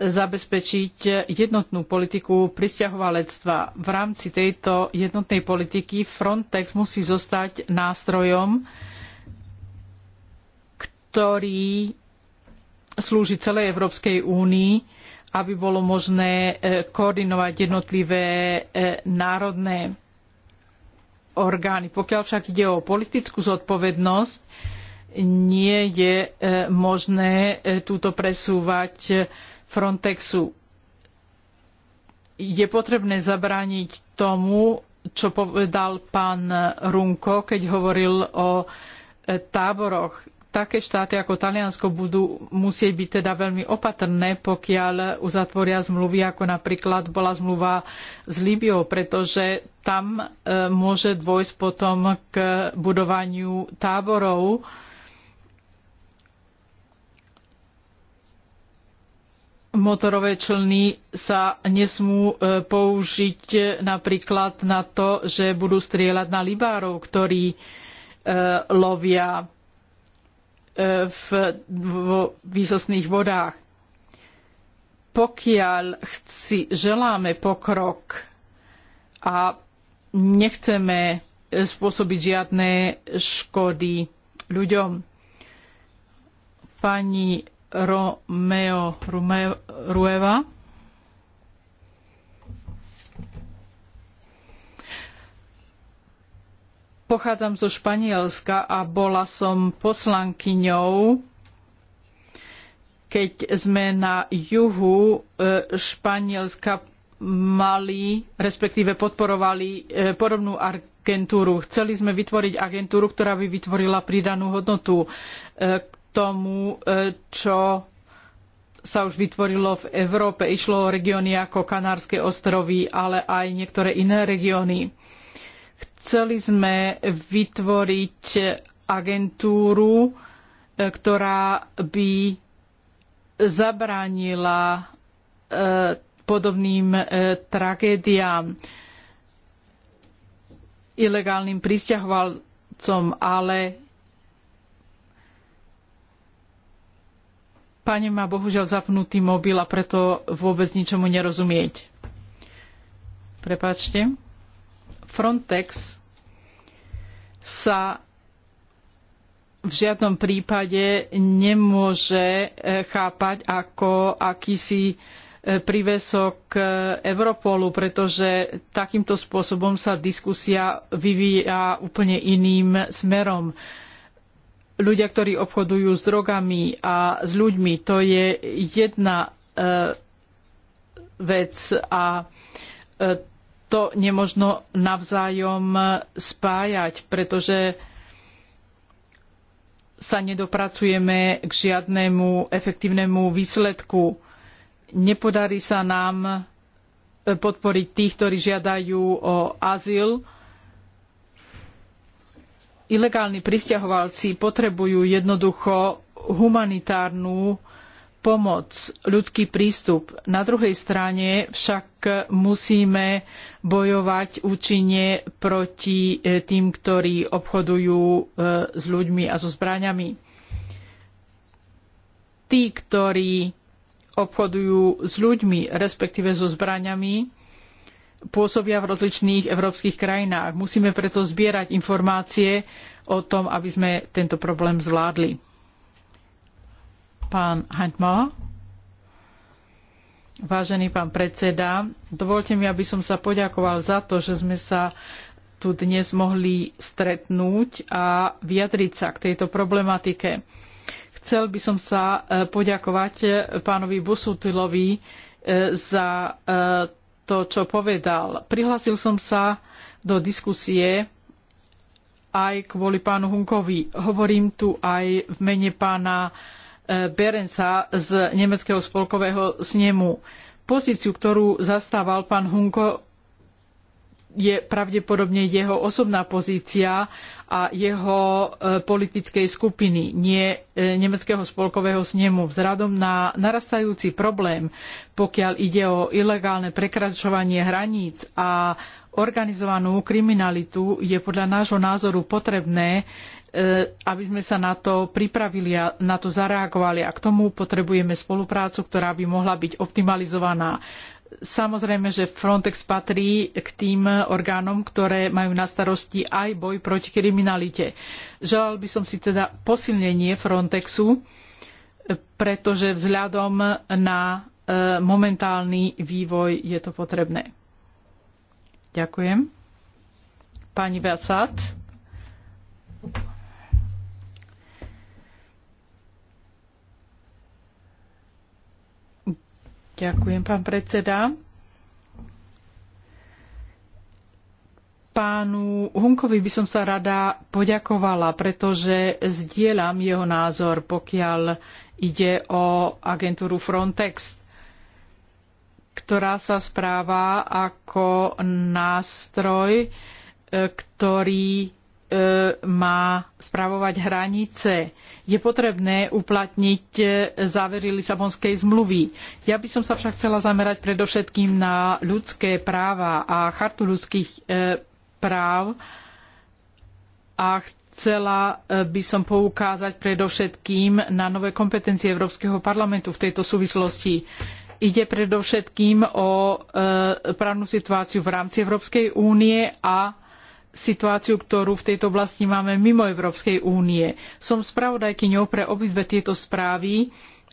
zabezpečiť jednotnú politiku prisťahovalectva. V rámci tejto jednotnej politiky Frontex musí zostať nástrojom, ktorý slúži celej Európskej únii, aby bolo možné e, koordinovať jednotlivé e, národné orgány. Pokiaľ však ide o politickú zodpovednosť, nie je e, možné túto presúvať Frontexu. Je potrebné zabrániť tomu, čo povedal pán Runko, keď hovoril o e, táboroch. Také štáty ako Taliansko budú musieť byť teda veľmi opatrné, pokiaľ uzatvoria zmluvy, ako napríklad bola zmluva s Líbiou, pretože tam e, môže dôjsť potom k budovaniu táborov, motorové člny sa nesmú e, použiť e, napríklad na to, že budú strieľať na libárov, ktorí e, lovia v, vo výsostných vodách. Pokiaľ chci, želáme pokrok a nechceme spôsobiť žiadne škody ľuďom, pani Romeo Rueva. Pochádzam zo Španielska a bola som poslankyňou, keď sme na juhu e, Španielska mali, respektíve podporovali e, podobnú agentúru. Chceli sme vytvoriť agentúru, ktorá by vytvorila pridanú hodnotu, e, tomu, e, čo sa už vytvorilo v Európe. Išlo o regióny ako Kanárske ostrovy, ale aj niektoré iné regióny. Chceli sme vytvoriť agentúru, e, ktorá by zabránila e, podobným tragédiám, ilegálnym pristahovalcom, ale Pani má bohužiaľ zapnutý mobil a preto vôbec ničomu nerozumieť. Prepáčte. Frontex sa v žiadnom prípade nemôže eh, chápať ako akýsi eh, prívesok eh, Europolu, pretože takýmto spôsobom sa diskusia vyvíja úplne iným smerom ľudia, ktorí obchodujú s drogami a s ľuďmi, to je jedna e, vec a e, to nemožno navzájom spájať, pretože sa nedopracujeme k žiadnemu efektívnemu výsledku. Nepodarí sa nám e, podporiť tých, ktorí žiadajú o azyl, ilegálni prisťahovalci potrebujú jednoducho humanitárnu pomoc, ľudský prístup. Na druhej strane však musíme bojovať účinne proti e, tým, ktorí obchodujú e, s ľuďmi a so zbraniami. Tí, ktorí obchodujú s ľuďmi, respektíve so zbraniami, pôsobia v rozličných európskych krajinách. Musíme preto zbierať informácie o tom, aby sme tento problém zvládli. Pán Hantmala. Vážený pán predseda, dovolte mi, aby som sa poďakoval za to, že sme sa tu dnes mohli stretnúť a vyjadriť sa k tejto problematike. Chcel by som sa e, poďakovať e, pánovi Busutilovi e, za to, čo povedal. Prihlásil som sa do diskusie aj kvôli pánu Hunkovi. Hovorím tu aj v mene pána e, Berenca z Nemeckého spolkového snemu. Pozíciu, ktorú zastával pán Hunko, je pravdepodobne jeho osobná pozícia a jeho e, politickej skupiny, nie e, Nemeckého spolkového snemu. Vzhľadom na narastajúci problém, pokiaľ ide o ilegálne prekračovanie hraníc a organizovanú kriminalitu, je podľa nášho názoru potrebné, e, aby sme sa na to pripravili a na to zareagovali. A k tomu potrebujeme spoluprácu, ktorá by mohla byť optimalizovaná Samozrejme, že Frontex patrí k tým orgánom, ktoré majú na starosti aj boj proti kriminalite. Želal by som si teda posilnenie Frontexu, pretože vzhľadom na e, momentálny vývoj je to potrebné. Ďakujem. Pani Beasat. Ďakujem, pán predseda. Pánu Hunkovi by som sa rada poďakovala, pretože zdieľam jeho názor, pokiaľ ide o agentúru Frontex, ktorá sa správa ako nástroj, e, ktorý E, má spravovať hranice. Je potrebné uplatniť e, závery Lisabonskej zmluvy. Ja by som sa však chcela zamerať predovšetkým na ľudské práva a chartu ľudských e, práv a chcela by som poukázať predovšetkým na nové kompetencie Európskeho parlamentu v tejto súvislosti. Ide predovšetkým o právnu situáciu v rámci Európskej únie a situáciu, ktorú v tejto oblasti máme mimo Európskej únie. Som spravodajkyňou pre obidve tieto správy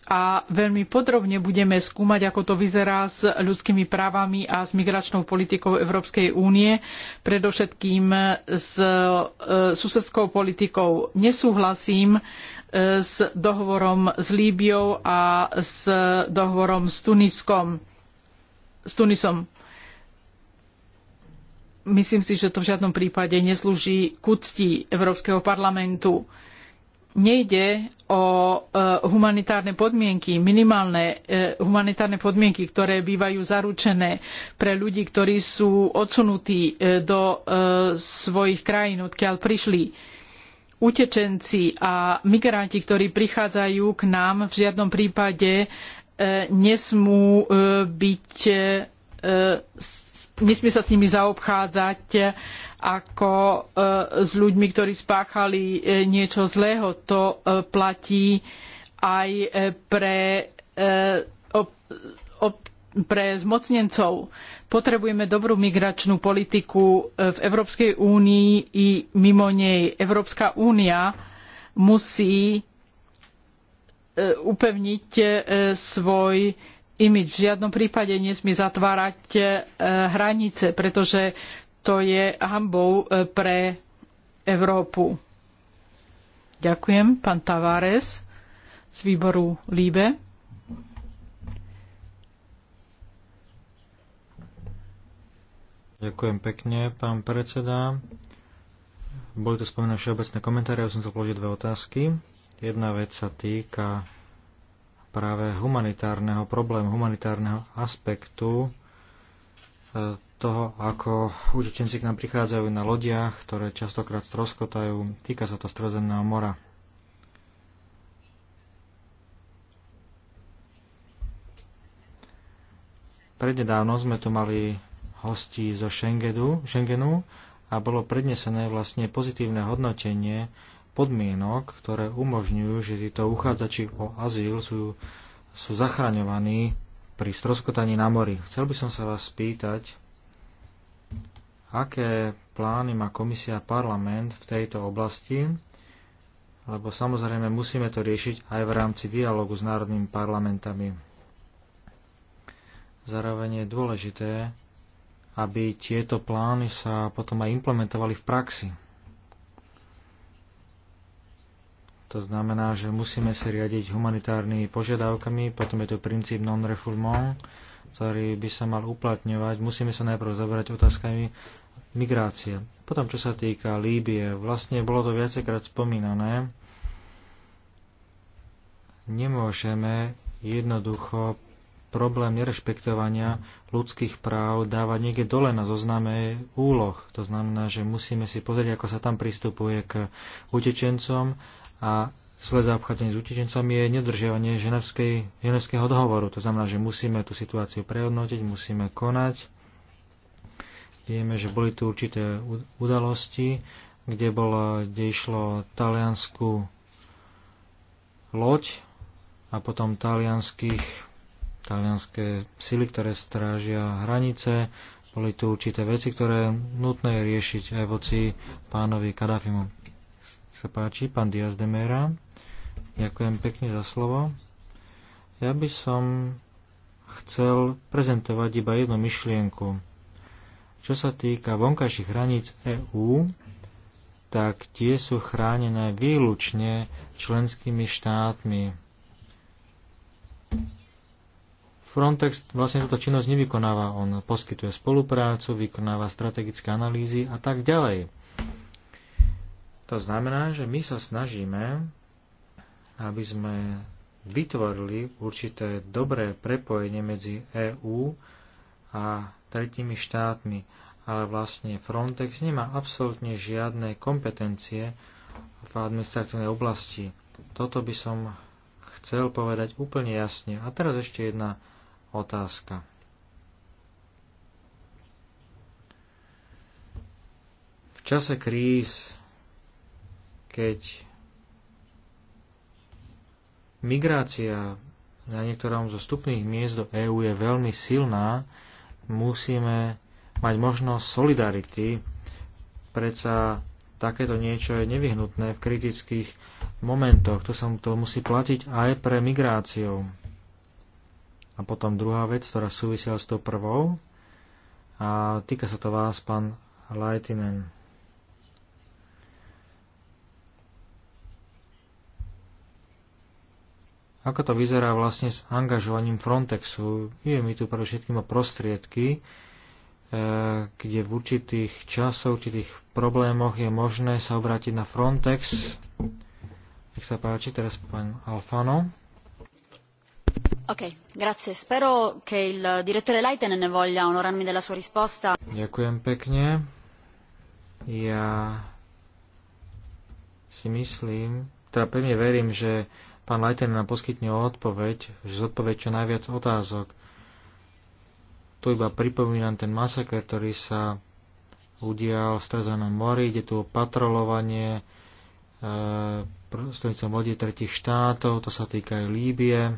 a veľmi podrobne budeme skúmať, ako to vyzerá s ľudskými právami a s migračnou politikou Európskej únie, predovšetkým s e, susedskou politikou. Nesúhlasím e, s dohovorom s Líbiou a s dohovorom s Tuniskom. S Tunisom myslím si, že to v žiadnom prípade neslúži k úcti Európskeho parlamentu. Nejde o e, humanitárne podmienky, minimálne e, humanitárne podmienky, ktoré bývajú zaručené pre ľudí, ktorí sú odsunutí e, do svojich krajín, odkiaľ prišli. Utečenci a migranti, ktorí prichádzajú k nám, v žiadnom prípade nesmú byť nesmie sa s nimi zaobchádzať ako e, s ľuďmi, ktorí spáchali e, niečo zlého. To e, platí aj pre, pre zmocnencov. Potrebujeme dobrú migračnú politiku v Európskej únii i mimo nej. Európska únia musí upevniť svoj imidž. V žiadnom prípade nesmie zatvárať e, hranice, pretože to je hambou e, pre Európu. Ďakujem, pán Tavares z výboru Líbe. Ďakujem pekne, pán predseda. Boli tu spomenuté všeobecné komentáre, ja som sa položil dve otázky. Jedna vec sa týka práve humanitárneho problému, humanitárneho aspektu e, toho, ako utečenci k nám prichádzajú na lodiach, ktoré častokrát stroskotajú. Týka sa to Stredozemného mora. Prednedávno sme tu mali hostí zo Schengenu, Schengenu a bolo prednesené vlastne pozitívne hodnotenie podmienok, ktoré umožňujú, že títo uchádzači o azyl sú, sú zachraňovaní pri stroskotaní na mori. Chcel by som sa vás spýtať, aké plány má komisia a parlament v tejto oblasti, lebo samozrejme musíme to riešiť aj v rámci dialogu s národnými parlamentami. Zároveň je dôležité, aby tieto plány sa potom aj implementovali v praxi. To znamená, že musíme sa riadiť humanitárnymi požiadavkami, potom je to princíp non-refoulement, ktorý by sa mal uplatňovať. Musíme sa najprv zaberať otázkami migrácie. Potom, čo sa týka Líbie, vlastne bolo to viacekrát spomínané, nemôžeme jednoducho problém nerešpektovania ľudských práv dávať niekde dole na zozname úloh. To znamená, že musíme si pozrieť, ako sa tam pristupuje k utečencom, a zle zaobchádzanie s utečencami je nedržiavanie ženevského dohovoru. To znamená, že musíme tú situáciu prehodnotiť, musíme konať. Vieme, že boli tu určité udalosti, kde, bolo, kde išlo taliansku loď a potom talianských, talianské sily, ktoré strážia hranice. Boli tu určité veci, ktoré nutné je riešiť aj voci pánovi Kadáfimu. Nech sa páči, pán Diaz de Mera. Ďakujem pekne za slovo. Ja by som chcel prezentovať iba jednu myšlienku. Čo sa týka vonkajších hraníc EÚ, tak tie sú chránené výlučne členskými štátmi. Frontex vlastne túto činnosť nevykonáva. On poskytuje spoluprácu, vykonáva strategické analýzy a tak ďalej. To znamená, že my sa snažíme, aby sme vytvorili určité dobré prepojenie medzi EÚ a tretími štátmi, ale vlastne Frontex nemá absolútne žiadne kompetencie v administratívnej oblasti. Toto by som chcel povedať úplne jasne. A teraz ešte jedna otázka. V čase kríz keď migrácia na niektorom zo stupných miest do EÚ je veľmi silná, musíme mať možnosť solidarity. Predsa takéto niečo je nevyhnutné v kritických momentoch. To sa to musí platiť aj pre migráciu. A potom druhá vec, ktorá súvisia s tou prvou, a týka sa to vás, pán Leitinen. Ako to vyzerá vlastne s angažovaním Frontexu? Je mi tu pre všetkým o prostriedky, e, kde v určitých časoch, určitých problémoch je možné sa obrátiť na Frontex. Nech sa páči, teraz pán Alfano. Ok, grazie. Spero che il direttore ne voglia onorarmi della sua risposta. Ďakujem pekne. Ja si myslím, teda pevne verím, že pán Lajten nám poskytne odpoveď, že zodpoveď čo najviac otázok. Tu iba pripomínam ten masaker, ktorý sa udial v Strezanom mori, ide tu o patrolovanie e, prostredníctvom lodí tretich štátov, to sa týka aj Líbie.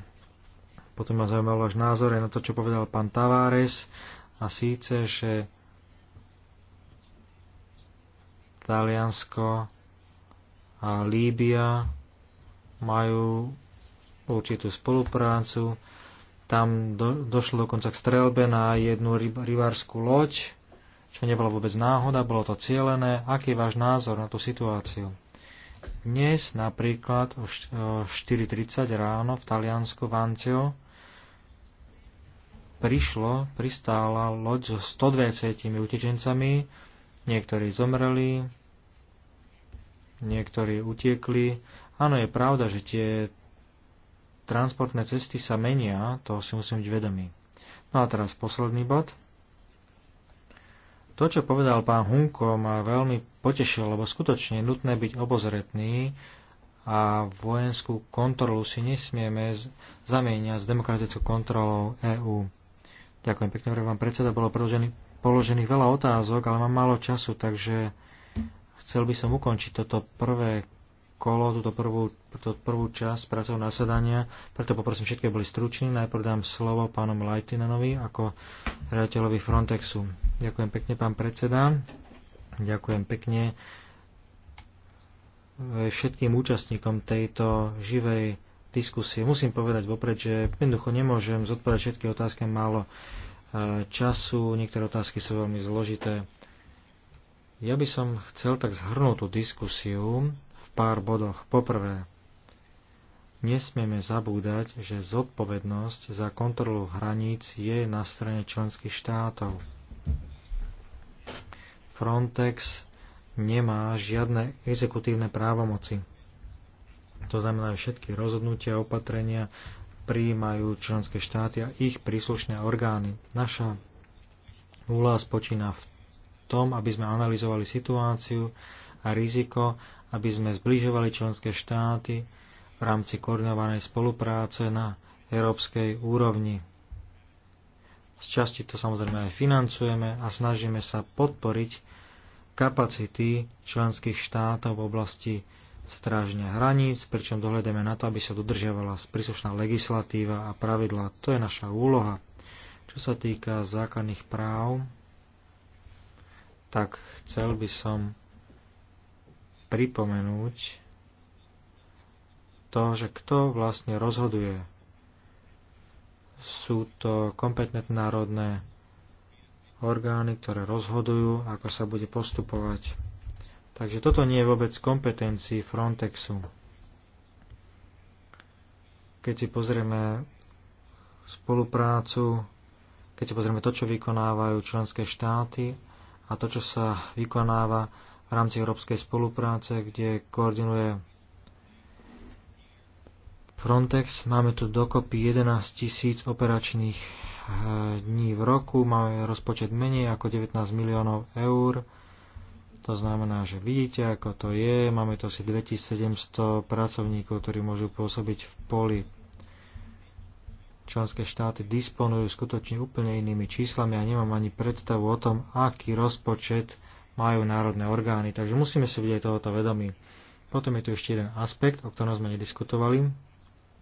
Potom ma zaujímalo až názor na to, čo povedal pán Tavares, a síce, že Taliansko a Líbia majú určitú spoluprácu. Tam do, došlo dokonca k strelbe na jednu ryb, rybárskú loď, čo nebola vôbec náhoda, bolo to cieľené. Aký je váš názor na tú situáciu? Dnes napríklad o 4.30 e, ráno v Taliansku v Antio prišlo, pristála loď so 120 utečencami, niektorí zomreli, niektorí utiekli, Áno, je pravda, že tie transportné cesty sa menia, toho si musím byť vedomý. No a teraz posledný bod. To, čo povedal pán Hunko, ma veľmi potešil, lebo skutočne je nutné byť obozretný a vojenskú kontrolu si nesmieme zamieňať s demokratickou kontrolou EÚ. Ďakujem pekne, vám predseda, bolo položených veľa otázok, ale mám málo času, takže chcel by som ukončiť toto prvé kolo, túto prvú, túto prvú časť pracovného nasadania, preto poprosím všetky boli struční. Najprv dám slovo pánom Lajtinanovi ako riaditeľovi Frontexu. Ďakujem pekne, pán predseda. Ďakujem pekne všetkým účastníkom tejto živej diskusie. Musím povedať vopred, že jednoducho nemôžem zodpovedať všetky otázky, málo e, času, niektoré otázky sú veľmi zložité. Ja by som chcel tak zhrnúť tú diskusiu v pár bodoch. Poprvé, nesmieme zabúdať, že zodpovednosť za kontrolu hraníc je na strane členských štátov. Frontex nemá žiadne exekutívne právomoci. To znamená, že všetky rozhodnutia a opatrenia prijímajú členské štáty a ich príslušné orgány. Naša úloha spočína v tom, aby sme analyzovali situáciu a riziko aby sme zbližovali členské štáty v rámci koordinovanej spolupráce na európskej úrovni. Z časti to samozrejme aj financujeme a snažíme sa podporiť kapacity členských štátov v oblasti strážne hraníc, pričom dohľadáme na to, aby sa dodržiavala príslušná legislatíva a pravidlá. To je naša úloha. Čo sa týka základných práv, tak chcel by som pripomenúť to, že kto vlastne rozhoduje. Sú to kompetentné národné orgány, ktoré rozhodujú, ako sa bude postupovať. Takže toto nie je vôbec kompetencií Frontexu. Keď si pozrieme spoluprácu, keď si pozrieme to, čo vykonávajú členské štáty a to, čo sa vykonáva v rámci európskej spolupráce, kde koordinuje Frontex. Máme tu dokopy 11 tisíc operačných eh, dní v roku, máme rozpočet menej ako 19 miliónov eur. To znamená, že vidíte, ako to je. Máme tu asi 2700 pracovníkov, ktorí môžu pôsobiť v poli. Členské štáty disponujú skutočne úplne inými číslami a nemám ani predstavu o tom, aký rozpočet majú národné orgány, takže musíme si byť aj tohoto vedomí. Potom je tu ešte jeden aspekt, o ktorom sme nediskutovali,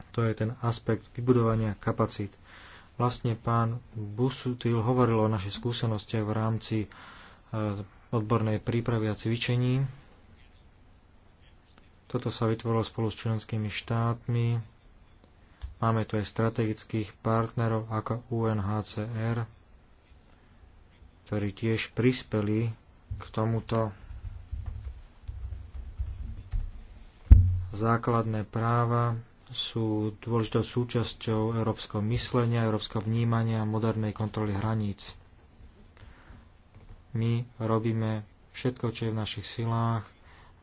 to je ten aspekt vybudovania kapacít. Vlastne pán Busutil hovoril o našich skúsenostiach v rámci e, odbornej prípravy a cvičení. Toto sa vytvorilo spolu s členskými štátmi. Máme tu aj strategických partnerov ako UNHCR, ktorí tiež prispeli k tomuto základné práva sú dôležitou súčasťou európskeho myslenia, európskeho vnímania a modernej kontroly hraníc. My robíme všetko, čo je v našich silách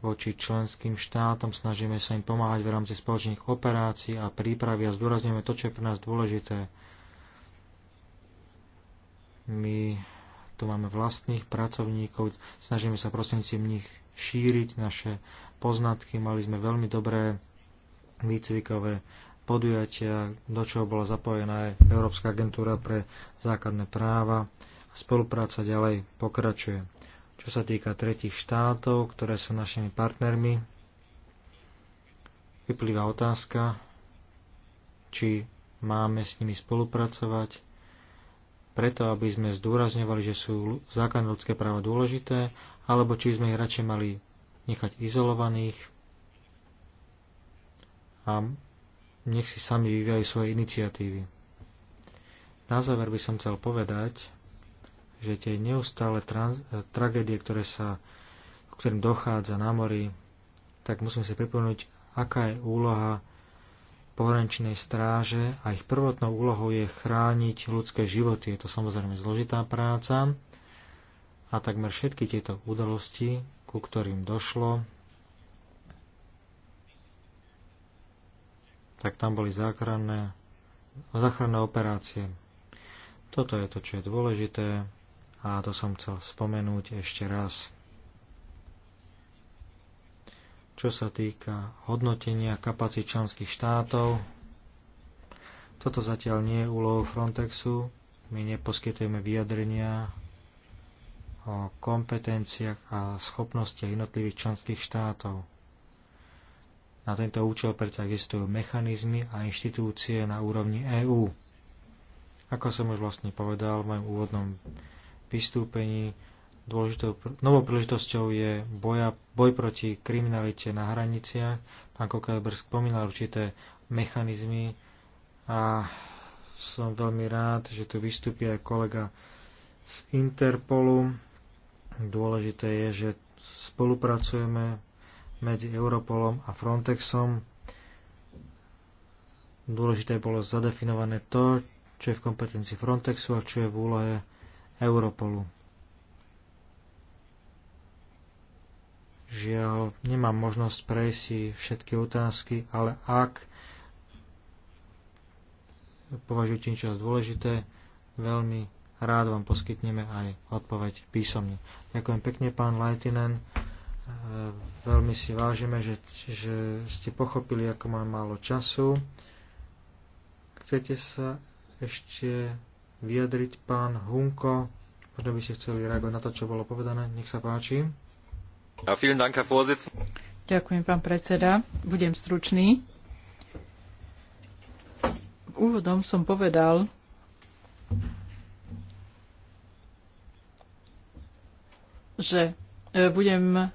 voči členským štátom, snažíme sa im pomáhať v rámci spoločných operácií a prípravy a zdôrazňujeme to, čo je pre nás dôležité. My tu máme vlastných pracovníkov, snažíme sa prosím nich šíriť naše poznatky, mali sme veľmi dobré výcvikové podujatia, do čoho bola zapojená aj Európska agentúra pre základné práva. Spolupráca ďalej pokračuje. Čo sa týka tretich štátov, ktoré sú našimi partnermi, vyplýva otázka, či máme s nimi spolupracovať, preto, aby sme zdôrazňovali, že sú základné ľudské práva dôležité, alebo či sme ich radšej mali nechať izolovaných a nech si sami vyvíjajú svoje iniciatívy. Na záver by som chcel povedať, že tie neustále trans- tragédie, ktoré sa, ktorým dochádza na mori, tak musím si pripomenúť, aká je úloha pohraničnej stráže a ich prvotnou úlohou je chrániť ľudské životy. Je to samozrejme zložitá práca a takmer všetky tieto udalosti, ku ktorým došlo, tak tam boli záchranné, záchranné operácie. Toto je to, čo je dôležité a to som chcel spomenúť ešte raz čo sa týka hodnotenia kapací členských štátov. Toto zatiaľ nie je úlohou Frontexu. My neposkytujeme vyjadrenia o kompetenciách a schopnostiach jednotlivých členských štátov. Na tento účel predsa existujú mechanizmy a inštitúcie na úrovni EÚ. Ako som už vlastne povedal v mojom úvodnom vystúpení, dôležitou novou príležitosťou je boja, boj proti kriminalite na hraniciach. Pán Kokajber spomínal určité mechanizmy a som veľmi rád, že tu vystúpi aj kolega z Interpolu. Dôležité je, že spolupracujeme medzi Europolom a Frontexom. Dôležité bolo zadefinované to, čo je v kompetencii Frontexu a čo je v úlohe Europolu. Žiaľ, nemám možnosť prejsť si všetky otázky, ale ak považujete niečo za dôležité, veľmi rád vám poskytneme aj odpoveď písomne. Ďakujem pekne, pán Lajtinen. E, veľmi si vážime, že, že ste pochopili, ako mám málo času. Chcete sa ešte vyjadriť, pán Hunko? Možno by ste chceli reagovať na to, čo bolo povedané. Nech sa páči. Ďakujem, pán predseda. Budem stručný. Úvodom som povedal, že e, budem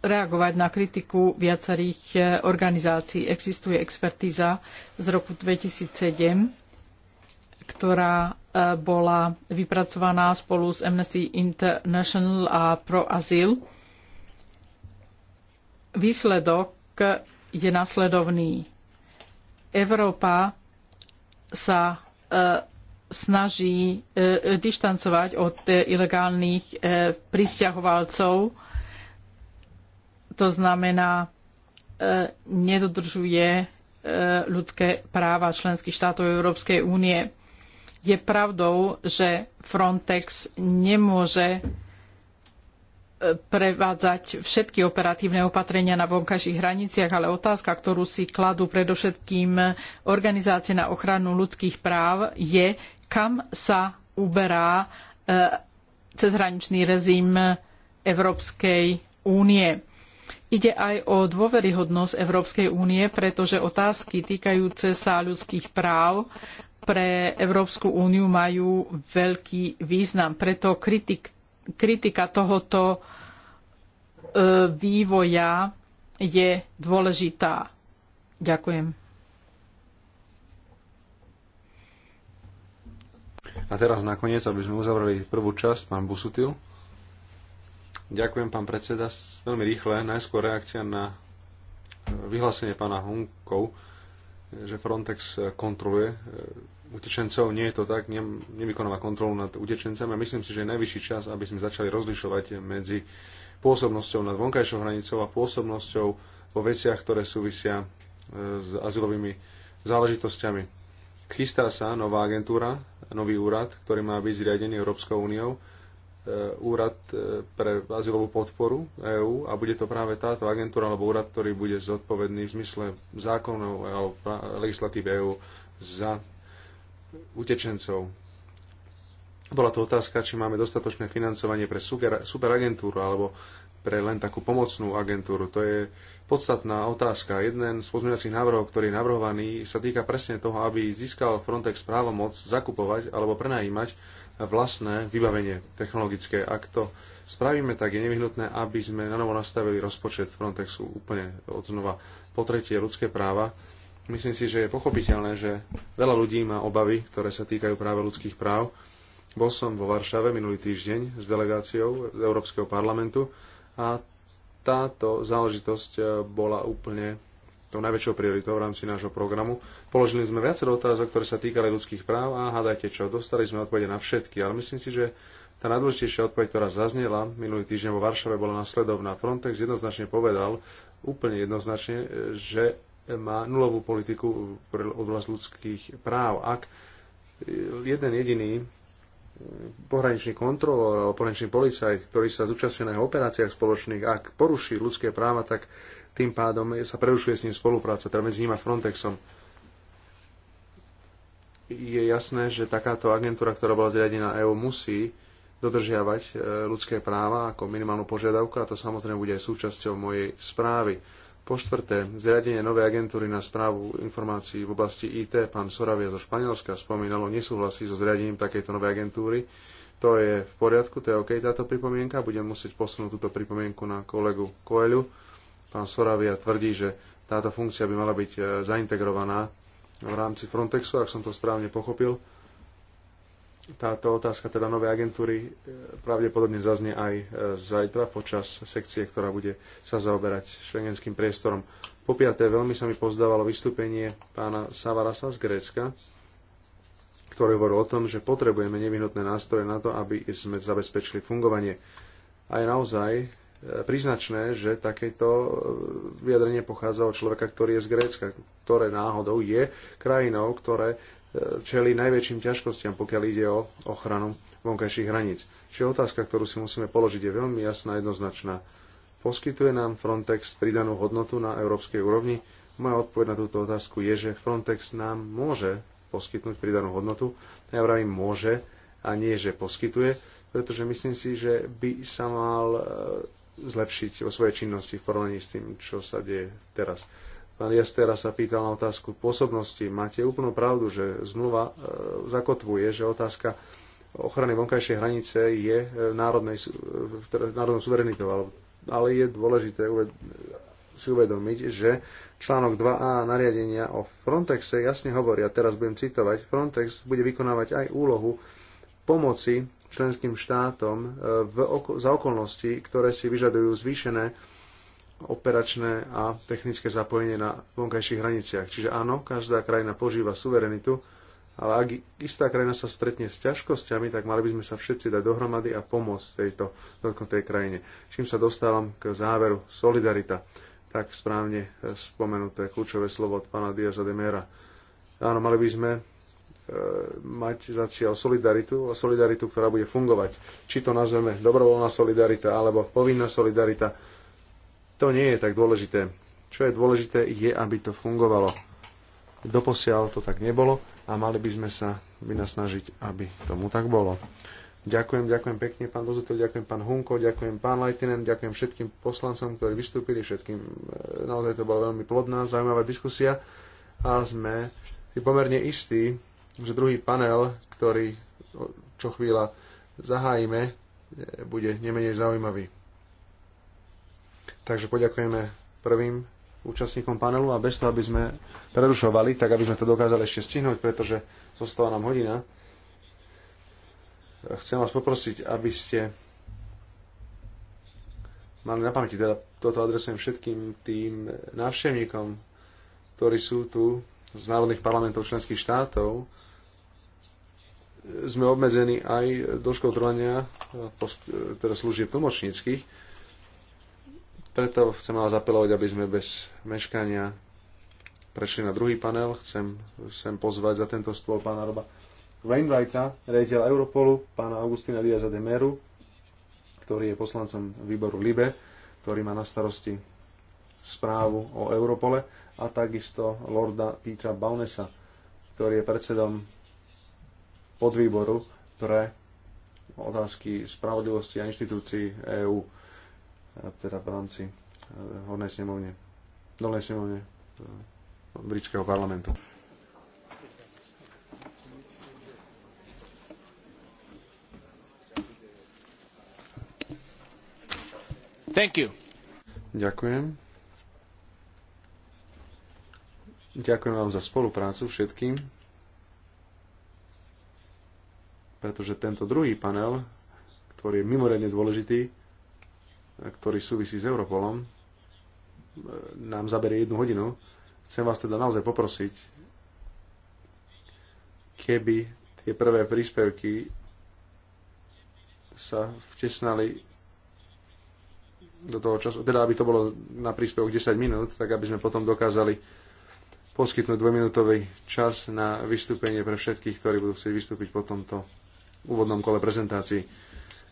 reagovať na kritiku viacerých e, organizácií. Existuje expertíza z roku 2007, ktorá e, bola vypracovaná spolu s Amnesty International a Pro Azyl Výsledok je nasledovný. Európa sa e, snaží e, dištancovať od e, ilegálnych pristahovalcov. To znamená, nedodržuje ľudské práva členských štátov Európskej únie. Je pravdou, že Frontex nemôže prevádzať všetky operatívne opatrenia na vonkajších hraniciach, ale otázka, ktorú si kladú predovšetkým organizácie na ochranu ľudských práv, je, kam sa uberá eh, cezhraničný rezím Európskej únie. Ide aj o dôveryhodnosť Európskej únie, pretože otázky týkajúce sa ľudských práv pre Európsku úniu majú veľký význam. Preto kritik kritika tohoto e, vývoja je dôležitá. Ďakujem. A teraz nakoniec, aby sme uzavreli prvú časť, pán Busutil. Ďakujem, pán predseda. Veľmi rýchle, najskôr reakcia na e, vyhlásenie pána Hunkov, že Frontex kontroluje e, utečencov. Nie je to tak, ne, nevykonáva kontrolu nad utečencami a myslím si, že je najvyšší čas, aby sme začali rozlišovať medzi pôsobnosťou nad vonkajšou hranicou a pôsobnosťou vo veciach, ktoré súvisia e, s azylovými záležitosťami. Chystá sa nová agentúra, nový úrad, ktorý má byť zriadený Európskou úniou, e, úrad e, pre azylovú podporu EÚ a bude to práve táto agentúra alebo úrad, ktorý bude zodpovedný v zmysle zákonov alebo legislatívy EÚ za utečencov. Bola to otázka, či máme dostatočné financovanie pre superagentúru alebo pre len takú pomocnú agentúru. To je podstatná otázka. Jeden z pozmeňovacích návrhov, ktorý je navrhovaný, sa týka presne toho, aby získal Frontex právomoc zakupovať alebo prenajímať vlastné vybavenie technologické. Ak to spravíme, tak je nevyhnutné, aby sme na novo nastavili rozpočet Frontexu úplne od znova. Po tretie, ľudské práva. Myslím si, že je pochopiteľné, že veľa ľudí má obavy, ktoré sa týkajú práve ľudských práv. Bol som vo Varšave minulý týždeň s delegáciou z Európskeho parlamentu a táto záležitosť e, bola úplne tou najväčšou prioritou v rámci nášho programu. Položili sme viacero otázok, ktoré sa týkali ľudských práv a hádajte čo, dostali sme odpovede na všetky, ale myslím si, že tá najdôležitejšia odpoveď, ktorá zaznela minulý týždeň vo Varšave, bola nasledovná. Frontex jednoznačne povedal, úplne jednoznačne, e, že má nulovú politiku pre oblasť ľudských práv. Ak jeden jediný pohraničný kontrolór alebo pohraničný policajt, ktorý sa zúčastňuje na operáciách spoločných, ak poruší ľudské práva, tak tým pádom sa prerušuje s ním spolupráca, teda medzi ním a Frontexom. Je jasné, že takáto agentúra, ktorá bola zriadená EU, musí dodržiavať e, ľudské práva ako minimálnu požiadavku a to samozrejme bude aj súčasťou mojej správy po štvrté, zriadenie novej agentúry na správu informácií v oblasti IT. Pán Soravia zo Španielska spomínalo, nesúhlasí so zriadením takejto novej agentúry. To je v poriadku, to je OK táto pripomienka. Budem musieť posunúť túto pripomienku na kolegu Koelu. Pán Soravia tvrdí, že táto funkcia by mala byť e, zaintegrovaná v rámci Frontexu, ak som to správne pochopil. Táto otázka teda novej agentúry e, pravdepodobne zaznie aj e, zajtra počas sekcie, ktorá bude sa zaoberať šengenským priestorom. Po piaté, veľmi sa mi pozdávalo vystúpenie pána Savarasa z Grécka, ktorý hovoril o tom, že potrebujeme nevyhnutné nástroje na to, aby sme zabezpečili fungovanie. A je naozaj e, príznačné, že takéto vyjadrenie pochádza od človeka, ktorý je z Grécka, ktoré náhodou je krajinou, ktoré čeli najväčším ťažkostiam, pokiaľ ide o ochranu vonkajších hraníc. Čiže otázka, ktorú si musíme položiť, je veľmi jasná a jednoznačná. Poskytuje nám Frontex pridanú hodnotu na európskej úrovni? Moja odpoveď na túto otázku je, že Frontex nám môže poskytnúť pridanú hodnotu. Ja vravím môže a nie, že poskytuje, pretože myslím si, že by sa mal e, zlepšiť o svojej činnosti v porovnaní s tým, čo sa deje teraz Pán Jastera sa pýtal na otázku pôsobnosti. Máte úplnú pravdu, že zmluva e, zakotvuje, že otázka ochrany vonkajšej hranice je e, národnej, e, teda národnou suverenitou, ale, ale je dôležité si uvedomiť, že článok 2a nariadenia o Frontexe jasne hovorí, a teraz budem citovať, Frontex bude vykonávať aj úlohu pomoci členským štátom v, za okolnosti, ktoré si vyžadujú zvýšené operačné a technické zapojenie na vonkajších hraniciach. Čiže áno, každá krajina požíva suverenitu, ale ak istá krajina sa stretne s ťažkosťami, tak mali by sme sa všetci dať dohromady a pomôcť tejto dotknutej krajine. Čím sa dostávam k záveru solidarita, tak správne spomenuté kľúčové slovo od pána Diaza de Mera. Áno, mali by sme e, mať za cieľ solidaritu, solidaritu, ktorá bude fungovať. Či to nazveme dobrovoľná solidarita alebo povinná solidarita, to nie je tak dôležité. Čo je dôležité, je, aby to fungovalo. Doposiaľ to tak nebolo a mali by sme sa vynasnažiť, aby tomu tak bolo. Ďakujem, ďakujem pekne, pán Bozutel, ďakujem pán Hunko, ďakujem pán Lajtinen, ďakujem všetkým poslancom, ktorí vystúpili, všetkým. E, naozaj to bola veľmi plodná, zaujímavá diskusia a sme si pomerne istí, že druhý panel, ktorý čo chvíľa zahájime, e, bude nemenej zaujímavý. Takže poďakujeme prvým účastníkom panelu a bez toho, aby sme prerušovali, tak aby sme to dokázali ešte stihnúť, pretože zostala nám hodina. Chcem vás poprosiť, aby ste mali na pamäti, teda toto adresujem všetkým tým návštevníkom, ktorí sú tu z národných parlamentov členských štátov. Sme obmedzení aj do trvania, teda služieb tlmočníckých preto chcem vás apelovať, aby sme bez meškania prešli na druhý panel. Chcem chcem pozvať za tento stôl pána Roba Wainwrighta, rejiteľa Europolu, pána Augustina Diaza de Meru, ktorý je poslancom výboru LIBE, ktorý má na starosti správu o Europole a takisto lorda Petra Baunesa, ktorý je predsedom podvýboru pre otázky spravodlivosti a inštitúcií EÚ teda v rámci e, hornej snemovne, dolnej snemovne e, britského parlamentu. Thank you. Ďakujem. Ďakujem vám za spoluprácu všetkým, pretože tento druhý panel, ktorý je mimoriadne dôležitý, ktorý súvisí s Europolom, e, nám zaberie jednu hodinu. Chcem vás teda naozaj poprosiť, keby tie prvé príspevky sa vtesnali do toho času, teda aby to bolo na príspevok 10 minút, tak aby sme potom dokázali poskytnúť dvojminútový čas na vystúpenie pre všetkých, ktorí budú chcieť vystúpiť po tomto úvodnom kole prezentácií.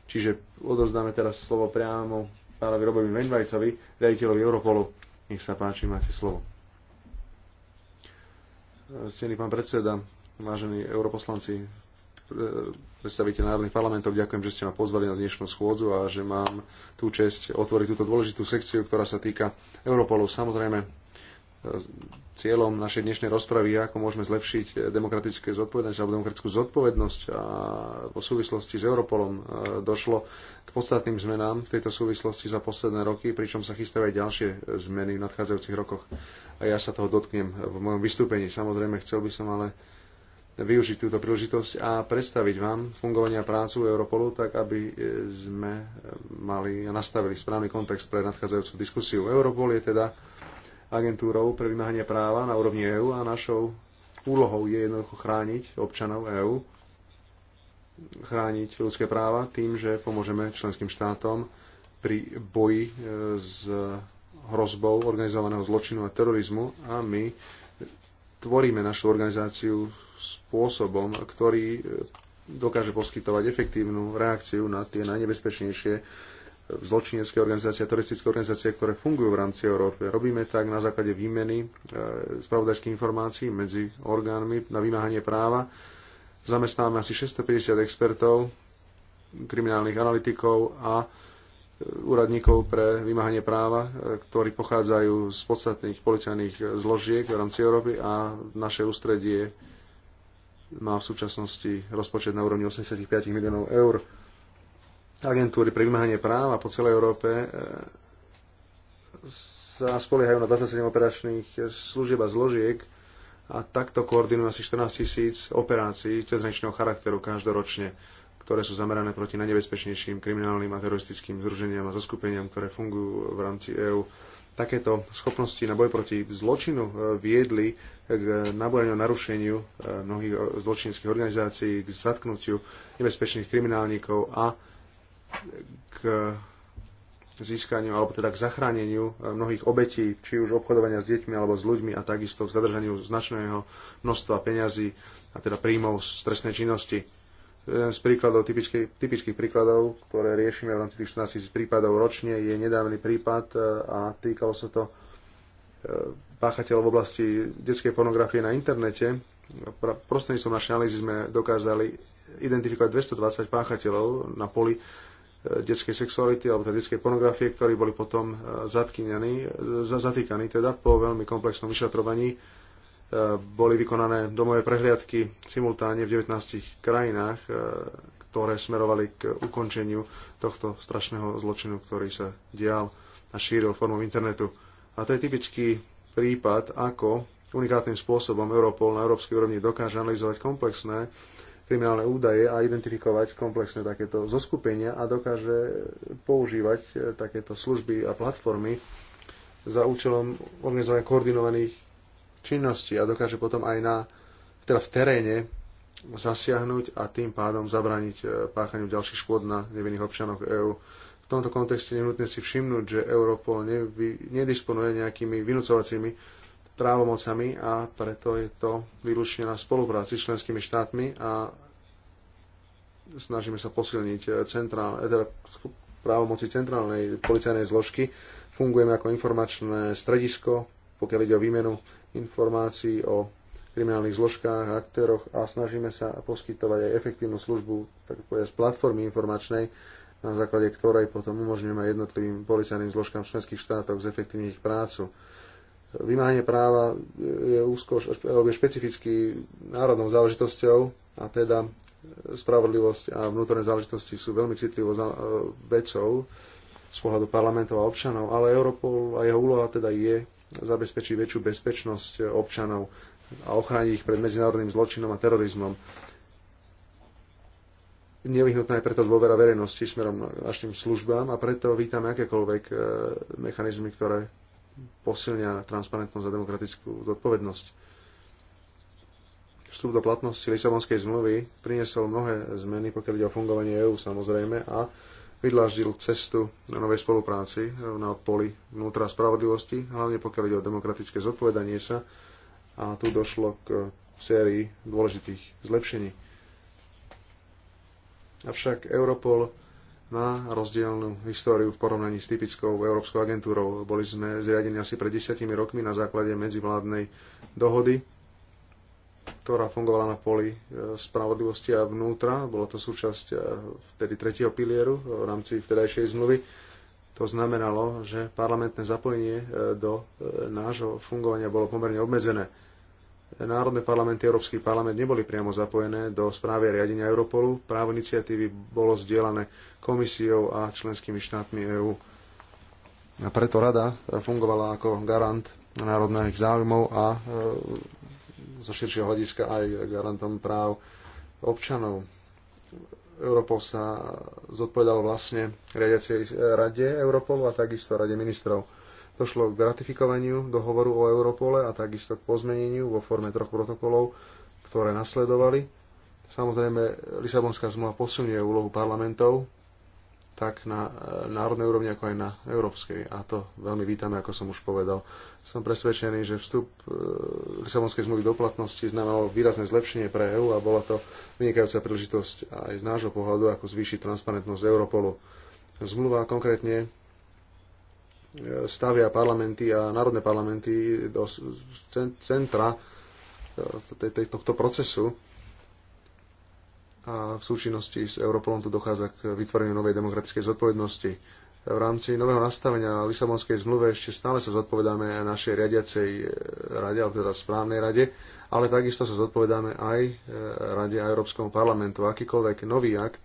Čiže odozdáme teraz slovo priamo pánovi Robovi Menvajcovi, riaditeľovi Europolu. Nech sa páči, máte slovo. Stený pán predseda, vážení europoslanci, predstaviteľ národných parlamentov, ďakujem, že ste ma pozvali na dnešnú schôdzu a že mám tú čest otvoriť túto dôležitú sekciu, ktorá sa týka Europolu. Samozrejme, cieľom našej dnešnej rozpravy, ako môžeme zlepšiť demokratické zodpovednosť alebo demokratickú zodpovednosť. A vo súvislosti s Europolom e, došlo k podstatným zmenám v tejto súvislosti za posledné roky, pričom sa chystajú aj ďalšie zmeny v nadchádzajúcich rokoch. A ja sa toho dotknem v mojom vystúpení. Samozrejme, chcel by som ale využiť túto príležitosť a predstaviť vám fungovanie a prácu Europolu, tak aby e, sme e, mali a nastavili správny kontext pre nadchádzajúcu diskusiu. Europol je teda agentúrou pre vymáhanie práva na úrovni EÚ a našou úlohou je jednoducho chrániť občanov EÚ, chrániť ľudské práva tým, že pomôžeme členským štátom pri boji e, s hrozbou organizovaného zločinu a terorizmu a my tvoríme našu organizáciu spôsobom, ktorý e, dokáže poskytovať efektívnu reakciu na tie najnebezpečnejšie zločinecké organizácie, teroristické organizácie, ktoré fungujú v rámci Európy. Robíme tak na základe výmeny e, spravodajských informácií medzi orgánmi na vymáhanie práva. Zamestnáme asi 650 expertov, kriminálnych analytikov a e, úradníkov pre vymáhanie práva, e, ktorí pochádzajú z podstatných policajných zložiek v rámci Európy a naše ústredie má v súčasnosti rozpočet na úrovni 85 miliónov eur agentúry pre vymáhanie práva po celej Európe e, sa spoliehajú na 27 operačných služieb a zložiek a takto koordinujú asi 14 tisíc operácií cezhraničného charakteru každoročne, ktoré sú zamerané proti najnebezpečnejším kriminálnym a teroristickým združeniam a zoskupeniam, ktoré fungujú v rámci EÚ. Takéto schopnosti na boj proti zločinu e, viedli k naboreniu narušeniu e, mnohých zločinských organizácií, k zatknutiu nebezpečných kriminálnikov a k získaniu alebo teda k zachráneniu e, mnohých obetí, či už obchodovania s deťmi alebo s ľuďmi a takisto k zadržaniu značného množstva peňazí a teda príjmov z trestnej činnosti. Jeden z príkladov, typický, typických príkladov, ktoré riešime v rámci tých 14 000 prípadov ročne, je nedávny prípad e, a týkalo sa to e, páchateľov v oblasti detskej pornografie na internete. Prostredníctvom našej analýzy sme dokázali identifikovať 220 páchateľov na poli detskej sexuality alebo teda detskej pornografie, ktorí boli potom e, zatýkaní teda po veľmi komplexnom vyšetrovaní. E, boli vykonané domové prehliadky simultáne v 19 krajinách, e, ktoré smerovali k ukončeniu tohto strašného zločinu, ktorý sa dial a šíril formou internetu. A to je typický prípad, ako unikátnym spôsobom Europol na európskej úrovni dokáže analyzovať komplexné kriminálne údaje a identifikovať komplexné takéto zoskupenia a dokáže používať e, takéto služby a platformy za účelom organizovania koordinovaných činností a dokáže potom aj na, teda v teréne zasiahnuť a tým pádom zabrániť e, páchaniu ďalších škôd na nevinných občanoch EÚ. V tomto kontexte nehnutne si všimnúť, že Europol nevy, nedisponuje nejakými vynúcovacími právomocami a preto je to výlučne na spolupráci s členskými štátmi a snažíme sa posilniť centrál, eh, teda právomoci centrálnej policajnej zložky. Fungujeme ako informačné stredisko, pokiaľ ide o výmenu informácií o kriminálnych zložkách a aktéroch a snažíme sa poskytovať aj efektívnu službu, tak povedať, z platformy informačnej, na základe ktorej potom umožňujeme jednotlivým policajným zložkám v členských štátoch zefektívniť prácu. Vymáhanie práva je, úzko, je špecificky národnou záležitosťou a teda spravodlivosť a vnútorné záležitosti sú veľmi citlivo vecou z pohľadu parlamentov a občanov, ale Europol a jeho úloha teda je zabezpečiť väčšiu bezpečnosť občanov a ochrániť ich pred medzinárodným zločinom a terorizmom. Nevyhnutná je preto dôvera verejnosti smerom k našim službám a preto vítame akékoľvek e, mechanizmy, ktoré posilnia transparentnosť a demokratickú zodpovednosť. Vstup do platnosti Lisabonskej zmluvy priniesol mnohé zmeny, pokiaľ ide o fungovanie EÚ samozrejme, a vydláždil cestu na novej spolupráci ehm, na poli vnútra spravodlivosti, hlavne pokiaľ ide o demokratické zodpovedanie sa a tu došlo k sérii dôležitých zlepšení. Avšak Europol má rozdielnú históriu v porovnaní s typickou Európskou agentúrou. Boli sme zriadení asi pred desiatimi rokmi na základe medzivládnej dohody, ktorá fungovala na poli e, spravodlivosti a vnútra. Bolo to súčasť e, vtedy tretieho pilieru e, v rámci vtedajšej zmluvy. To znamenalo, že parlamentné zapojenie do nášho fungovania bolo pomerne obmedzené národné parlamenty, Európsky parlament neboli priamo zapojené do správy a riadenia Europolu. Právo iniciatívy bolo zdieľané komisiou a členskými štátmi EÚ. A preto rada fungovala ako garant národných záujmov a e, zo širšieho hľadiska aj garantom práv občanov. Europol sa zodpovedal vlastne riadiacej rade Europolu a takisto rade ministrov Došlo k ratifikovaniu dohovoru o Europole a takisto k pozmeneniu vo forme troch protokolov, ktoré nasledovali. Samozrejme, Lisabonská zmluva posunie úlohu parlamentov tak na e, národnej úrovni, ako aj na európskej. A to veľmi vítame, ako som už povedal. Som presvedčený, že vstup e, Lisabonskej zmluvy do platnosti znamenalo výrazné zlepšenie pre EÚ a bola to vynikajúca príležitosť aj z nášho pohľadu, ako zvýšiť transparentnosť Europolu. Zmluva konkrétne stavia parlamenty a národné parlamenty do centra e, tohto procesu a v súčinnosti s Europolom tu dochádza k vytvoreniu novej demokratickej zodpovednosti. V rámci nového nastavenia Lisabonskej zmluve ešte stále sa zodpovedáme našej riadiacej e, rade, alebo teda správnej rade, ale takisto sa zodpovedáme aj e, rade a Európskom parlamentu. Akýkoľvek nový akt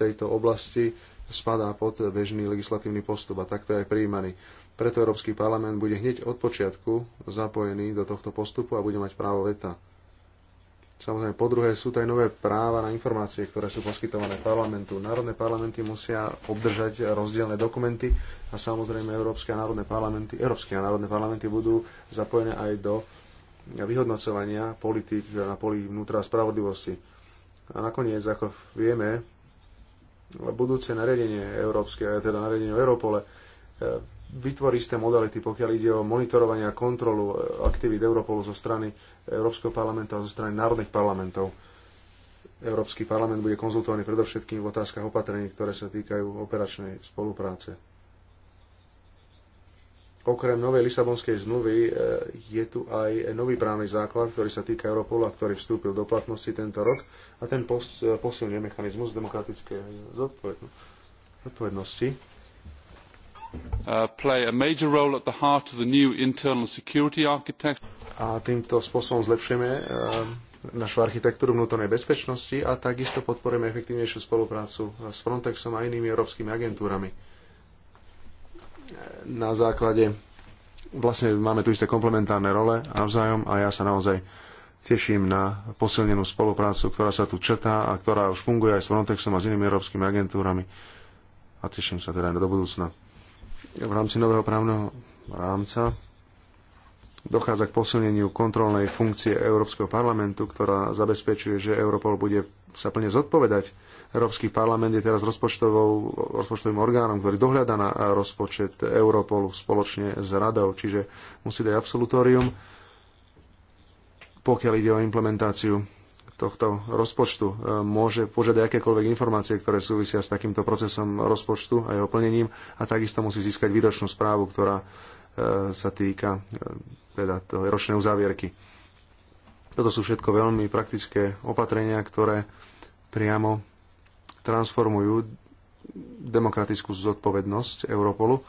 tejto oblasti spadá pod bežný legislatívny postup a takto je aj prijímaný. Preto Európsky parlament bude hneď od počiatku zapojený do tohto postupu a bude mať právo veta. Samozrejme, po druhé sú aj nové práva na informácie, ktoré sú poskytované parlamentu. Národné parlamenty musia obdržať rozdielne dokumenty a samozrejme Európske a národné parlamenty, Európske a národné parlamenty budú zapojené aj do vyhodnocovania politik na poli vnútra a spravodlivosti. A nakoniec, ako vieme, No, budúce nariadenie európske, eh, teda nariadenie o Europole, eh, vytvorí isté modality, pokiaľ ide o monitorovanie a kontrolu eh, aktivít Europolu zo strany Európskeho parlamentu a zo strany národných parlamentov. Európsky parlament bude konzultovaný predovšetkým v otázkach opatrení, ktoré sa týkajú operačnej spolupráce. Okrem novej Lisabonskej zmluvy e, je tu aj nový právny základ, ktorý sa týka Europola, ktorý vstúpil do platnosti tento rok a ten pos, e, posilňuje mechanizmus demokratickej zodpovednosti. Uh, play a major role at the heart of the new internal security architecture. A týmto spôsobom zlepšujeme e, našu architektúru vnútornej bezpečnosti a takisto podporujeme efektívnejšiu spoluprácu s Frontexom a inými európskymi agentúrami na základe vlastne máme tu isté komplementárne role navzájom a ja sa naozaj teším na posilnenú spoluprácu, ktorá sa tu četá a ktorá už funguje aj s Frontexom a s inými európskymi agentúrami a teším sa teda aj do budúcna. V rámci nového právneho rámca dochádza k posilneniu kontrolnej funkcie Európskeho parlamentu, ktorá zabezpečuje, že Europol bude sa plne zodpovedať Európsky parlament je teraz rozpočtovým orgánom, ktorý dohľada na rozpočet Europolu spoločne s radou, čiže musí dať absolutórium, pokiaľ ide o implementáciu tohto rozpočtu. E, môže požiadať akékoľvek informácie, ktoré súvisia s takýmto procesom rozpočtu a jeho plnením a takisto musí získať výročnú správu, ktorá e, sa týka e, teda tej ročnej uzávierky. Toto sú všetko veľmi praktické opatrenia, ktoré priamo transformujú demokratickú zodpovednosť Europolu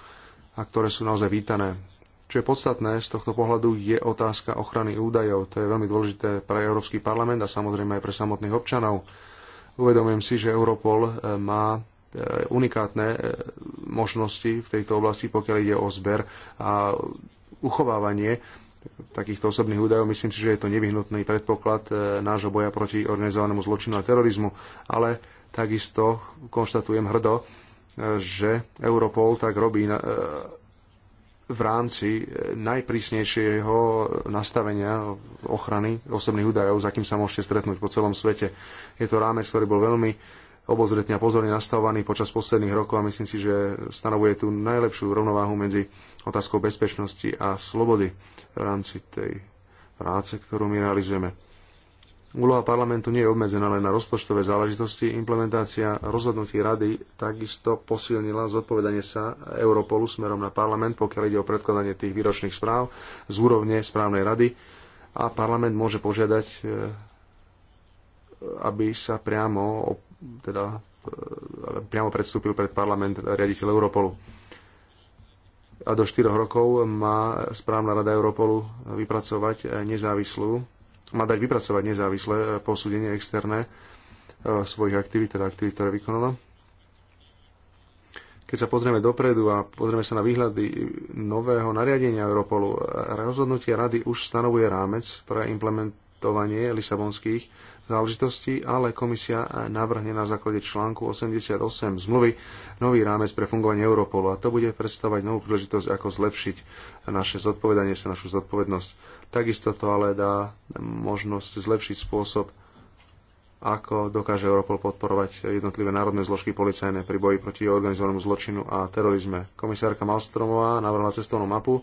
a ktoré sú naozaj vítané. Čo je podstatné z tohto pohľadu je otázka ochrany údajov. To je veľmi dôležité pre Európsky parlament a samozrejme aj pre samotných občanov. Uvedomujem si, že Europol eh, má eh, unikátne eh, možnosti v tejto oblasti, pokiaľ ide o zber a uchovávanie takýchto osobných údajov. Myslím si, že je to nevyhnutný predpoklad nášho boja proti organizovanému zločinu a terorizmu, ale Takisto konštatujem hrdo, e, že Europol tak robí e, v rámci e, najprísnejšieho nastavenia ochrany osobných údajov, za kým sa môžete stretnúť po celom svete. Je to rámec, ktorý bol veľmi obozretne a pozorne nastavovaný počas posledných rokov a myslím si, že stanovuje tú najlepšiu rovnováhu medzi otázkou bezpečnosti a slobody v rámci tej práce, ktorú my realizujeme. Úloha parlamentu nie je obmedzená len na rozpočtové záležitosti. Implementácia rozhodnutí rady takisto posilnila zodpovedanie sa Europolu smerom na parlament, pokiaľ ide o predkladanie tých výročných správ z úrovne správnej rady a parlament môže požiadať, e, aby sa priamo, teda, e, priamo predstúpil pred parlament riaditeľ Europolu a do 4 rokov má správna rada Europolu vypracovať e, nezávislú má dať vypracovať nezávislé e, posúdenie externé e, svojich aktivít, teda aktivít, ktoré vykonala. Keď sa pozrieme dopredu a pozrieme sa na výhľady nového nariadenia Europolu, e, rozhodnutie rady už stanovuje rámec pre implement, implementovanie lisabonských záležitostí, ale komisia navrhne na základe článku 88 zmluvy nový rámec pre fungovanie Europolu a to bude predstavovať novú príležitosť, ako zlepšiť naše zodpovedanie sa, našu zodpovednosť. Takisto to ale dá možnosť zlepšiť spôsob, ako dokáže Europol podporovať jednotlivé národné zložky policajné pri boji proti organizovanému zločinu a terorizme. Komisárka Malstromová navrhla cestovnú mapu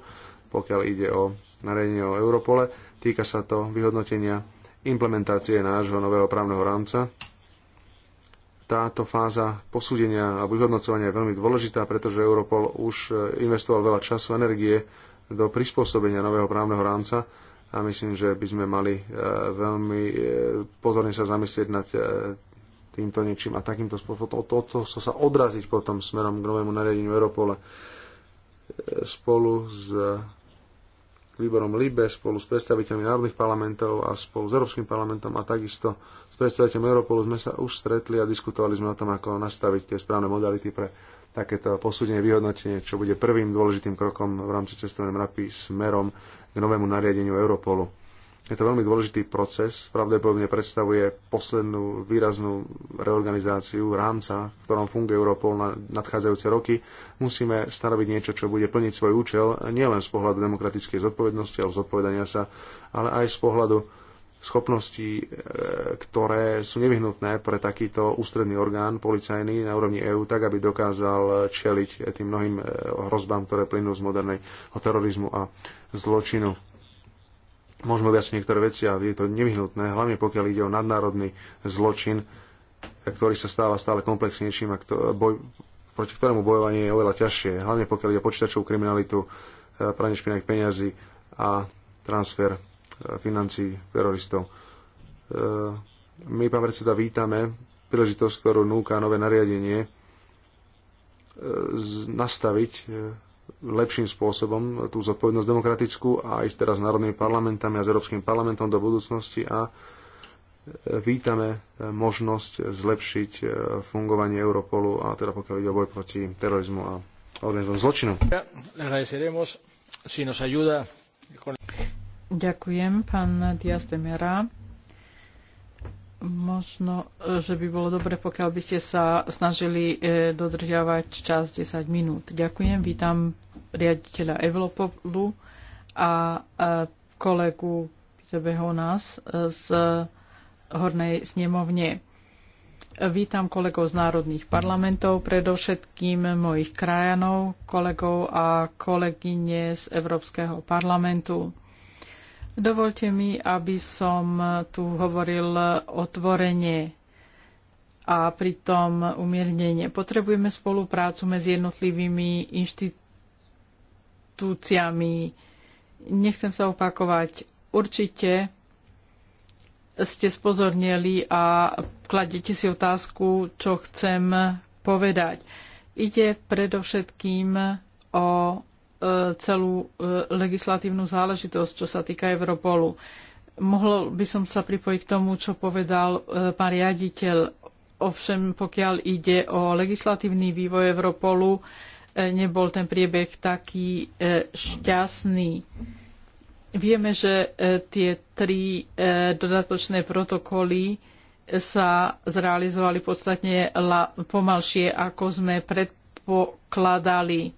pokiaľ ide o nariadenie o Europole. Týka sa to vyhodnotenia implementácie nášho nového právneho rámca. Táto fáza posúdenia alebo vyhodnocovania je veľmi dôležitá, pretože Europol už e, investoval veľa času a energie do prispôsobenia nového právneho rámca a myslím, že by sme mali e, veľmi e, pozorne sa zamyslieť nad týmto niečím a takýmto spôsobom to sa odraziť potom smerom k novému nariadeniu Europole. spolu s výborom LIBE spolu s predstaviteľmi národných parlamentov a spolu s Európskym parlamentom a takisto s predstaviteľmi Europolu sme sa už stretli a diskutovali sme o tom, ako nastaviť tie správne modality pre takéto posúdenie, vyhodnotenie, čo bude prvým dôležitým krokom v rámci cestovnej mapy smerom k novému nariadeniu Europolu. Je to veľmi dôležitý proces, pravdepodobne predstavuje poslednú výraznú reorganizáciu rámca, v ktorom funguje Europol na nadchádzajúce roky. Musíme stanoviť niečo, čo bude plniť svoj účel nielen z pohľadu demokratickej zodpovednosti alebo zodpovedania sa, ale aj z pohľadu schopností, e, ktoré sú nevyhnutné pre takýto ústredný orgán policajný na úrovni EÚ, tak aby dokázal čeliť tým mnohým e, hrozbám, ktoré plynú z moderného terorizmu a zločinu môžeme objasniť niektoré veci a je to nevyhnutné, hlavne pokiaľ ide o nadnárodný zločin, ktorý sa stáva stále komplexnejším a boj, proti ktorému bojovanie je oveľa ťažšie, hlavne pokiaľ ide o počítačovú kriminalitu, e, pranie špinavých peňazí a transfer e, financií teroristov. E, my, pán predseda, vítame príležitosť, ktorú núka nové nariadenie nastaviť lepším spôsobom tú zodpovednosť demokratickú a aj teraz s národnými parlamentami a s Európskym parlamentom do budúcnosti a e, vítame e, možnosť zlepšiť e, fungovanie Europolu a teda pokiaľ ide o boj proti terorizmu a organizovanému zločinu. Ďakujem, pán Diaz de Mera. Možno, že by bolo dobre, pokiaľ by ste sa snažili dodržiavať čas 10 minút. Ďakujem, vítam riaditeľa Evropolu a kolegu Pitebeho nás e, z Hornej snemovne. Vítam kolegov z národných parlamentov, predovšetkým mojich krajanov, kolegov a kolegyne z Európskeho parlamentu. Dovolte mi, aby som tu hovoril otvorenie a pritom umiernenie. Potrebujeme spoluprácu medzi jednotlivými inštitúciami inštitúciami. Nechcem sa opakovať. Určite ste spozornili a kladete si otázku, čo chcem povedať. Ide predovšetkým o e, celú e, legislatívnu záležitosť, čo sa týka Europolu. Mohol by som sa pripojiť k tomu, čo povedal e, pán riaditeľ. Ovšem, pokiaľ ide o legislatívny vývoj Europolu, nebol ten priebeh taký e, šťastný. Vieme, že e, tie tri e, dodatočné protokoly sa zrealizovali podstatne pomalšie, ako sme predpokladali.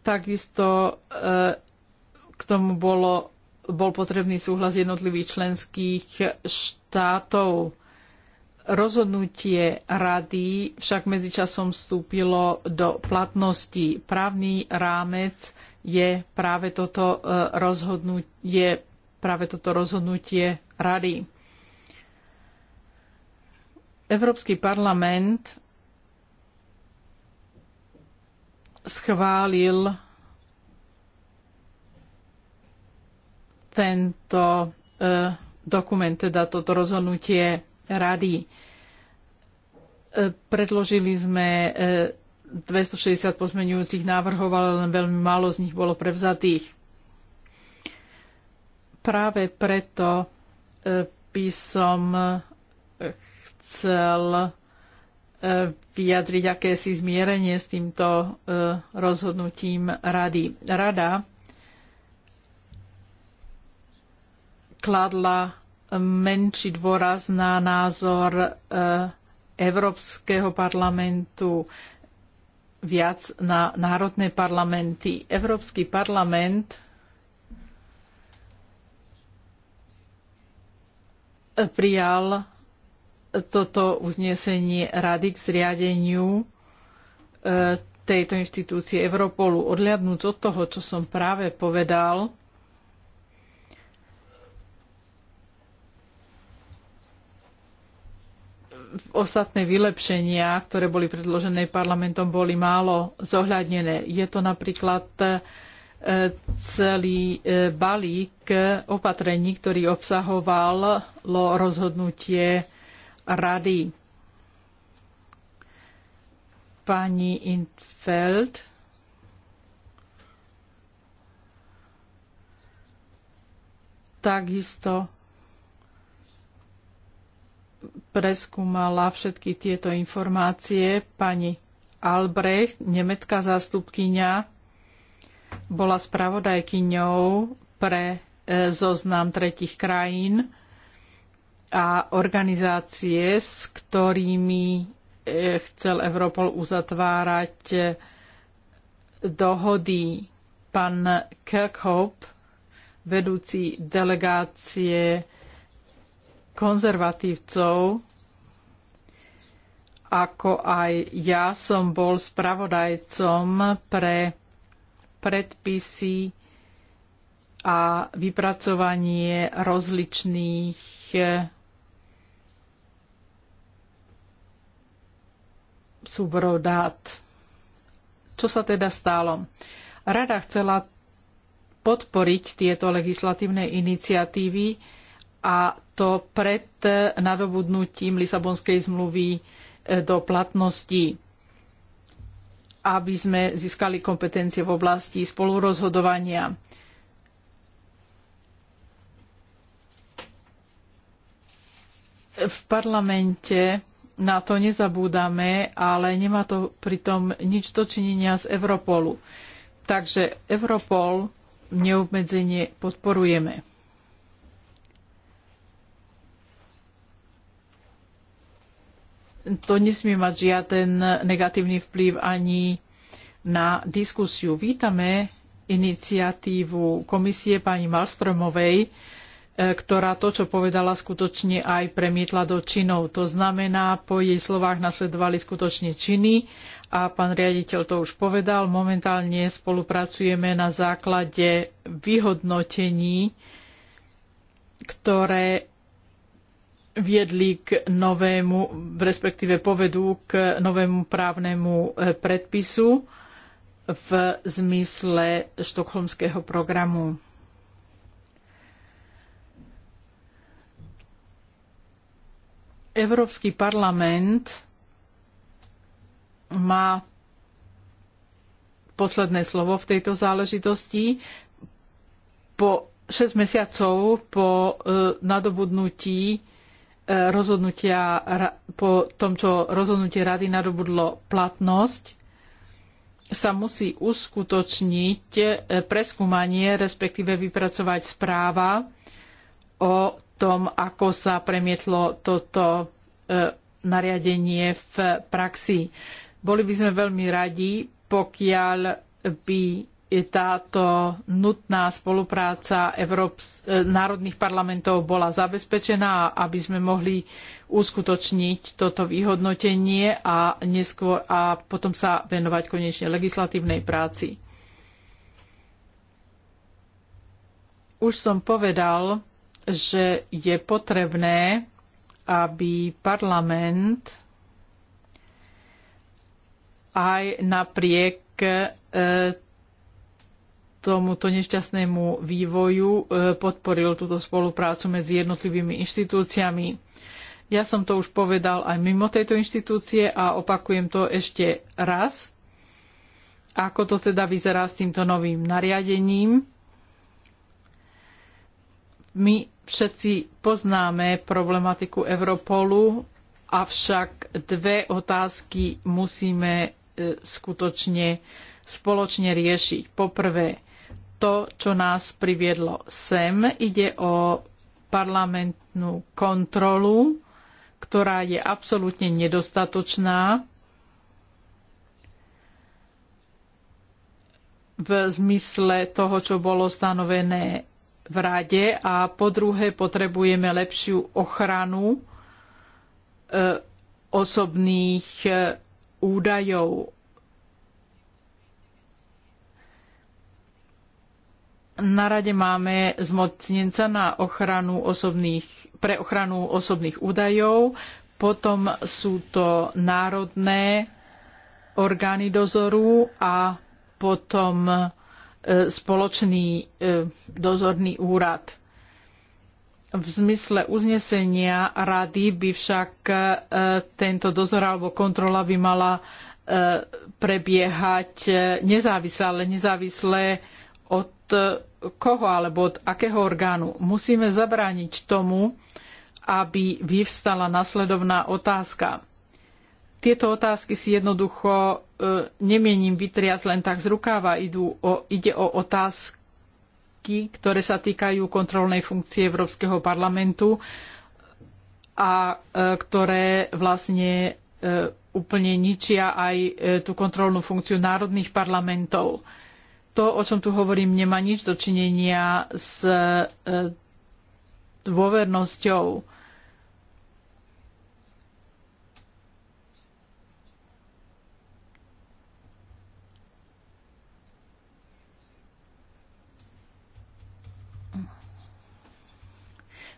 Takisto k tomu bolo, bol potrebný súhlas jednotlivých členských štátov Rozhodnutie rady však medzičasom vstúpilo do platnosti. Právny rámec je práve toto, e, rozhodnutie, práve toto rozhodnutie rady. Európsky parlament schválil tento e, dokument, teda toto rozhodnutie rady. E, predložili sme 260 e, pozmeňujúcich návrhov, ale len veľmi málo z nich bolo prevzatých. Práve preto e, by som chcel vyjadriť akési zmierenie s týmto rozhodnutím rady. Rada kladla menší dôraz na názor e, Európskeho parlamentu, viac na národné parlamenty. Európsky parlament e, prijal toto uznesenie Rady k zriadeniu e, tejto inštitúcie Europolu. Odliadnúť od toho, čo som práve povedal, ostatné vylepšenia, ktoré boli predložené parlamentom, boli málo zohľadnené. Je to napríklad e, celý e, balík opatrení, ktorý obsahoval rozhodnutie rady. Pani Infeld takisto preskúmala všetky tieto informácie. Pani Albrecht, nemecká zástupkyňa, bola spravodajkyňou pre e, zoznam tretich krajín a organizácie, s ktorými e, chcel Europol uzatvárať e, dohody. Pán Kirkhope, vedúci delegácie konzervatívcov, ako aj ja som bol spravodajcom pre predpisy a vypracovanie rozličných eh, súborov dát. Čo sa teda stalo? Rada chcela podporiť tieto legislatívne iniciatívy a to pred nadobudnutím Lisabonskej zmluvy e, do platnosti, aby sme získali kompetencie v oblasti spolurozhodovania. V parlamente na to nezabúdame, ale nemá to pritom nič dočinenia z Europolu. Takže Europol neobmedzenie podporujeme. to nesmie mať žiaden negatívny vplyv ani na diskusiu. Vítame iniciatívu komisie pani Malstromovej, e, ktorá to, čo povedala, skutočne aj premietla do činov. To znamená, po jej slovách nasledovali skutočne činy a pán riaditeľ to už povedal. Momentálne spolupracujeme na základe vyhodnotení, ktoré viedli k novému, respektíve povedú k novému právnemu e, predpisu v zmysle štokholmského programu. Európsky parlament má posledné slovo v tejto záležitosti. Po 6 mesiacov po e, nadobudnutí E, rozhodnutia, po tom, čo rozhodnutie rady nadobudlo platnosť, sa musí uskutočniť e, preskúmanie, respektíve vypracovať správa o tom, ako sa premietlo toto e, nariadenie v praxi. Boli by sme veľmi radi, pokiaľ by táto nutná spolupráca Európs e, národných parlamentov bola zabezpečená, aby sme mohli uskutočniť toto vyhodnotenie a, neskôr, a potom sa venovať konečne legislatívnej práci. Už som povedal, že je potrebné, aby parlament aj napriek e, tomuto nešťastnému vývoju e, podporil túto spoluprácu medzi jednotlivými inštitúciami. Ja som to už povedal aj mimo tejto inštitúcie a opakujem to ešte raz. Ako to teda vyzerá s týmto novým nariadením? My všetci poznáme problematiku Europolu, avšak dve otázky musíme e, skutočne spoločne riešiť. Poprvé, to, čo nás priviedlo sem. Ide o parlamentnú kontrolu, ktorá je absolútne nedostatočná v zmysle toho, čo bolo stanovené v rade a po druhé potrebujeme lepšiu ochranu e, osobných e, údajov Na rade máme zmocnenca na ochranu osobných, pre ochranu osobných údajov, potom sú to národné orgány dozoru a potom e, spoločný e, dozorný úrad. V zmysle uznesenia rady by však e, tento dozor alebo kontrola by mala prebiehať nezávisle, ale nezávisle od koho alebo od akého orgánu. Musíme zabrániť tomu, aby vyvstala nasledovná otázka. Tieto otázky si jednoducho e, nemienim vytriať len tak z rukáva. Idú o, ide o otázky, ktoré sa týkajú kontrolnej funkcie Európskeho parlamentu a e, ktoré vlastne e, úplne ničia aj e, tú kontrolnú funkciu národných parlamentov. E, to, o čom tu hovorím, nemá nič dočinenia s e, dôvernosťou.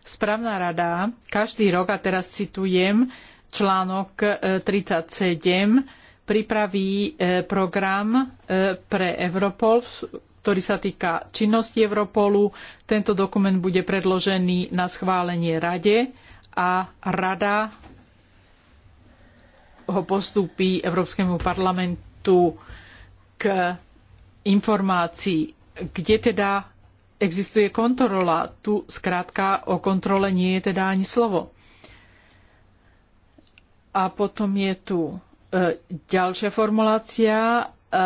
Správna rada každý rok, a teraz citujem článok 37, e, pripraví e, program e, pre Europol, ktorý sa týka činnosti Europolu. Tento dokument bude predložený na schválenie Rade a Rada ho postúpi Európskemu parlamentu k informácii, kde teda existuje kontrola. Tu skrátka o kontrole nie je teda ani slovo. A potom je tu E, ďalšia formulácia, e,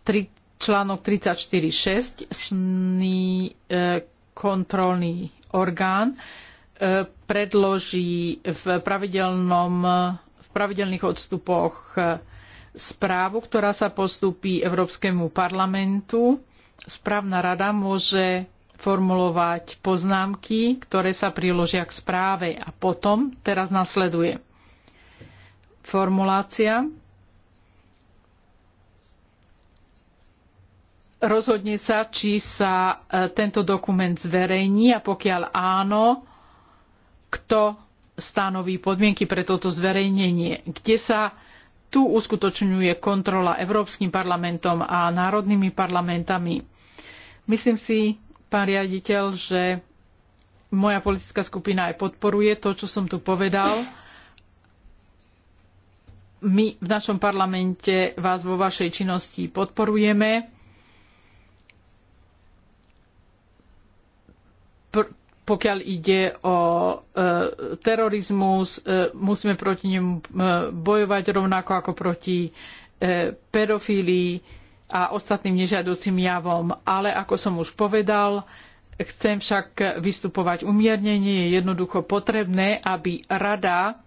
tri, článok 34.6, sný e, kontrolný orgán predloží v, pravidelnom, v pravidelných odstupoch správu, ktorá sa postupí Európskemu parlamentu. Správna rada môže formulovať poznámky, ktoré sa priložia k správe a potom teraz nasleduje formulácia. Rozhodne sa, či sa e, tento dokument zverejní a pokiaľ áno, kto stanoví podmienky pre toto zverejnenie, kde sa tu uskutočňuje kontrola Európskym parlamentom a národnými parlamentami. Myslím si, pán riaditeľ, že moja politická skupina aj podporuje to, čo som tu povedal my v našom parlamente vás vo vašej činnosti podporujeme. pokiaľ ide o e, terorizmus, e, musíme proti nemu e, bojovať rovnako ako proti e, pedofílii a ostatným nežiaducim javom. Ale ako som už povedal, chcem však vystupovať umiernenie. Je jednoducho potrebné, aby rada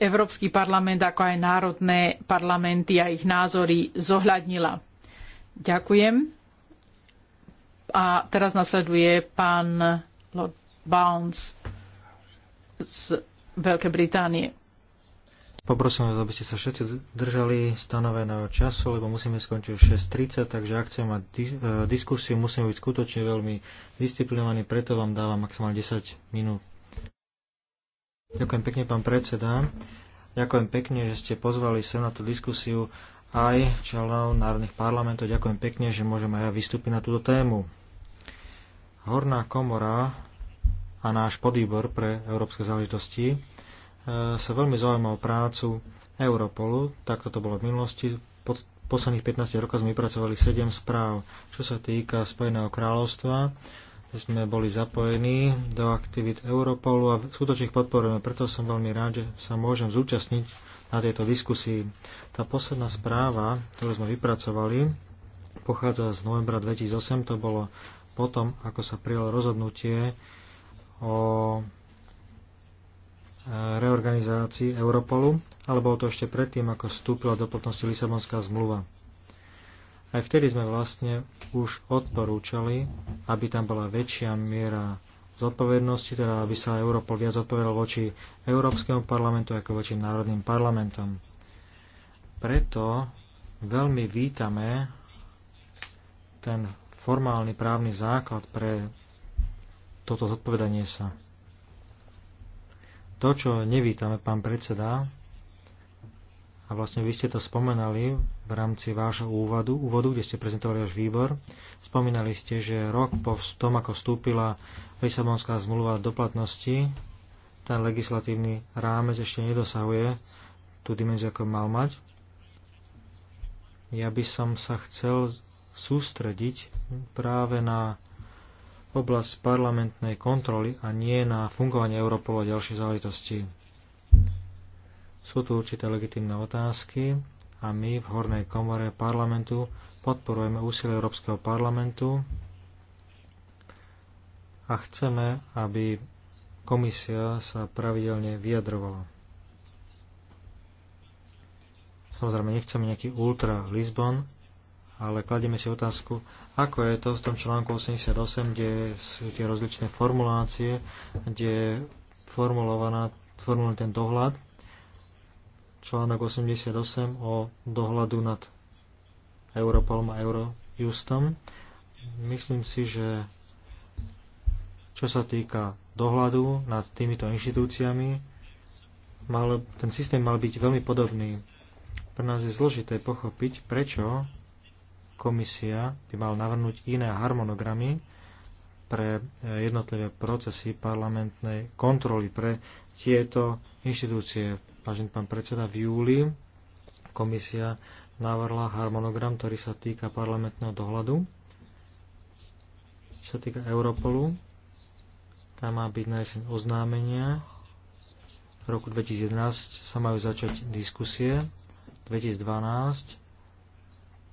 Európsky parlament, ako aj národné parlamenty a ich názory zohľadnila. Ďakujem. A teraz nasleduje pán Lord Bounce z Veľkej Británie. Poprosím vás, aby ste sa všetci držali stanoveného času, lebo musíme skončiť 6.30, takže ak chcem mať e, diskusiu, musíme byť skutočne veľmi disciplinovaní, preto vám dávam maximálne 10 minút Ďakujem pekne, pán predseda. Ďakujem pekne, že ste pozvali sa na tú diskusiu aj členov národných parlamentov. Ďakujem pekne, že môžem aj ja vystúpiť na túto tému. Horná komora a náš podvýbor pre európske záležitosti e, sa veľmi zaujíma prácu Europolu, takto to bolo v minulosti. Po posledných 15 rokov sme vypracovali 7 správ, čo sa týka Spojeného kráľovstva sme boli zapojení do aktivít Europolu a skutočne ich podporujeme. Preto som veľmi rád, že sa môžem zúčastniť na tejto diskusii. Tá posledná správa, ktorú sme vypracovali, pochádza z novembra 2008. To bolo potom, ako sa prijalo rozhodnutie o e, reorganizácii Europolu, ale bolo to ešte predtým, ako vstúpila do platnosti Lisabonská zmluva. Aj vtedy sme vlastne už odporúčali, aby tam bola väčšia miera zodpovednosti, teda aby sa Europol viac odpovedal voči Európskemu parlamentu ako voči národným parlamentom. Preto veľmi vítame ten formálny právny základ pre toto zodpovedanie sa. To, čo nevítame, pán predseda, a vlastne vy ste to spomenali v rámci vášho úvodu, úvodu, kde ste prezentovali váš výbor. Spomínali ste, že rok po tom, ako vstúpila Lisabonská zmluva do platnosti, ten legislatívny rámec ešte nedosahuje tú dimenziu, ako mal mať. Ja by som sa chcel sústrediť práve na oblasť parlamentnej kontroly a nie na fungovanie Europolu a ďalšie záležitosti sú tu určité legitimné otázky a my v Hornej komore parlamentu podporujeme úsilie Európskeho parlamentu a chceme, aby komisia sa pravidelne vyjadrovala. Samozrejme, nechceme nejaký ultra Lisbon, ale kladieme si otázku, ako je to v tom článku 88, kde sú tie rozličné formulácie, kde je formulovaná, formulovaný ten dohľad článok 88 o dohľadu nad Europolom a Eurojustom. Myslím si, že čo sa týka dohľadu nad týmito inštitúciami, mal, ten systém mal byť veľmi podobný. Pre nás je zložité pochopiť, prečo komisia by mal navrhnúť iné harmonogramy pre e, jednotlivé procesy parlamentnej kontroly pre tieto inštitúcie Vážený pán predseda, v júli komisia navrhla harmonogram, ktorý sa týka parlamentného dohľadu. Čo sa týka Europolu, tam má byť na jeseň oznámenia. V roku 2011 sa majú začať diskusie. 2012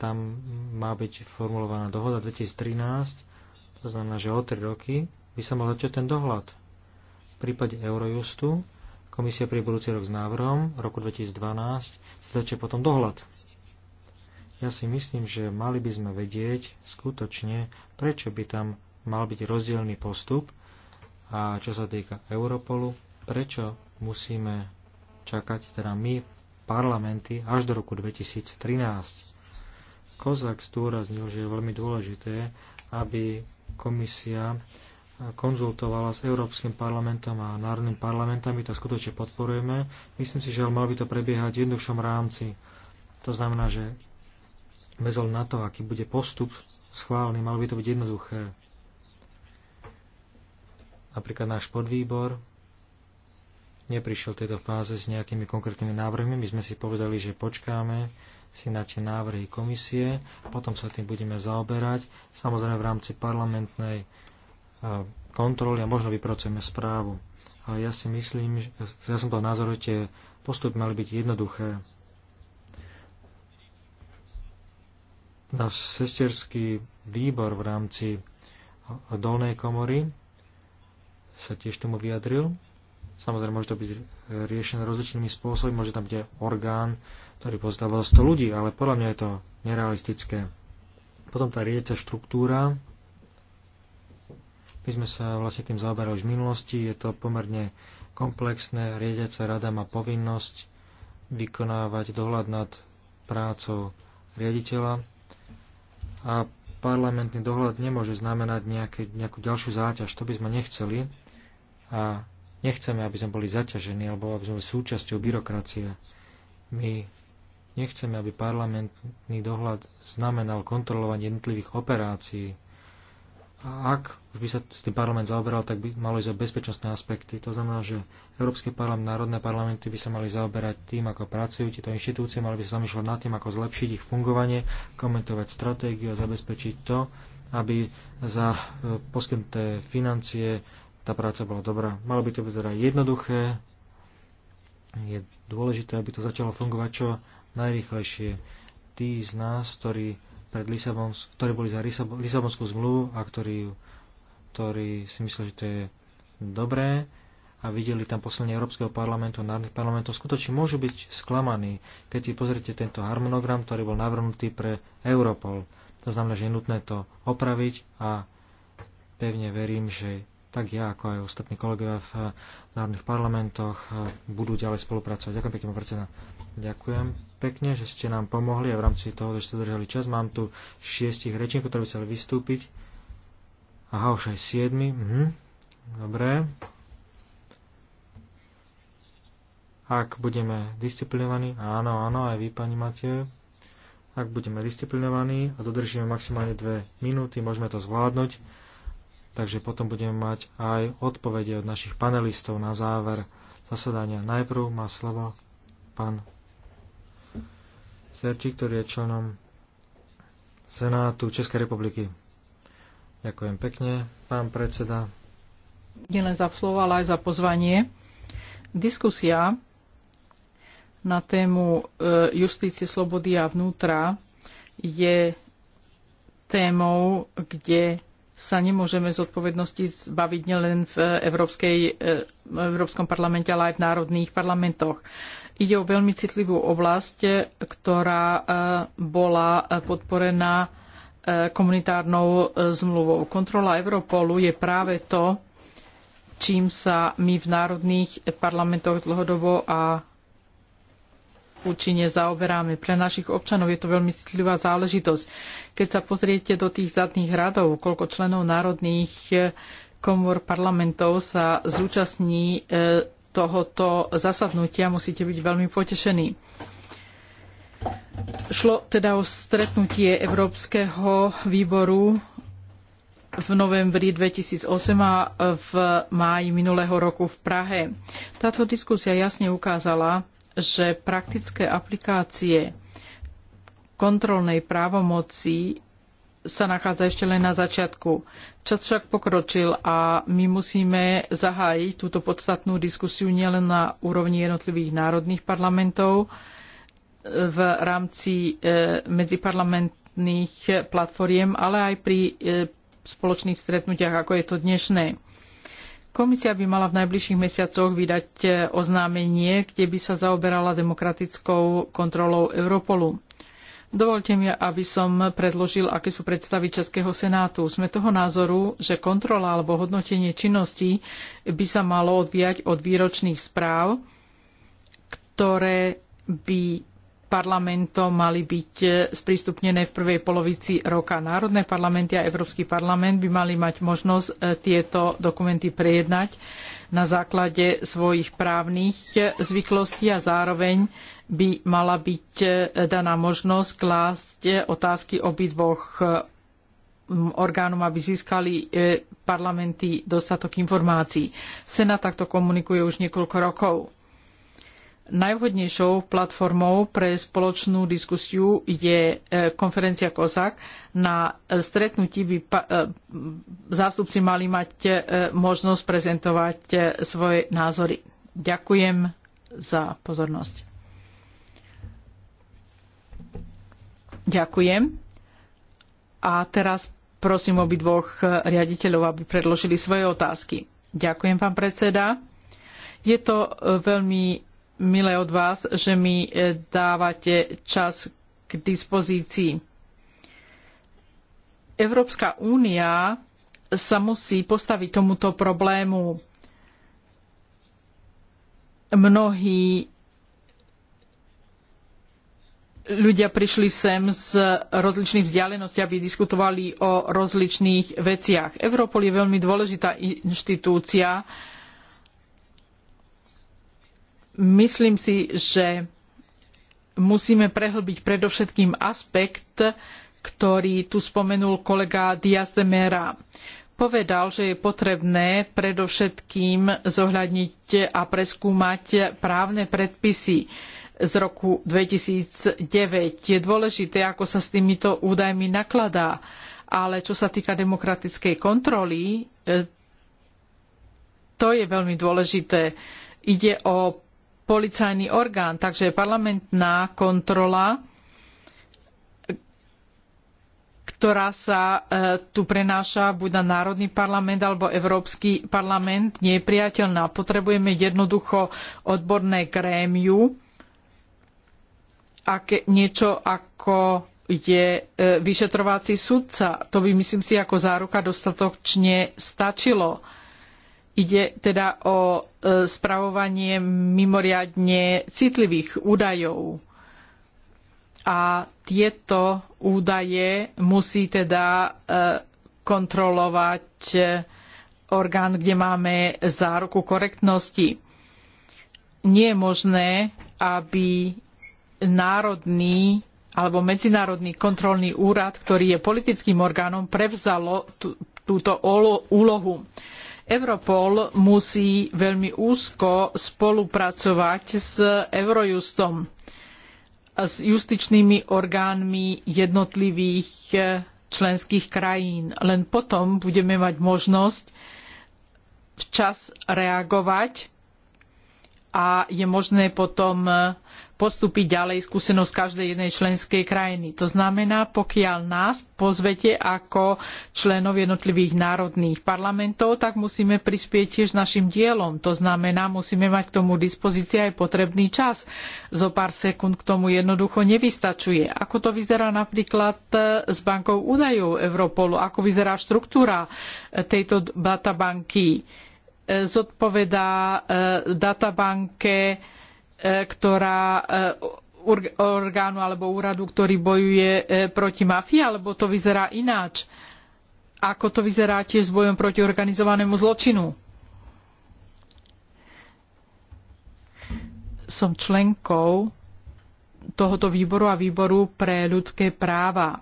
tam má byť formulovaná dohoda. 2013 to znamená, že o 3 roky by sa mal začať ten dohľad. V prípade Eurojustu Komisia pri budúci rok s návrhom roku 2012 začne potom dohľad. Ja si myslím, že mali by sme vedieť skutočne, prečo by tam mal byť rozdielný postup a čo sa týka Europolu, prečo musíme čakať teda my parlamenty až do roku 2013. Kozak zdôraznil, že je veľmi dôležité, aby komisia konzultovala s Európskym parlamentom a národným parlamentami, to skutočne podporujeme. Myslím si, že mal by to prebiehať v jednoduchšom rámci. To znamená, že bez na to, aký bude postup schválny, malo by to byť jednoduché. Napríklad náš podvýbor neprišiel tejto fáze s nejakými konkrétnymi návrhmi. My sme si povedali, že počkáme si na tie návrhy komisie, potom sa tým budeme zaoberať, samozrejme v rámci parlamentnej kontroly a možno vypracujeme správu. Ale ja si myslím, že, ja som toho názoru, že tie postupy mali byť jednoduché. Náš sesterský výbor v rámci dolnej komory sa tiež tomu vyjadril. Samozrejme, môže to byť riešené rozličnými spôsobmi, môže tam byť orgán, ktorý pozostáva 100 ľudí, ale podľa mňa je to nerealistické. Potom tá riediaca štruktúra, my sme sa vlastne tým zaoberali už v minulosti, je to pomerne komplexné, Riediaca rada má povinnosť vykonávať dohľad nad prácou riaditeľa a parlamentný dohľad nemôže znamenať nejaké, nejakú ďalšiu záťaž, to by sme nechceli a nechceme, aby sme boli zaťažení alebo aby sme boli súčasťou byrokracie. My nechceme, aby parlamentný dohľad znamenal kontrolovanie jednotlivých operácií, a ak už by sa s tým parlament zaoberal, tak by malo ísť o bezpečnostné aspekty. To znamená, že Európsky parlament, národné parlamenty by sa mali zaoberať tým, ako pracujú tieto inštitúcie, mali by sa zamýšľať nad tým, ako zlepšiť ich fungovanie, komentovať stratégiu a zabezpečiť to, aby za e, poskytnuté financie tá práca bola dobrá. Malo by to byť teda jednoduché, je dôležité, aby to začalo fungovať čo najrychlejšie. Tí z nás, ktorí pred Lisabons, ktorí boli za Lisabonskú zmluvu a ktorí, ktorí si mysleli, že to je dobré a videli tam poslanie Európskeho parlamentu, a národných parlamentov, skutočne môžu byť sklamaní, keď si pozrite tento harmonogram, ktorý bol navrhnutý pre Europol. To znamená, že je nutné to opraviť a pevne verím, že tak ja, ako aj ostatní kolegovia v národných parlamentoch budú ďalej spolupracovať. Ďakujem pekne, predseda. Ďakujem pekne, že ste nám pomohli a v rámci toho, že ste držali čas, mám tu šiestich rečníkov, ktorí by chceli vystúpiť. Aha, už aj siedmi. Mhm. Dobre. Ak budeme disciplinovaní, áno, áno, aj vy, pani Matej, ak budeme disciplinovaní a dodržíme maximálne dve minúty, môžeme to zvládnuť. Takže potom budeme mať aj odpovede od našich panelistov na záver zasadania. Najprv má slovo pán Serči, ktorý je členom Senátu Českej republiky. Ďakujem pekne, pán predseda. Nielen za slovo, ale aj za pozvanie. Diskusia na tému e, justície, slobody a vnútra je témou, kde sa nemôžeme z odpovednosti zbaviť nielen v, Európskej, e, v Európskom parlamente, ale aj v národných parlamentoch. Ide o veľmi citlivú oblasť, ktorá e, bola podporená e, komunitárnou zmluvou. Kontrola Europolu je práve to, čím sa my v národných parlamentoch dlhodobo a účinne zaoberáme. Pre našich občanov je to veľmi citlivá záležitosť. Keď sa pozriete do tých zadných radov, koľko členov národných eh, komor parlamentov sa zúčastní eh, tohoto zasadnutia, musíte byť veľmi potešení. Šlo teda o stretnutie Európskeho výboru v novembri 2008 a v máji minulého roku v Prahe. Táto diskusia jasne ukázala, že praktické aplikácie kontrolnej právomoci sa nachádza ešte len na začiatku. Čas však pokročil a my musíme zahájiť túto podstatnú diskusiu nielen na úrovni jednotlivých národných parlamentov v rámci e, medziparlamentných platformiem, ale aj pri e, spoločných stretnutiach, ako je to dnešné. Komisia by mala v najbližších mesiacoch vydať e, oznámenie, kde by sa zaoberala demokratickou kontrolou Europolu. Dovolte mi, aby som predložil, aké sú predstavy Českého senátu. Sme toho názoru, že kontrola alebo hodnotenie činností by sa malo odvíjať od výročných správ, ktoré by parlamentom mali byť e, sprístupnené v prvej polovici roka. Národné parlamenty a Európsky parlament by mali mať možnosť e, tieto dokumenty prejednať na základe svojich právnych e, zvyklostí a zároveň by mala byť daná možnosť klásť otázky obidvoch orgánom, aby získali parlamenty dostatok informácií. Senát takto komunikuje už niekoľko rokov Najvhodnejšou platformou pre spoločnú diskusiu je e, konferencia COSAC. Na e, stretnutí by e, zástupci mali mať možnosť prezentovať svoje názory. Ďakujem za pozornosť. Ďakujem. A teraz prosím obidvoch riaditeľov, aby predložili svoje otázky. Ďakujem, pán predseda. Je to veľmi milé od vás, že mi e, dávate čas k dispozícii. Európska únia sa musí postaviť tomuto problému. Mnohí ľudia prišli sem z rozličných vzdialeností, aby diskutovali o rozličných veciach. Europol je veľmi dôležitá inštitúcia, Myslím si, že musíme prehlbiť predovšetkým aspekt, ktorý tu spomenul kolega Diaz de Mera. Povedal, že je potrebné predovšetkým zohľadniť a preskúmať právne predpisy z roku 2009. Je dôležité, ako sa s týmito údajmi nakladá, ale čo sa týka demokratickej kontroly, e, to je veľmi dôležité. Ide o policajný orgán. Takže parlamentná kontrola, ktorá sa e, tu prenáša buď na Národný parlament alebo Európsky parlament, nie je priateľná. Potrebujeme jednoducho odborné grémiu, aké, niečo ako je e, vyšetrovací sudca. To by myslím si ako záruka dostatočne stačilo Ide teda o e, spravovanie mimoriadne citlivých údajov. A tieto údaje musí teda e, kontrolovať e, orgán, kde máme záruku korektnosti. Nie je možné, aby národný alebo medzinárodný kontrolný úrad, ktorý je politickým orgánom, prevzalo túto úlohu. Europol musí veľmi úzko spolupracovať s Eurojustom, s justičnými orgánmi jednotlivých eh, členských krajín. Len potom budeme mať možnosť včas reagovať a je možné potom eh, postúpiť ďalej skúsenosť každej jednej členskej krajiny. To znamená, pokiaľ nás pozvete ako členov jednotlivých národných parlamentov, tak musíme prispieť tiež našim dielom. To znamená, musíme mať k tomu dispozícii aj potrebný čas. Zo pár sekúnd k tomu jednoducho nevystačuje. Ako to vyzerá napríklad e, s bankou údajov Europolu, ako vyzerá štruktúra e, tejto databanky, e, zodpovedá databanke E, ktorá e, orgánu alebo úradu, ktorý bojuje e, proti mafii, alebo to vyzerá ináč? Ako to vyzerá tiež s bojom proti organizovanému zločinu? Som členkou tohoto výboru a výboru pre ľudské práva.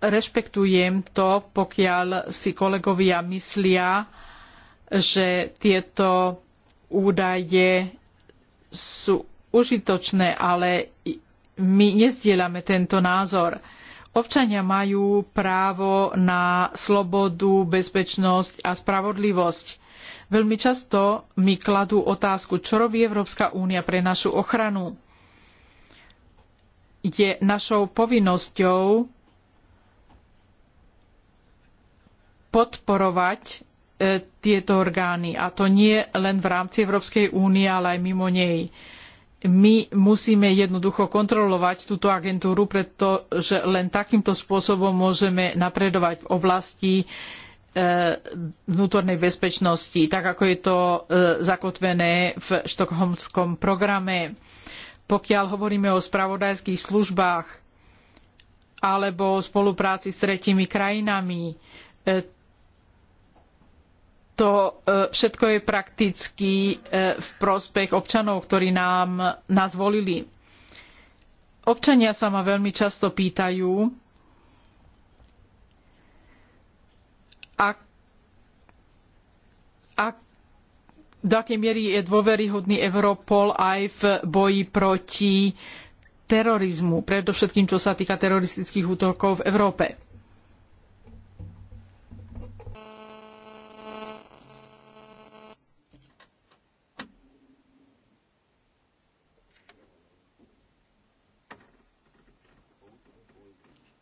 Rešpektujem to, pokiaľ si kolegovia myslia, že tieto údaje sú užitočné, ale my nezdielame tento názor. Občania majú právo na slobodu, bezpečnosť a spravodlivosť. Veľmi často mi kladú otázku, čo robí Európska únia pre našu ochranu. Je našou povinnosťou podporovať E, tieto orgány. A to nie len v rámci Európskej únie, ale aj mimo nej. My musíme jednoducho kontrolovať túto agentúru, pretože len takýmto spôsobom môžeme napredovať v oblasti e, vnútornej bezpečnosti, tak ako je to e, zakotvené v štokholmskom programe. Pokiaľ hovoríme o spravodajských službách alebo o spolupráci s tretími krajinami, to e, všetko je prakticky e, v prospech občanov, ktorí nám, nás volili. Občania sa ma veľmi často pýtajú, ak, ak, do akej miery je dôveryhodný Europol aj v boji proti terorizmu, predovšetkým čo sa týka teroristických útokov v Európe.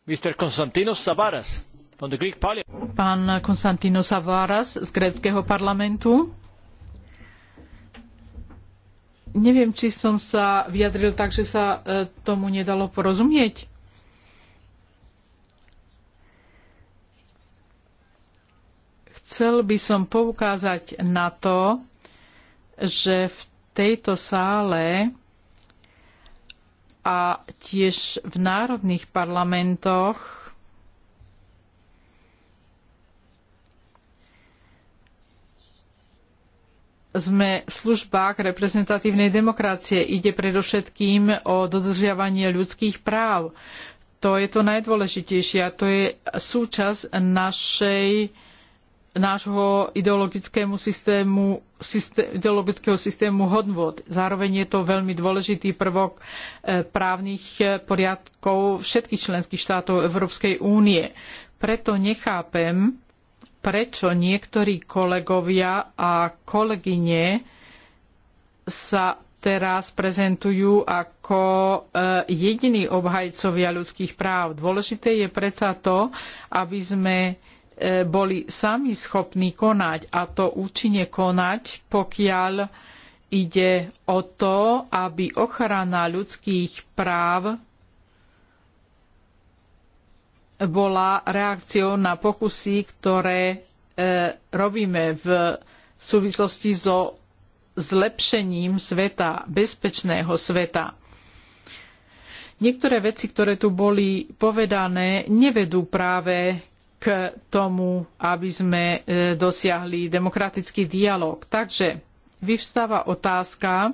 Pán konstantínos Savaras z gréckého parlamentu. Neviem, či som sa vyjadril tak, že sa e, tomu nedalo porozumieť. Chcel by som poukázať na to, že v tejto sále a tiež v národných parlamentoch sme v službách reprezentatívnej demokracie. Ide predovšetkým o dodržiavanie ľudských práv. To je to najdôležitejšie a to je súčasť našej nášho ideologickému systému, systé, ideologického systému hodnôt. Zároveň je to veľmi dôležitý prvok e, právnych e, poriadkov všetkých členských štátov Európskej únie. Preto nechápem, prečo niektorí kolegovia a kolegyne sa teraz prezentujú ako e, jediní obhajcovia ľudských práv. Dôležité je predsa to, aby sme E, boli sami schopní konať a to účinne konať, pokiaľ ide o to, aby ochrana ľudských práv bola reakciou na pokusy, ktoré e, robíme v súvislosti so zlepšením sveta, bezpečného sveta. Niektoré veci, ktoré tu boli povedané, nevedú práve k tomu, aby sme e, dosiahli demokratický dialog. Takže vyvstáva otázka,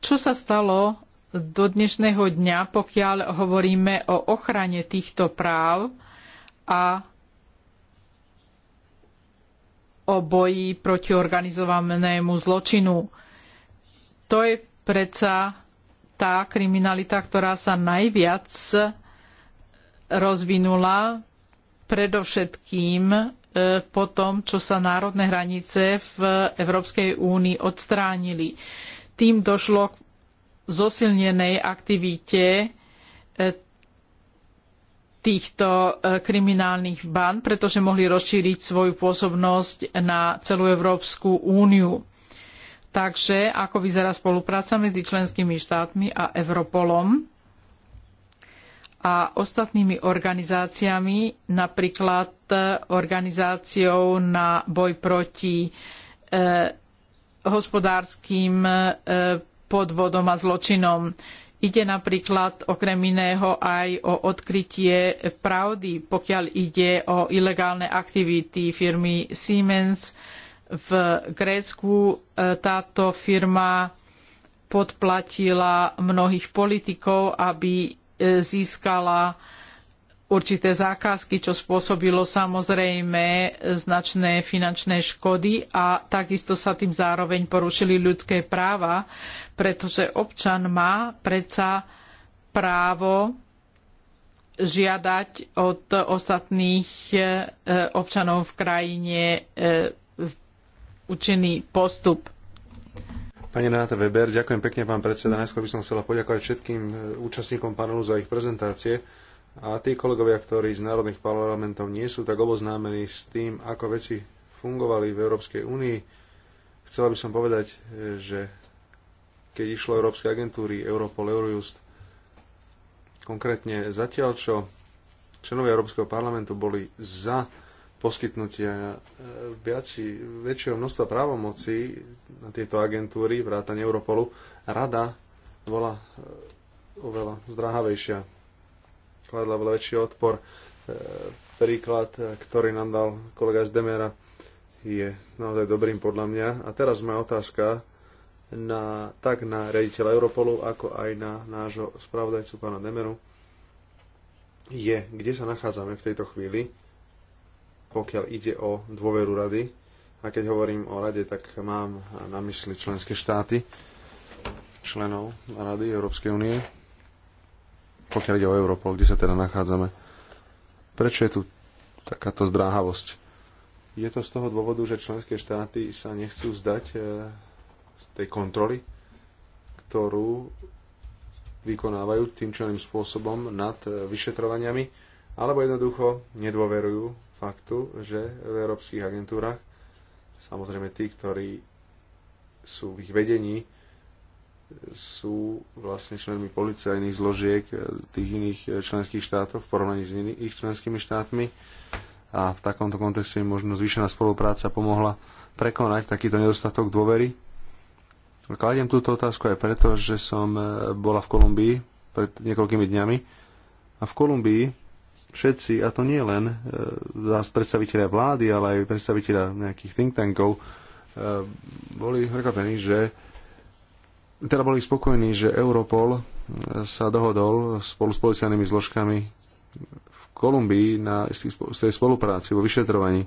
čo sa stalo do dnešného dňa, pokiaľ hovoríme o ochrane týchto práv a o boji proti organizovanému zločinu. To je predsa tá kriminalita, ktorá sa najviac rozvinula predovšetkým e, po tom, čo sa národné hranice v Európskej únii odstránili. Tým došlo k zosilnenej aktivite e, týchto e, kriminálnych ban, pretože mohli rozšíriť svoju pôsobnosť na celú Európsku úniu. Takže ako vyzerá spolupráca medzi členskými štátmi a Europolom? a ostatnými organizáciami, napríklad e, organizáciou na boj proti e, hospodárskym e, podvodom a zločinom. Ide napríklad okrem iného aj o odkrytie pravdy, pokiaľ ide o ilegálne aktivity firmy Siemens. V Grécku táto firma podplatila mnohých politikov, aby E, získala určité zákazky, čo spôsobilo samozrejme značné finančné škody a takisto sa tým zároveň porušili ľudské práva, pretože občan má predsa právo žiadať od ostatných e, občanov v krajine určený e, postup Pani Renáta Weber, ďakujem pekne, pán predseda. Najskôr by som chcela poďakovať všetkým e, účastníkom panelu za ich prezentácie a tí kolegovia, ktorí z národných parlamentov nie sú tak oboznámení s tým, ako veci fungovali v Európskej únii. Chcela by som povedať, e, že keď išlo Európskej agentúry Europol, Eurojust, konkrétne zatiaľ, čo členovia Európskeho parlamentu boli za poskytnutia e, viaci, väčšieho množstva právomocí na tieto agentúry, vrátane Europolu, rada bola e, oveľa zdráhavejšia. Kladla veľa väčší odpor. E, príklad, ktorý nám dal kolega z Demera, je naozaj dobrým podľa mňa. A teraz moja otázka na, tak na rediteľa Europolu, ako aj na nášho spravodajcu pána Demeru je, kde sa nachádzame v tejto chvíli pokiaľ ide o dôveru rady. A keď hovorím o rade, tak mám na mysli členské štáty, členov Rady Európskej únie, pokiaľ ide o Európol, kde sa teda nachádzame. Prečo je tu takáto zdráhavosť? Je to z toho dôvodu, že členské štáty sa nechcú vzdať e, z tej kontroly, ktorú vykonávajú tým členým spôsobom nad e, vyšetrovaniami, alebo jednoducho nedôverujú faktu, že v európskych agentúrach, samozrejme tí, ktorí sú v ich vedení, sú vlastne členmi policajných zložiek tých iných členských štátov v porovnaní s iných ich členskými štátmi a v takomto kontexte im možno zvýšená spolupráca pomohla prekonať takýto nedostatok dôvery. Kladiem túto otázku aj preto, že som eh, bola v Kolumbii pred niekoľkými dňami a v Kolumbii všetci, a to nie len e, predstaviteľa vlády, ale aj predstaviteľa nejakých think tankov, e, boli prekvapení, že teda boli spokojní, že Europol e, sa dohodol spolu s policajnými zložkami v Kolumbii na tej spolupráci vo vyšetrovaní.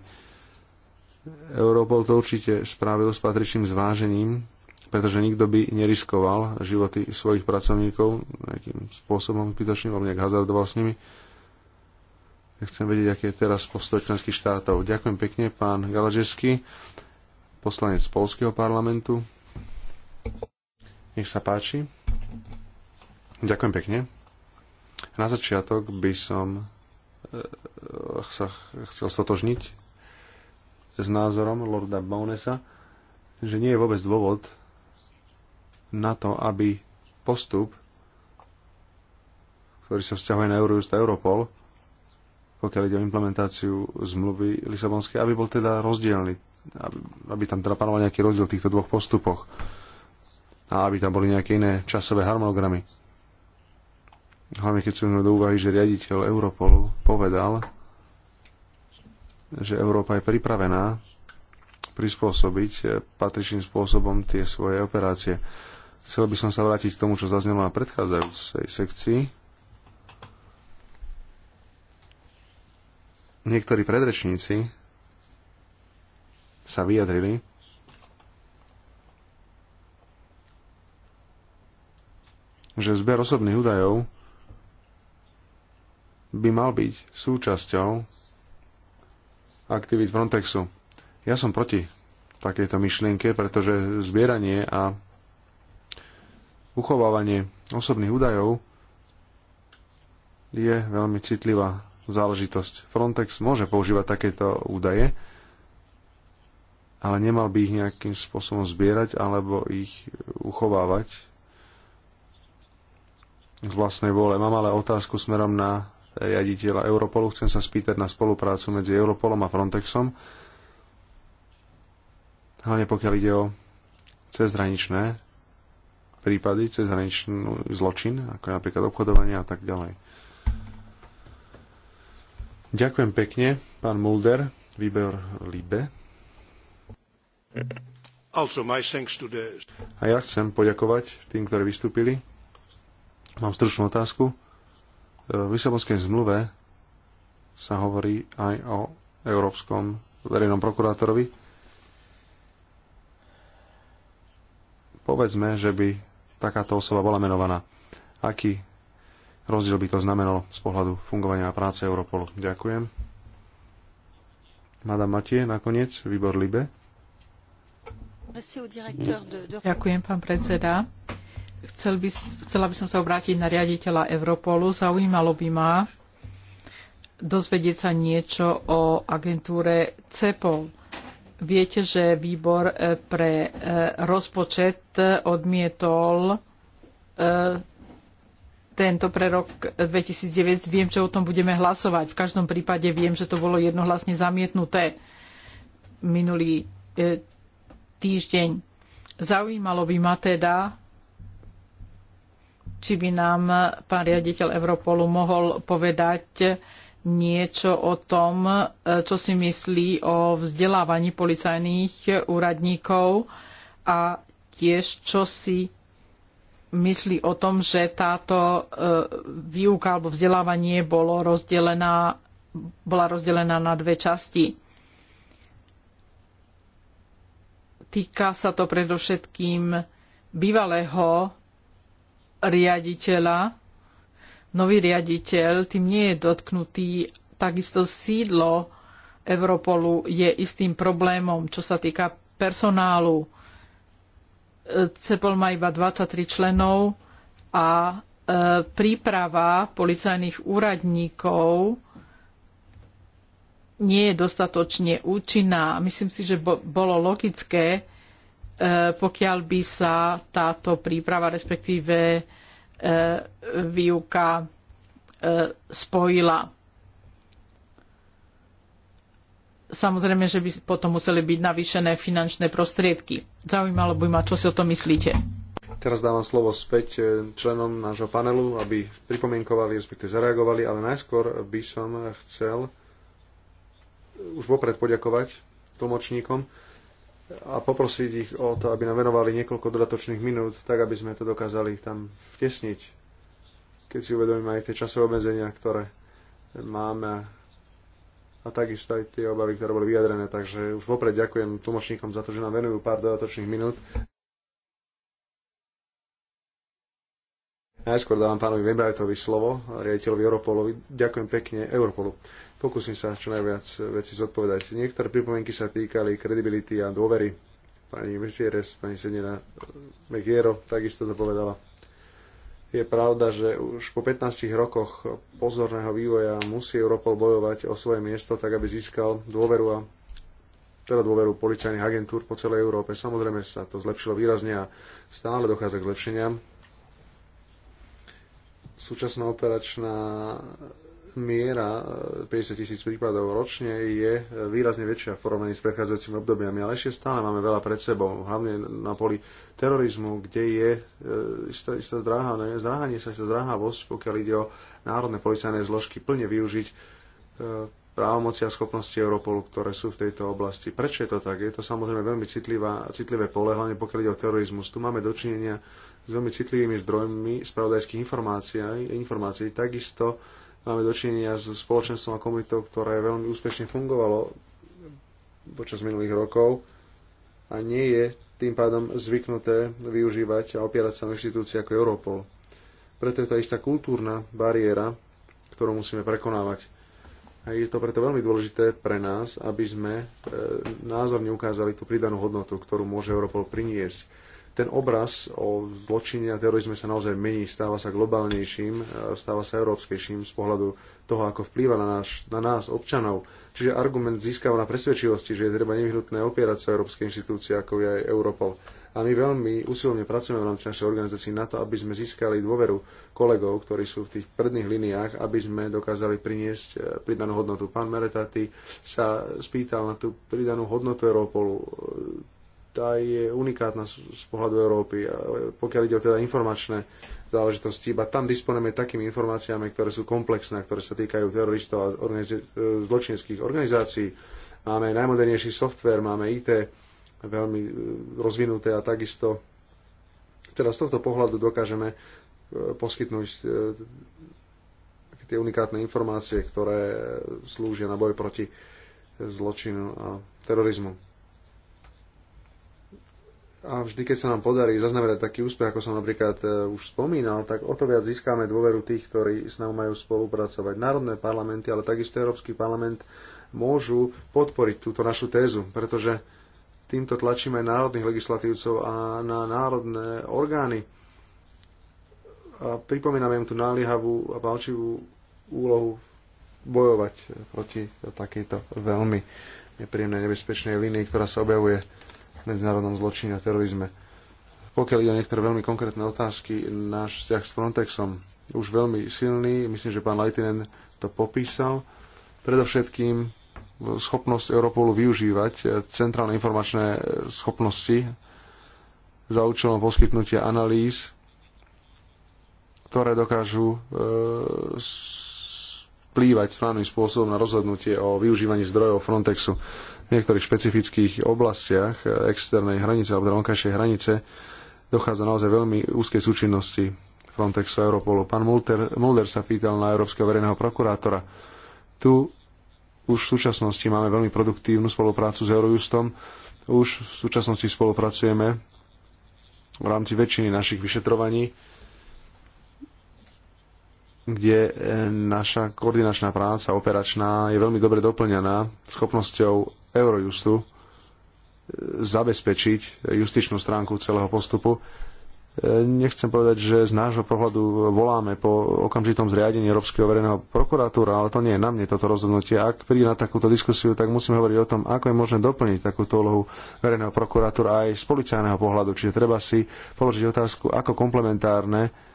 Europol to určite spravil s patričným zvážením, pretože nikto by neriskoval životy svojich pracovníkov nejakým spôsobom zbytočným alebo nejak hazardoval s nimi. Chcem vedieť, aký je teraz postoj členských štátov. Ďakujem pekne, pán Galažesky, poslanec Polského parlamentu. Nech sa páči. Ďakujem pekne. Na začiatok by som sa eh, chcel stotožniť s názorom Lorda Bonesa, že nie je vôbec dôvod na to, aby postup, ktorý sa vzťahuje na Eurojust a Europol, pokiaľ ide o implementáciu zmluvy Lisabonskej, aby bol teda rozdielny, aby, aby tam teda panoval nejaký rozdiel v týchto dvoch postupoch a aby tam boli nejaké iné časové harmonogramy. Hlavne keď sme do úvahy, že riaditeľ Europolu povedal, že Európa je pripravená prispôsobiť patričným spôsobom tie svoje operácie. Chcel by som sa vrátiť k tomu, čo zaznelo na predchádzajúcej sekcii Niektorí predrečníci sa vyjadrili, že zber osobných údajov by mal byť súčasťou aktivít Frontexu. Ja som proti takejto myšlienke, pretože zbieranie a uchovávanie osobných údajov je veľmi citlivá záležitosť. Frontex môže používať takéto údaje, ale nemal by ich nejakým spôsobom zbierať alebo ich uchovávať z vlastnej vôle. Mám ale otázku smerom na riaditeľa Europolu. Chcem sa spýtať na spoluprácu medzi Europolom a Frontexom, hlavne pokiaľ ide o cezhraničné prípady, cezhraničný zločin, ako napríklad obchodovanie a tak ďalej. Ďakujem pekne, pán Mulder, výber Libe. A ja chcem poďakovať tým, ktorí vystúpili. Mám stručnú otázku. V Lisabonskej zmluve sa hovorí aj o európskom verejnom prokurátorovi. Povedzme, že by takáto osoba bola menovaná. Aký rozdiel by to znamenalo z pohľadu fungovania a práce Europolu. Ďakujem. Madame Matie, nakoniec, výbor Libe. Ďakujem, pán predseda. Chcel by, chcela by som sa obrátiť na riaditeľa Europolu. Zaujímalo by ma dozvedieť sa niečo o agentúre CEPOL. Viete, že výbor pre eh, rozpočet odmietol eh, tento pre rok 2009. Viem, čo o tom budeme hlasovať. V každom prípade viem, že to bolo jednohlasne zamietnuté minulý e, týždeň. Zaujímalo by ma teda, či by nám pán riaditeľ Europolu mohol povedať niečo o tom, e, čo si myslí o vzdelávaní policajných úradníkov a tiež čo si myslí o tom, že táto e, výuka alebo vzdelávanie bolo rozdelená, bola rozdelená na dve časti. Týka sa to predovšetkým bývalého riaditeľa. Nový riaditeľ tým nie je dotknutý. Takisto sídlo Europolu je istým problémom, čo sa týka personálu CEPOL má iba 23 členov a e, príprava policajných úradníkov nie je dostatočne účinná. Myslím si, že bolo logické, e, pokiaľ by sa táto príprava, respektíve e, výuka spojila Samozrejme, že by potom museli byť navýšené finančné prostriedky. Zaujímalo by ma, čo si o tom myslíte. Teraz dávam slovo späť eh, členom nášho panelu, aby pripomienkovali, respektíve zareagovali, ale najskôr by som chcel eh, už vopred poďakovať tlmočníkom a poprosiť ich o to, aby nám venovali niekoľko dodatočných minút, tak aby sme to dokázali tam vtesniť, keď si uvedomíme aj tie časové obmedzenia, ktoré máme a takisto aj tie obavy, ktoré boli vyjadrené. Takže už vopred ďakujem tlmočníkom za to, že nám venujú pár dodatočných minút. Najskôr dávam pánovi Wembrajtovi slovo, riaditeľovi Europolovi. Ďakujem pekne Europolu. Pokúsim sa čo najviac veci zodpovedať. Niektoré pripomienky sa týkali kredibility a dôvery. Pani Mercedes, pani Senina eh, Megiero takisto to povedala je pravda, že už po 15 rokoch pozorného vývoja musí Europol bojovať o svoje miesto, tak aby získal dôveru a teda dôveru policajných agentúr po celej Európe. Samozrejme sa to zlepšilo výrazne a stále dochádza k zlepšeniam. Súčasná operačná miera 50 e, tisíc prípadov ročne je e, výrazne väčšia v porovnaní s prechádzajúcimi obdobiami, ale ešte stále máme veľa pred sebou, hlavne na poli terorizmu, kde je e, istá, istá zdráhanie, sa, istá zdráhavosť, pokiaľ ide o národné policajné zložky, plne využiť právomoci a schopnosti Europolu, ktoré sú v tejto oblasti. Prečo je to tak? Je to samozrejme veľmi citlivá, citlivé pole, hlavne pokiaľ ide o terorizmus. Tu máme dočinenia s veľmi citlivými zdrojmi spravodajských informácií, informácií takisto Máme dočinenia s spoločenstvom a komunitou, ktoré veľmi úspešne fungovalo počas minulých rokov a nie je tým pádom zvyknuté využívať a opierať sa na inštitúcie ako Europol. Preto je to istá kultúrna bariéra, ktorú musíme prekonávať. A je to preto veľmi dôležité pre nás, aby sme e, názorne ukázali tú pridanú hodnotu, ktorú môže Europol priniesť ten obraz o zločine a terorizme sa naozaj mení, stáva sa globálnejším, e, stáva sa európskejším z pohľadu toho, ako vplýva na, náš, na nás, občanov. Čiže argument získava na presvedčivosti, že je treba nevyhnutné opierať sa európske inštitúcie, ako je aj Europol. A my veľmi usilovne pracujeme v rámci našej organizácii na to, aby sme získali dôveru kolegov, ktorí sú v tých predných liniách, aby sme dokázali priniesť e, pridanú hodnotu. Pán Meretaty sa spýtal na tú pridanú hodnotu Europolu tá je unikátna z pohľadu Európy. A pokiaľ ide o teda informačné záležitosti, iba tam disponujeme takými informáciami, ktoré sú komplexné, ktoré sa týkajú teroristov a organiz- e, zločineckých organizácií. Máme najmodernejší software, máme IT veľmi e, rozvinuté a takisto teda z tohto pohľadu dokážeme e, poskytnúť tie unikátne informácie, ktoré slúžia na boj proti zločinu a terorizmu. A vždy, keď sa nám podarí zaznamenať taký úspech, ako som napríklad e, už spomínal, tak o to viac získame dôveru tých, ktorí s nami majú spolupracovať. Národné parlamenty, ale takisto Európsky parlament môžu podporiť túto našu tézu, pretože týmto tlačíme aj národných legislatívcov a na národné orgány. A pripomíname im tú náliehavú a palčivú úlohu bojovať proti takejto veľmi nepríjemnej, nebezpečnej línii, ktorá sa objavuje medzinárodnom zločine a terorizme. Pokiaľ ide o niektoré veľmi konkrétne otázky, náš vzťah s Frontexom už veľmi silný, myslím, že pán Leitinen to popísal. Predovšetkým schopnosť Europolu využívať centrálne informačné schopnosti za účelom poskytnutia analýz, ktoré dokážu e, vplývať správnym spôsobom na rozhodnutie o využívaní zdrojov Frontexu v niektorých špecifických oblastiach eh, externej hranice alebo teda vonkajšej hranice dochádza naozaj veľmi úzkej súčinnosti Frontexu a Europolu. Pán Mulder, Mulder sa pýtal na Európskeho verejného prokurátora. Tu už v súčasnosti máme veľmi produktívnu spoluprácu s Eurojustom. Už v súčasnosti spolupracujeme v rámci väčšiny našich vyšetrovaní kde e, naša koordinačná práca operačná je veľmi dobre doplňaná schopnosťou Eurojustu e, zabezpečiť justičnú stránku celého postupu. E, nechcem povedať, že z nášho pohľadu voláme po okamžitom zriadení Európskeho verejného prokuratúra, ale to nie je na mne toto rozhodnutie. Ak príde na takúto diskusiu, tak musím hovoriť o tom, ako je možné doplniť takúto úlohu verejného prokuratúra aj z policajného pohľadu. Čiže treba si položiť otázku, ako komplementárne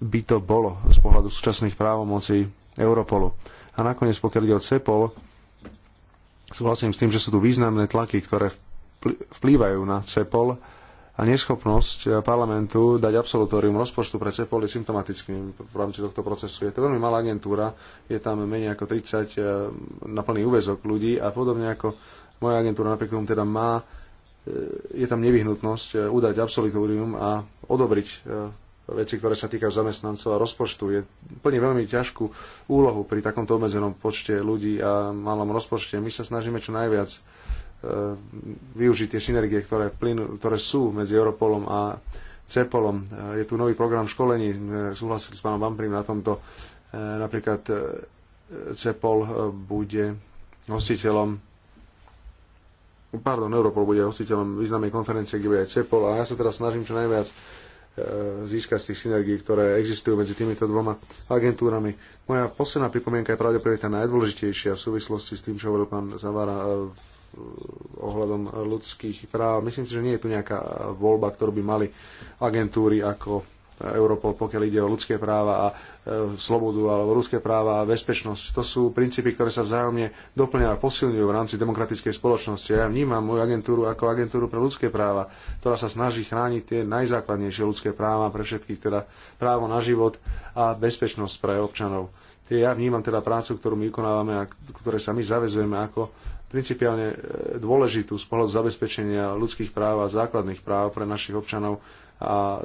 by to bolo z pohľadu súčasných právomocí Europolu. A nakoniec, pokiaľ ide o CEPOL, súhlasím s tým, že sú tu významné tlaky, ktoré vplývajú na CEPOL a neschopnosť parlamentu dať absolutórium rozpočtu pre CEPOL je symptomatickým v rámci tohto procesu. Je to veľmi malá agentúra, je tam menej ako 30 eh, na plný úvezok ľudí a podobne ako moja agentúra napriek tomu teda má, eh, je tam nevyhnutnosť eh, udať absolutórium a odobriť veci, ktoré sa týkajú zamestnancov a rozpočtu. Je plne veľmi ťažkú úlohu pri takomto obmedzenom počte ľudí a malom rozpočte. My sa snažíme čo najviac e, využiť tie synergie, ktoré, plynu, ktoré sú medzi Europolom a CEPOLom. E, je tu nový program školení, e, súhlasili s pánom Vamprim na tomto. Napríklad CEPOL bude hostiteľom pardon, Europol bude hostiteľom významnej konferencie, kde bude aj CEPOL a ja sa teraz snažím čo najviac E, získať z tých synergií, ktoré existujú medzi týmito dvoma agentúrami. Moja posledná pripomienka je pravdepodobne tá najdôležitejšia v súvislosti s tým, čo hovoril pán Zavara e, ohľadom ľudských práv. Myslím si, že nie je tu nejaká voľba, ktorú by mali agentúry ako Europol, pokiaľ ide o ľudské práva a e, slobodu alebo ľudské práva a bezpečnosť. To sú princípy, ktoré sa vzájomne doplňajú a posilňujú v rámci demokratickej spoločnosti. Ja vnímam moju agentúru ako agentúru pre ľudské práva, ktorá sa snaží chrániť tie najzákladnejšie ľudské práva pre všetkých, teda právo na život a bezpečnosť pre občanov. Ja vnímam teda prácu, ktorú my vykonávame a ktoré sa my zavezujeme ako principiálne e, dôležitú z pohľadu zabezpečenia ľudských práv a základných práv pre našich občanov a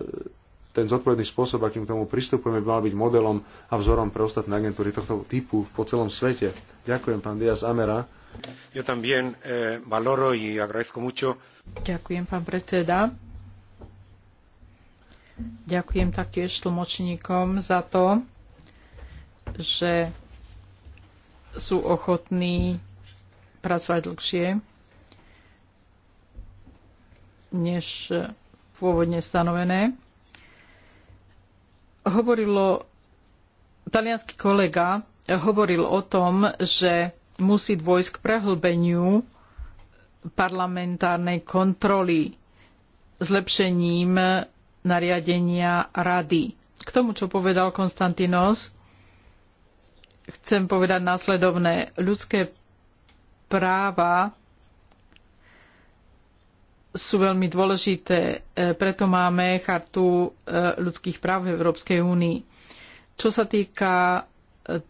ten zodpovedný spôsob, akým k tomu pristupujeme, by mal byť modelom a vzorom pre ostatné agentúry tohto typu po celom svete. Ďakujem, pán Diaz Amera. Yo también eh, valoro y agradezco mucho. Ďakujem, pán predseda. Ďakujem taktiež tlmočníkom za to, že sú ochotní pracovať dlhšie, než pôvodne stanovené hovorilo, talianský kolega hovoril o tom, že musí dôjsť k prehlbeniu parlamentárnej kontroly zlepšením nariadenia rady. K tomu, čo povedal Konstantinos, chcem povedať následovné. Ľudské práva sú veľmi dôležité. E, preto máme chartu e, ľudských práv v Európskej únii. Čo sa týka e,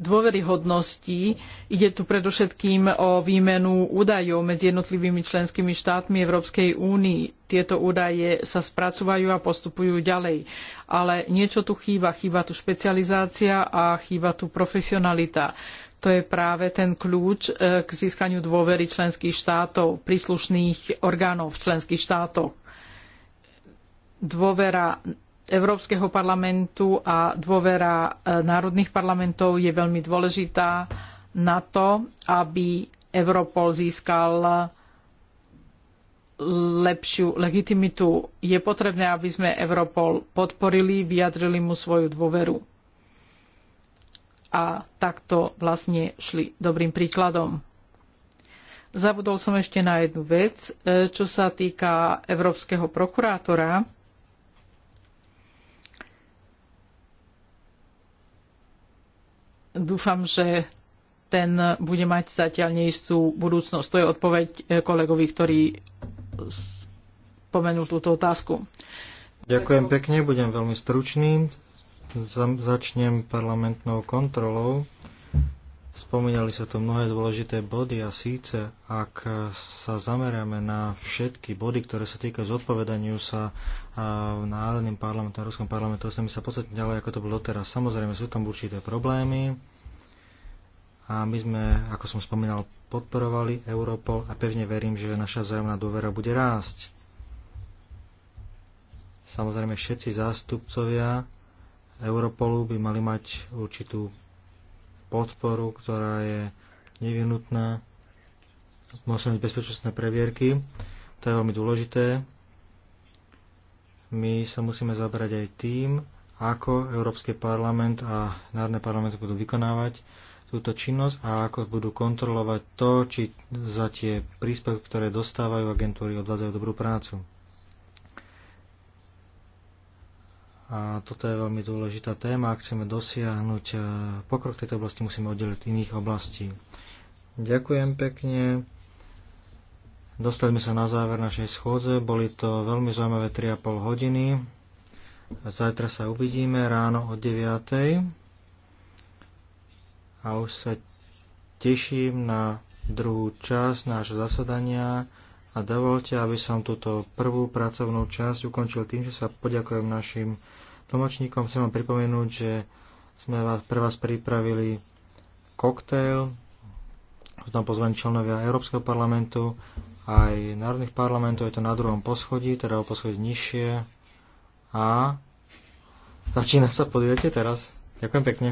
dôveryhodnosti, ide tu predovšetkým o výmenu údajov medzi jednotlivými členskými štátmi Európskej únii. Tieto údaje sa spracovajú a postupujú ďalej. Ale niečo tu chýba. Chýba tu špecializácia a chýba tu profesionalita to je práve ten kľúč e, k získaniu dôvery členských štátov, príslušných orgánov v členských štátoch. Dôvera Európskeho parlamentu a dôvera e, národných parlamentov je veľmi dôležitá na to, aby Europol získal lepšiu legitimitu. Je potrebné, aby sme Europol podporili, vyjadrili mu svoju dôveru a takto vlastne šli dobrým príkladom. Zabudol som ešte na jednu vec, e, čo sa týka európskeho prokurátora. Dúfam, že ten bude mať zatiaľ neistú budúcnosť. To je odpoveď e, kolegovi, ktorý spomenul túto otázku. Ďakujem pekne, budem veľmi stručný. Začnem parlamentnou kontrolou. Spomínali sa tu mnohé dôležité body a síce, ak sa zameráme na všetky body, ktoré sa týkajú zodpovedaniu sa v Národným parlamentu, Európskom parlamentu, dostaneme sa podstatne ďalej, ako to bolo doteraz. Samozrejme, sú tam určité problémy a my sme, ako som spomínal, podporovali Europol a pevne verím, že naša vzájomná dôvera bude rásť. Samozrejme, všetci zástupcovia Europolu by mali mať určitú podporu, ktorá je nevyhnutná. Musíme mať bezpečnostné previerky. To je veľmi dôležité. My sa musíme zabrať aj tým, ako Európsky parlament a národné parlamenty budú vykonávať túto činnosť a ako budú kontrolovať to, či za tie príspevky, ktoré dostávajú agentúry, odvádzajú dobrú prácu. A toto je veľmi dôležitá téma. Ak chceme dosiahnuť e, pokrok tejto oblasti, musíme oddeliť iných oblastí. Ďakujem pekne. Dostali sme sa na záver našej schôdze. Boli to veľmi zaujímavé 3,5 hodiny. Zajtra sa uvidíme ráno o 9. A už sa teším na druhú časť nášho zasadania a dovolte, aby som túto prvú pracovnú časť ukončil tým, že sa poďakujem našim Tlmočníkom chcem vám pripomenúť, že sme vás, pre vás pripravili koktejl, sú tam pozvaní členovia Európskeho parlamentu, aj národných parlamentov, je to na druhom poschodí, teda o poschodí nižšie. A začína sa podujete teraz. Ďakujem pekne.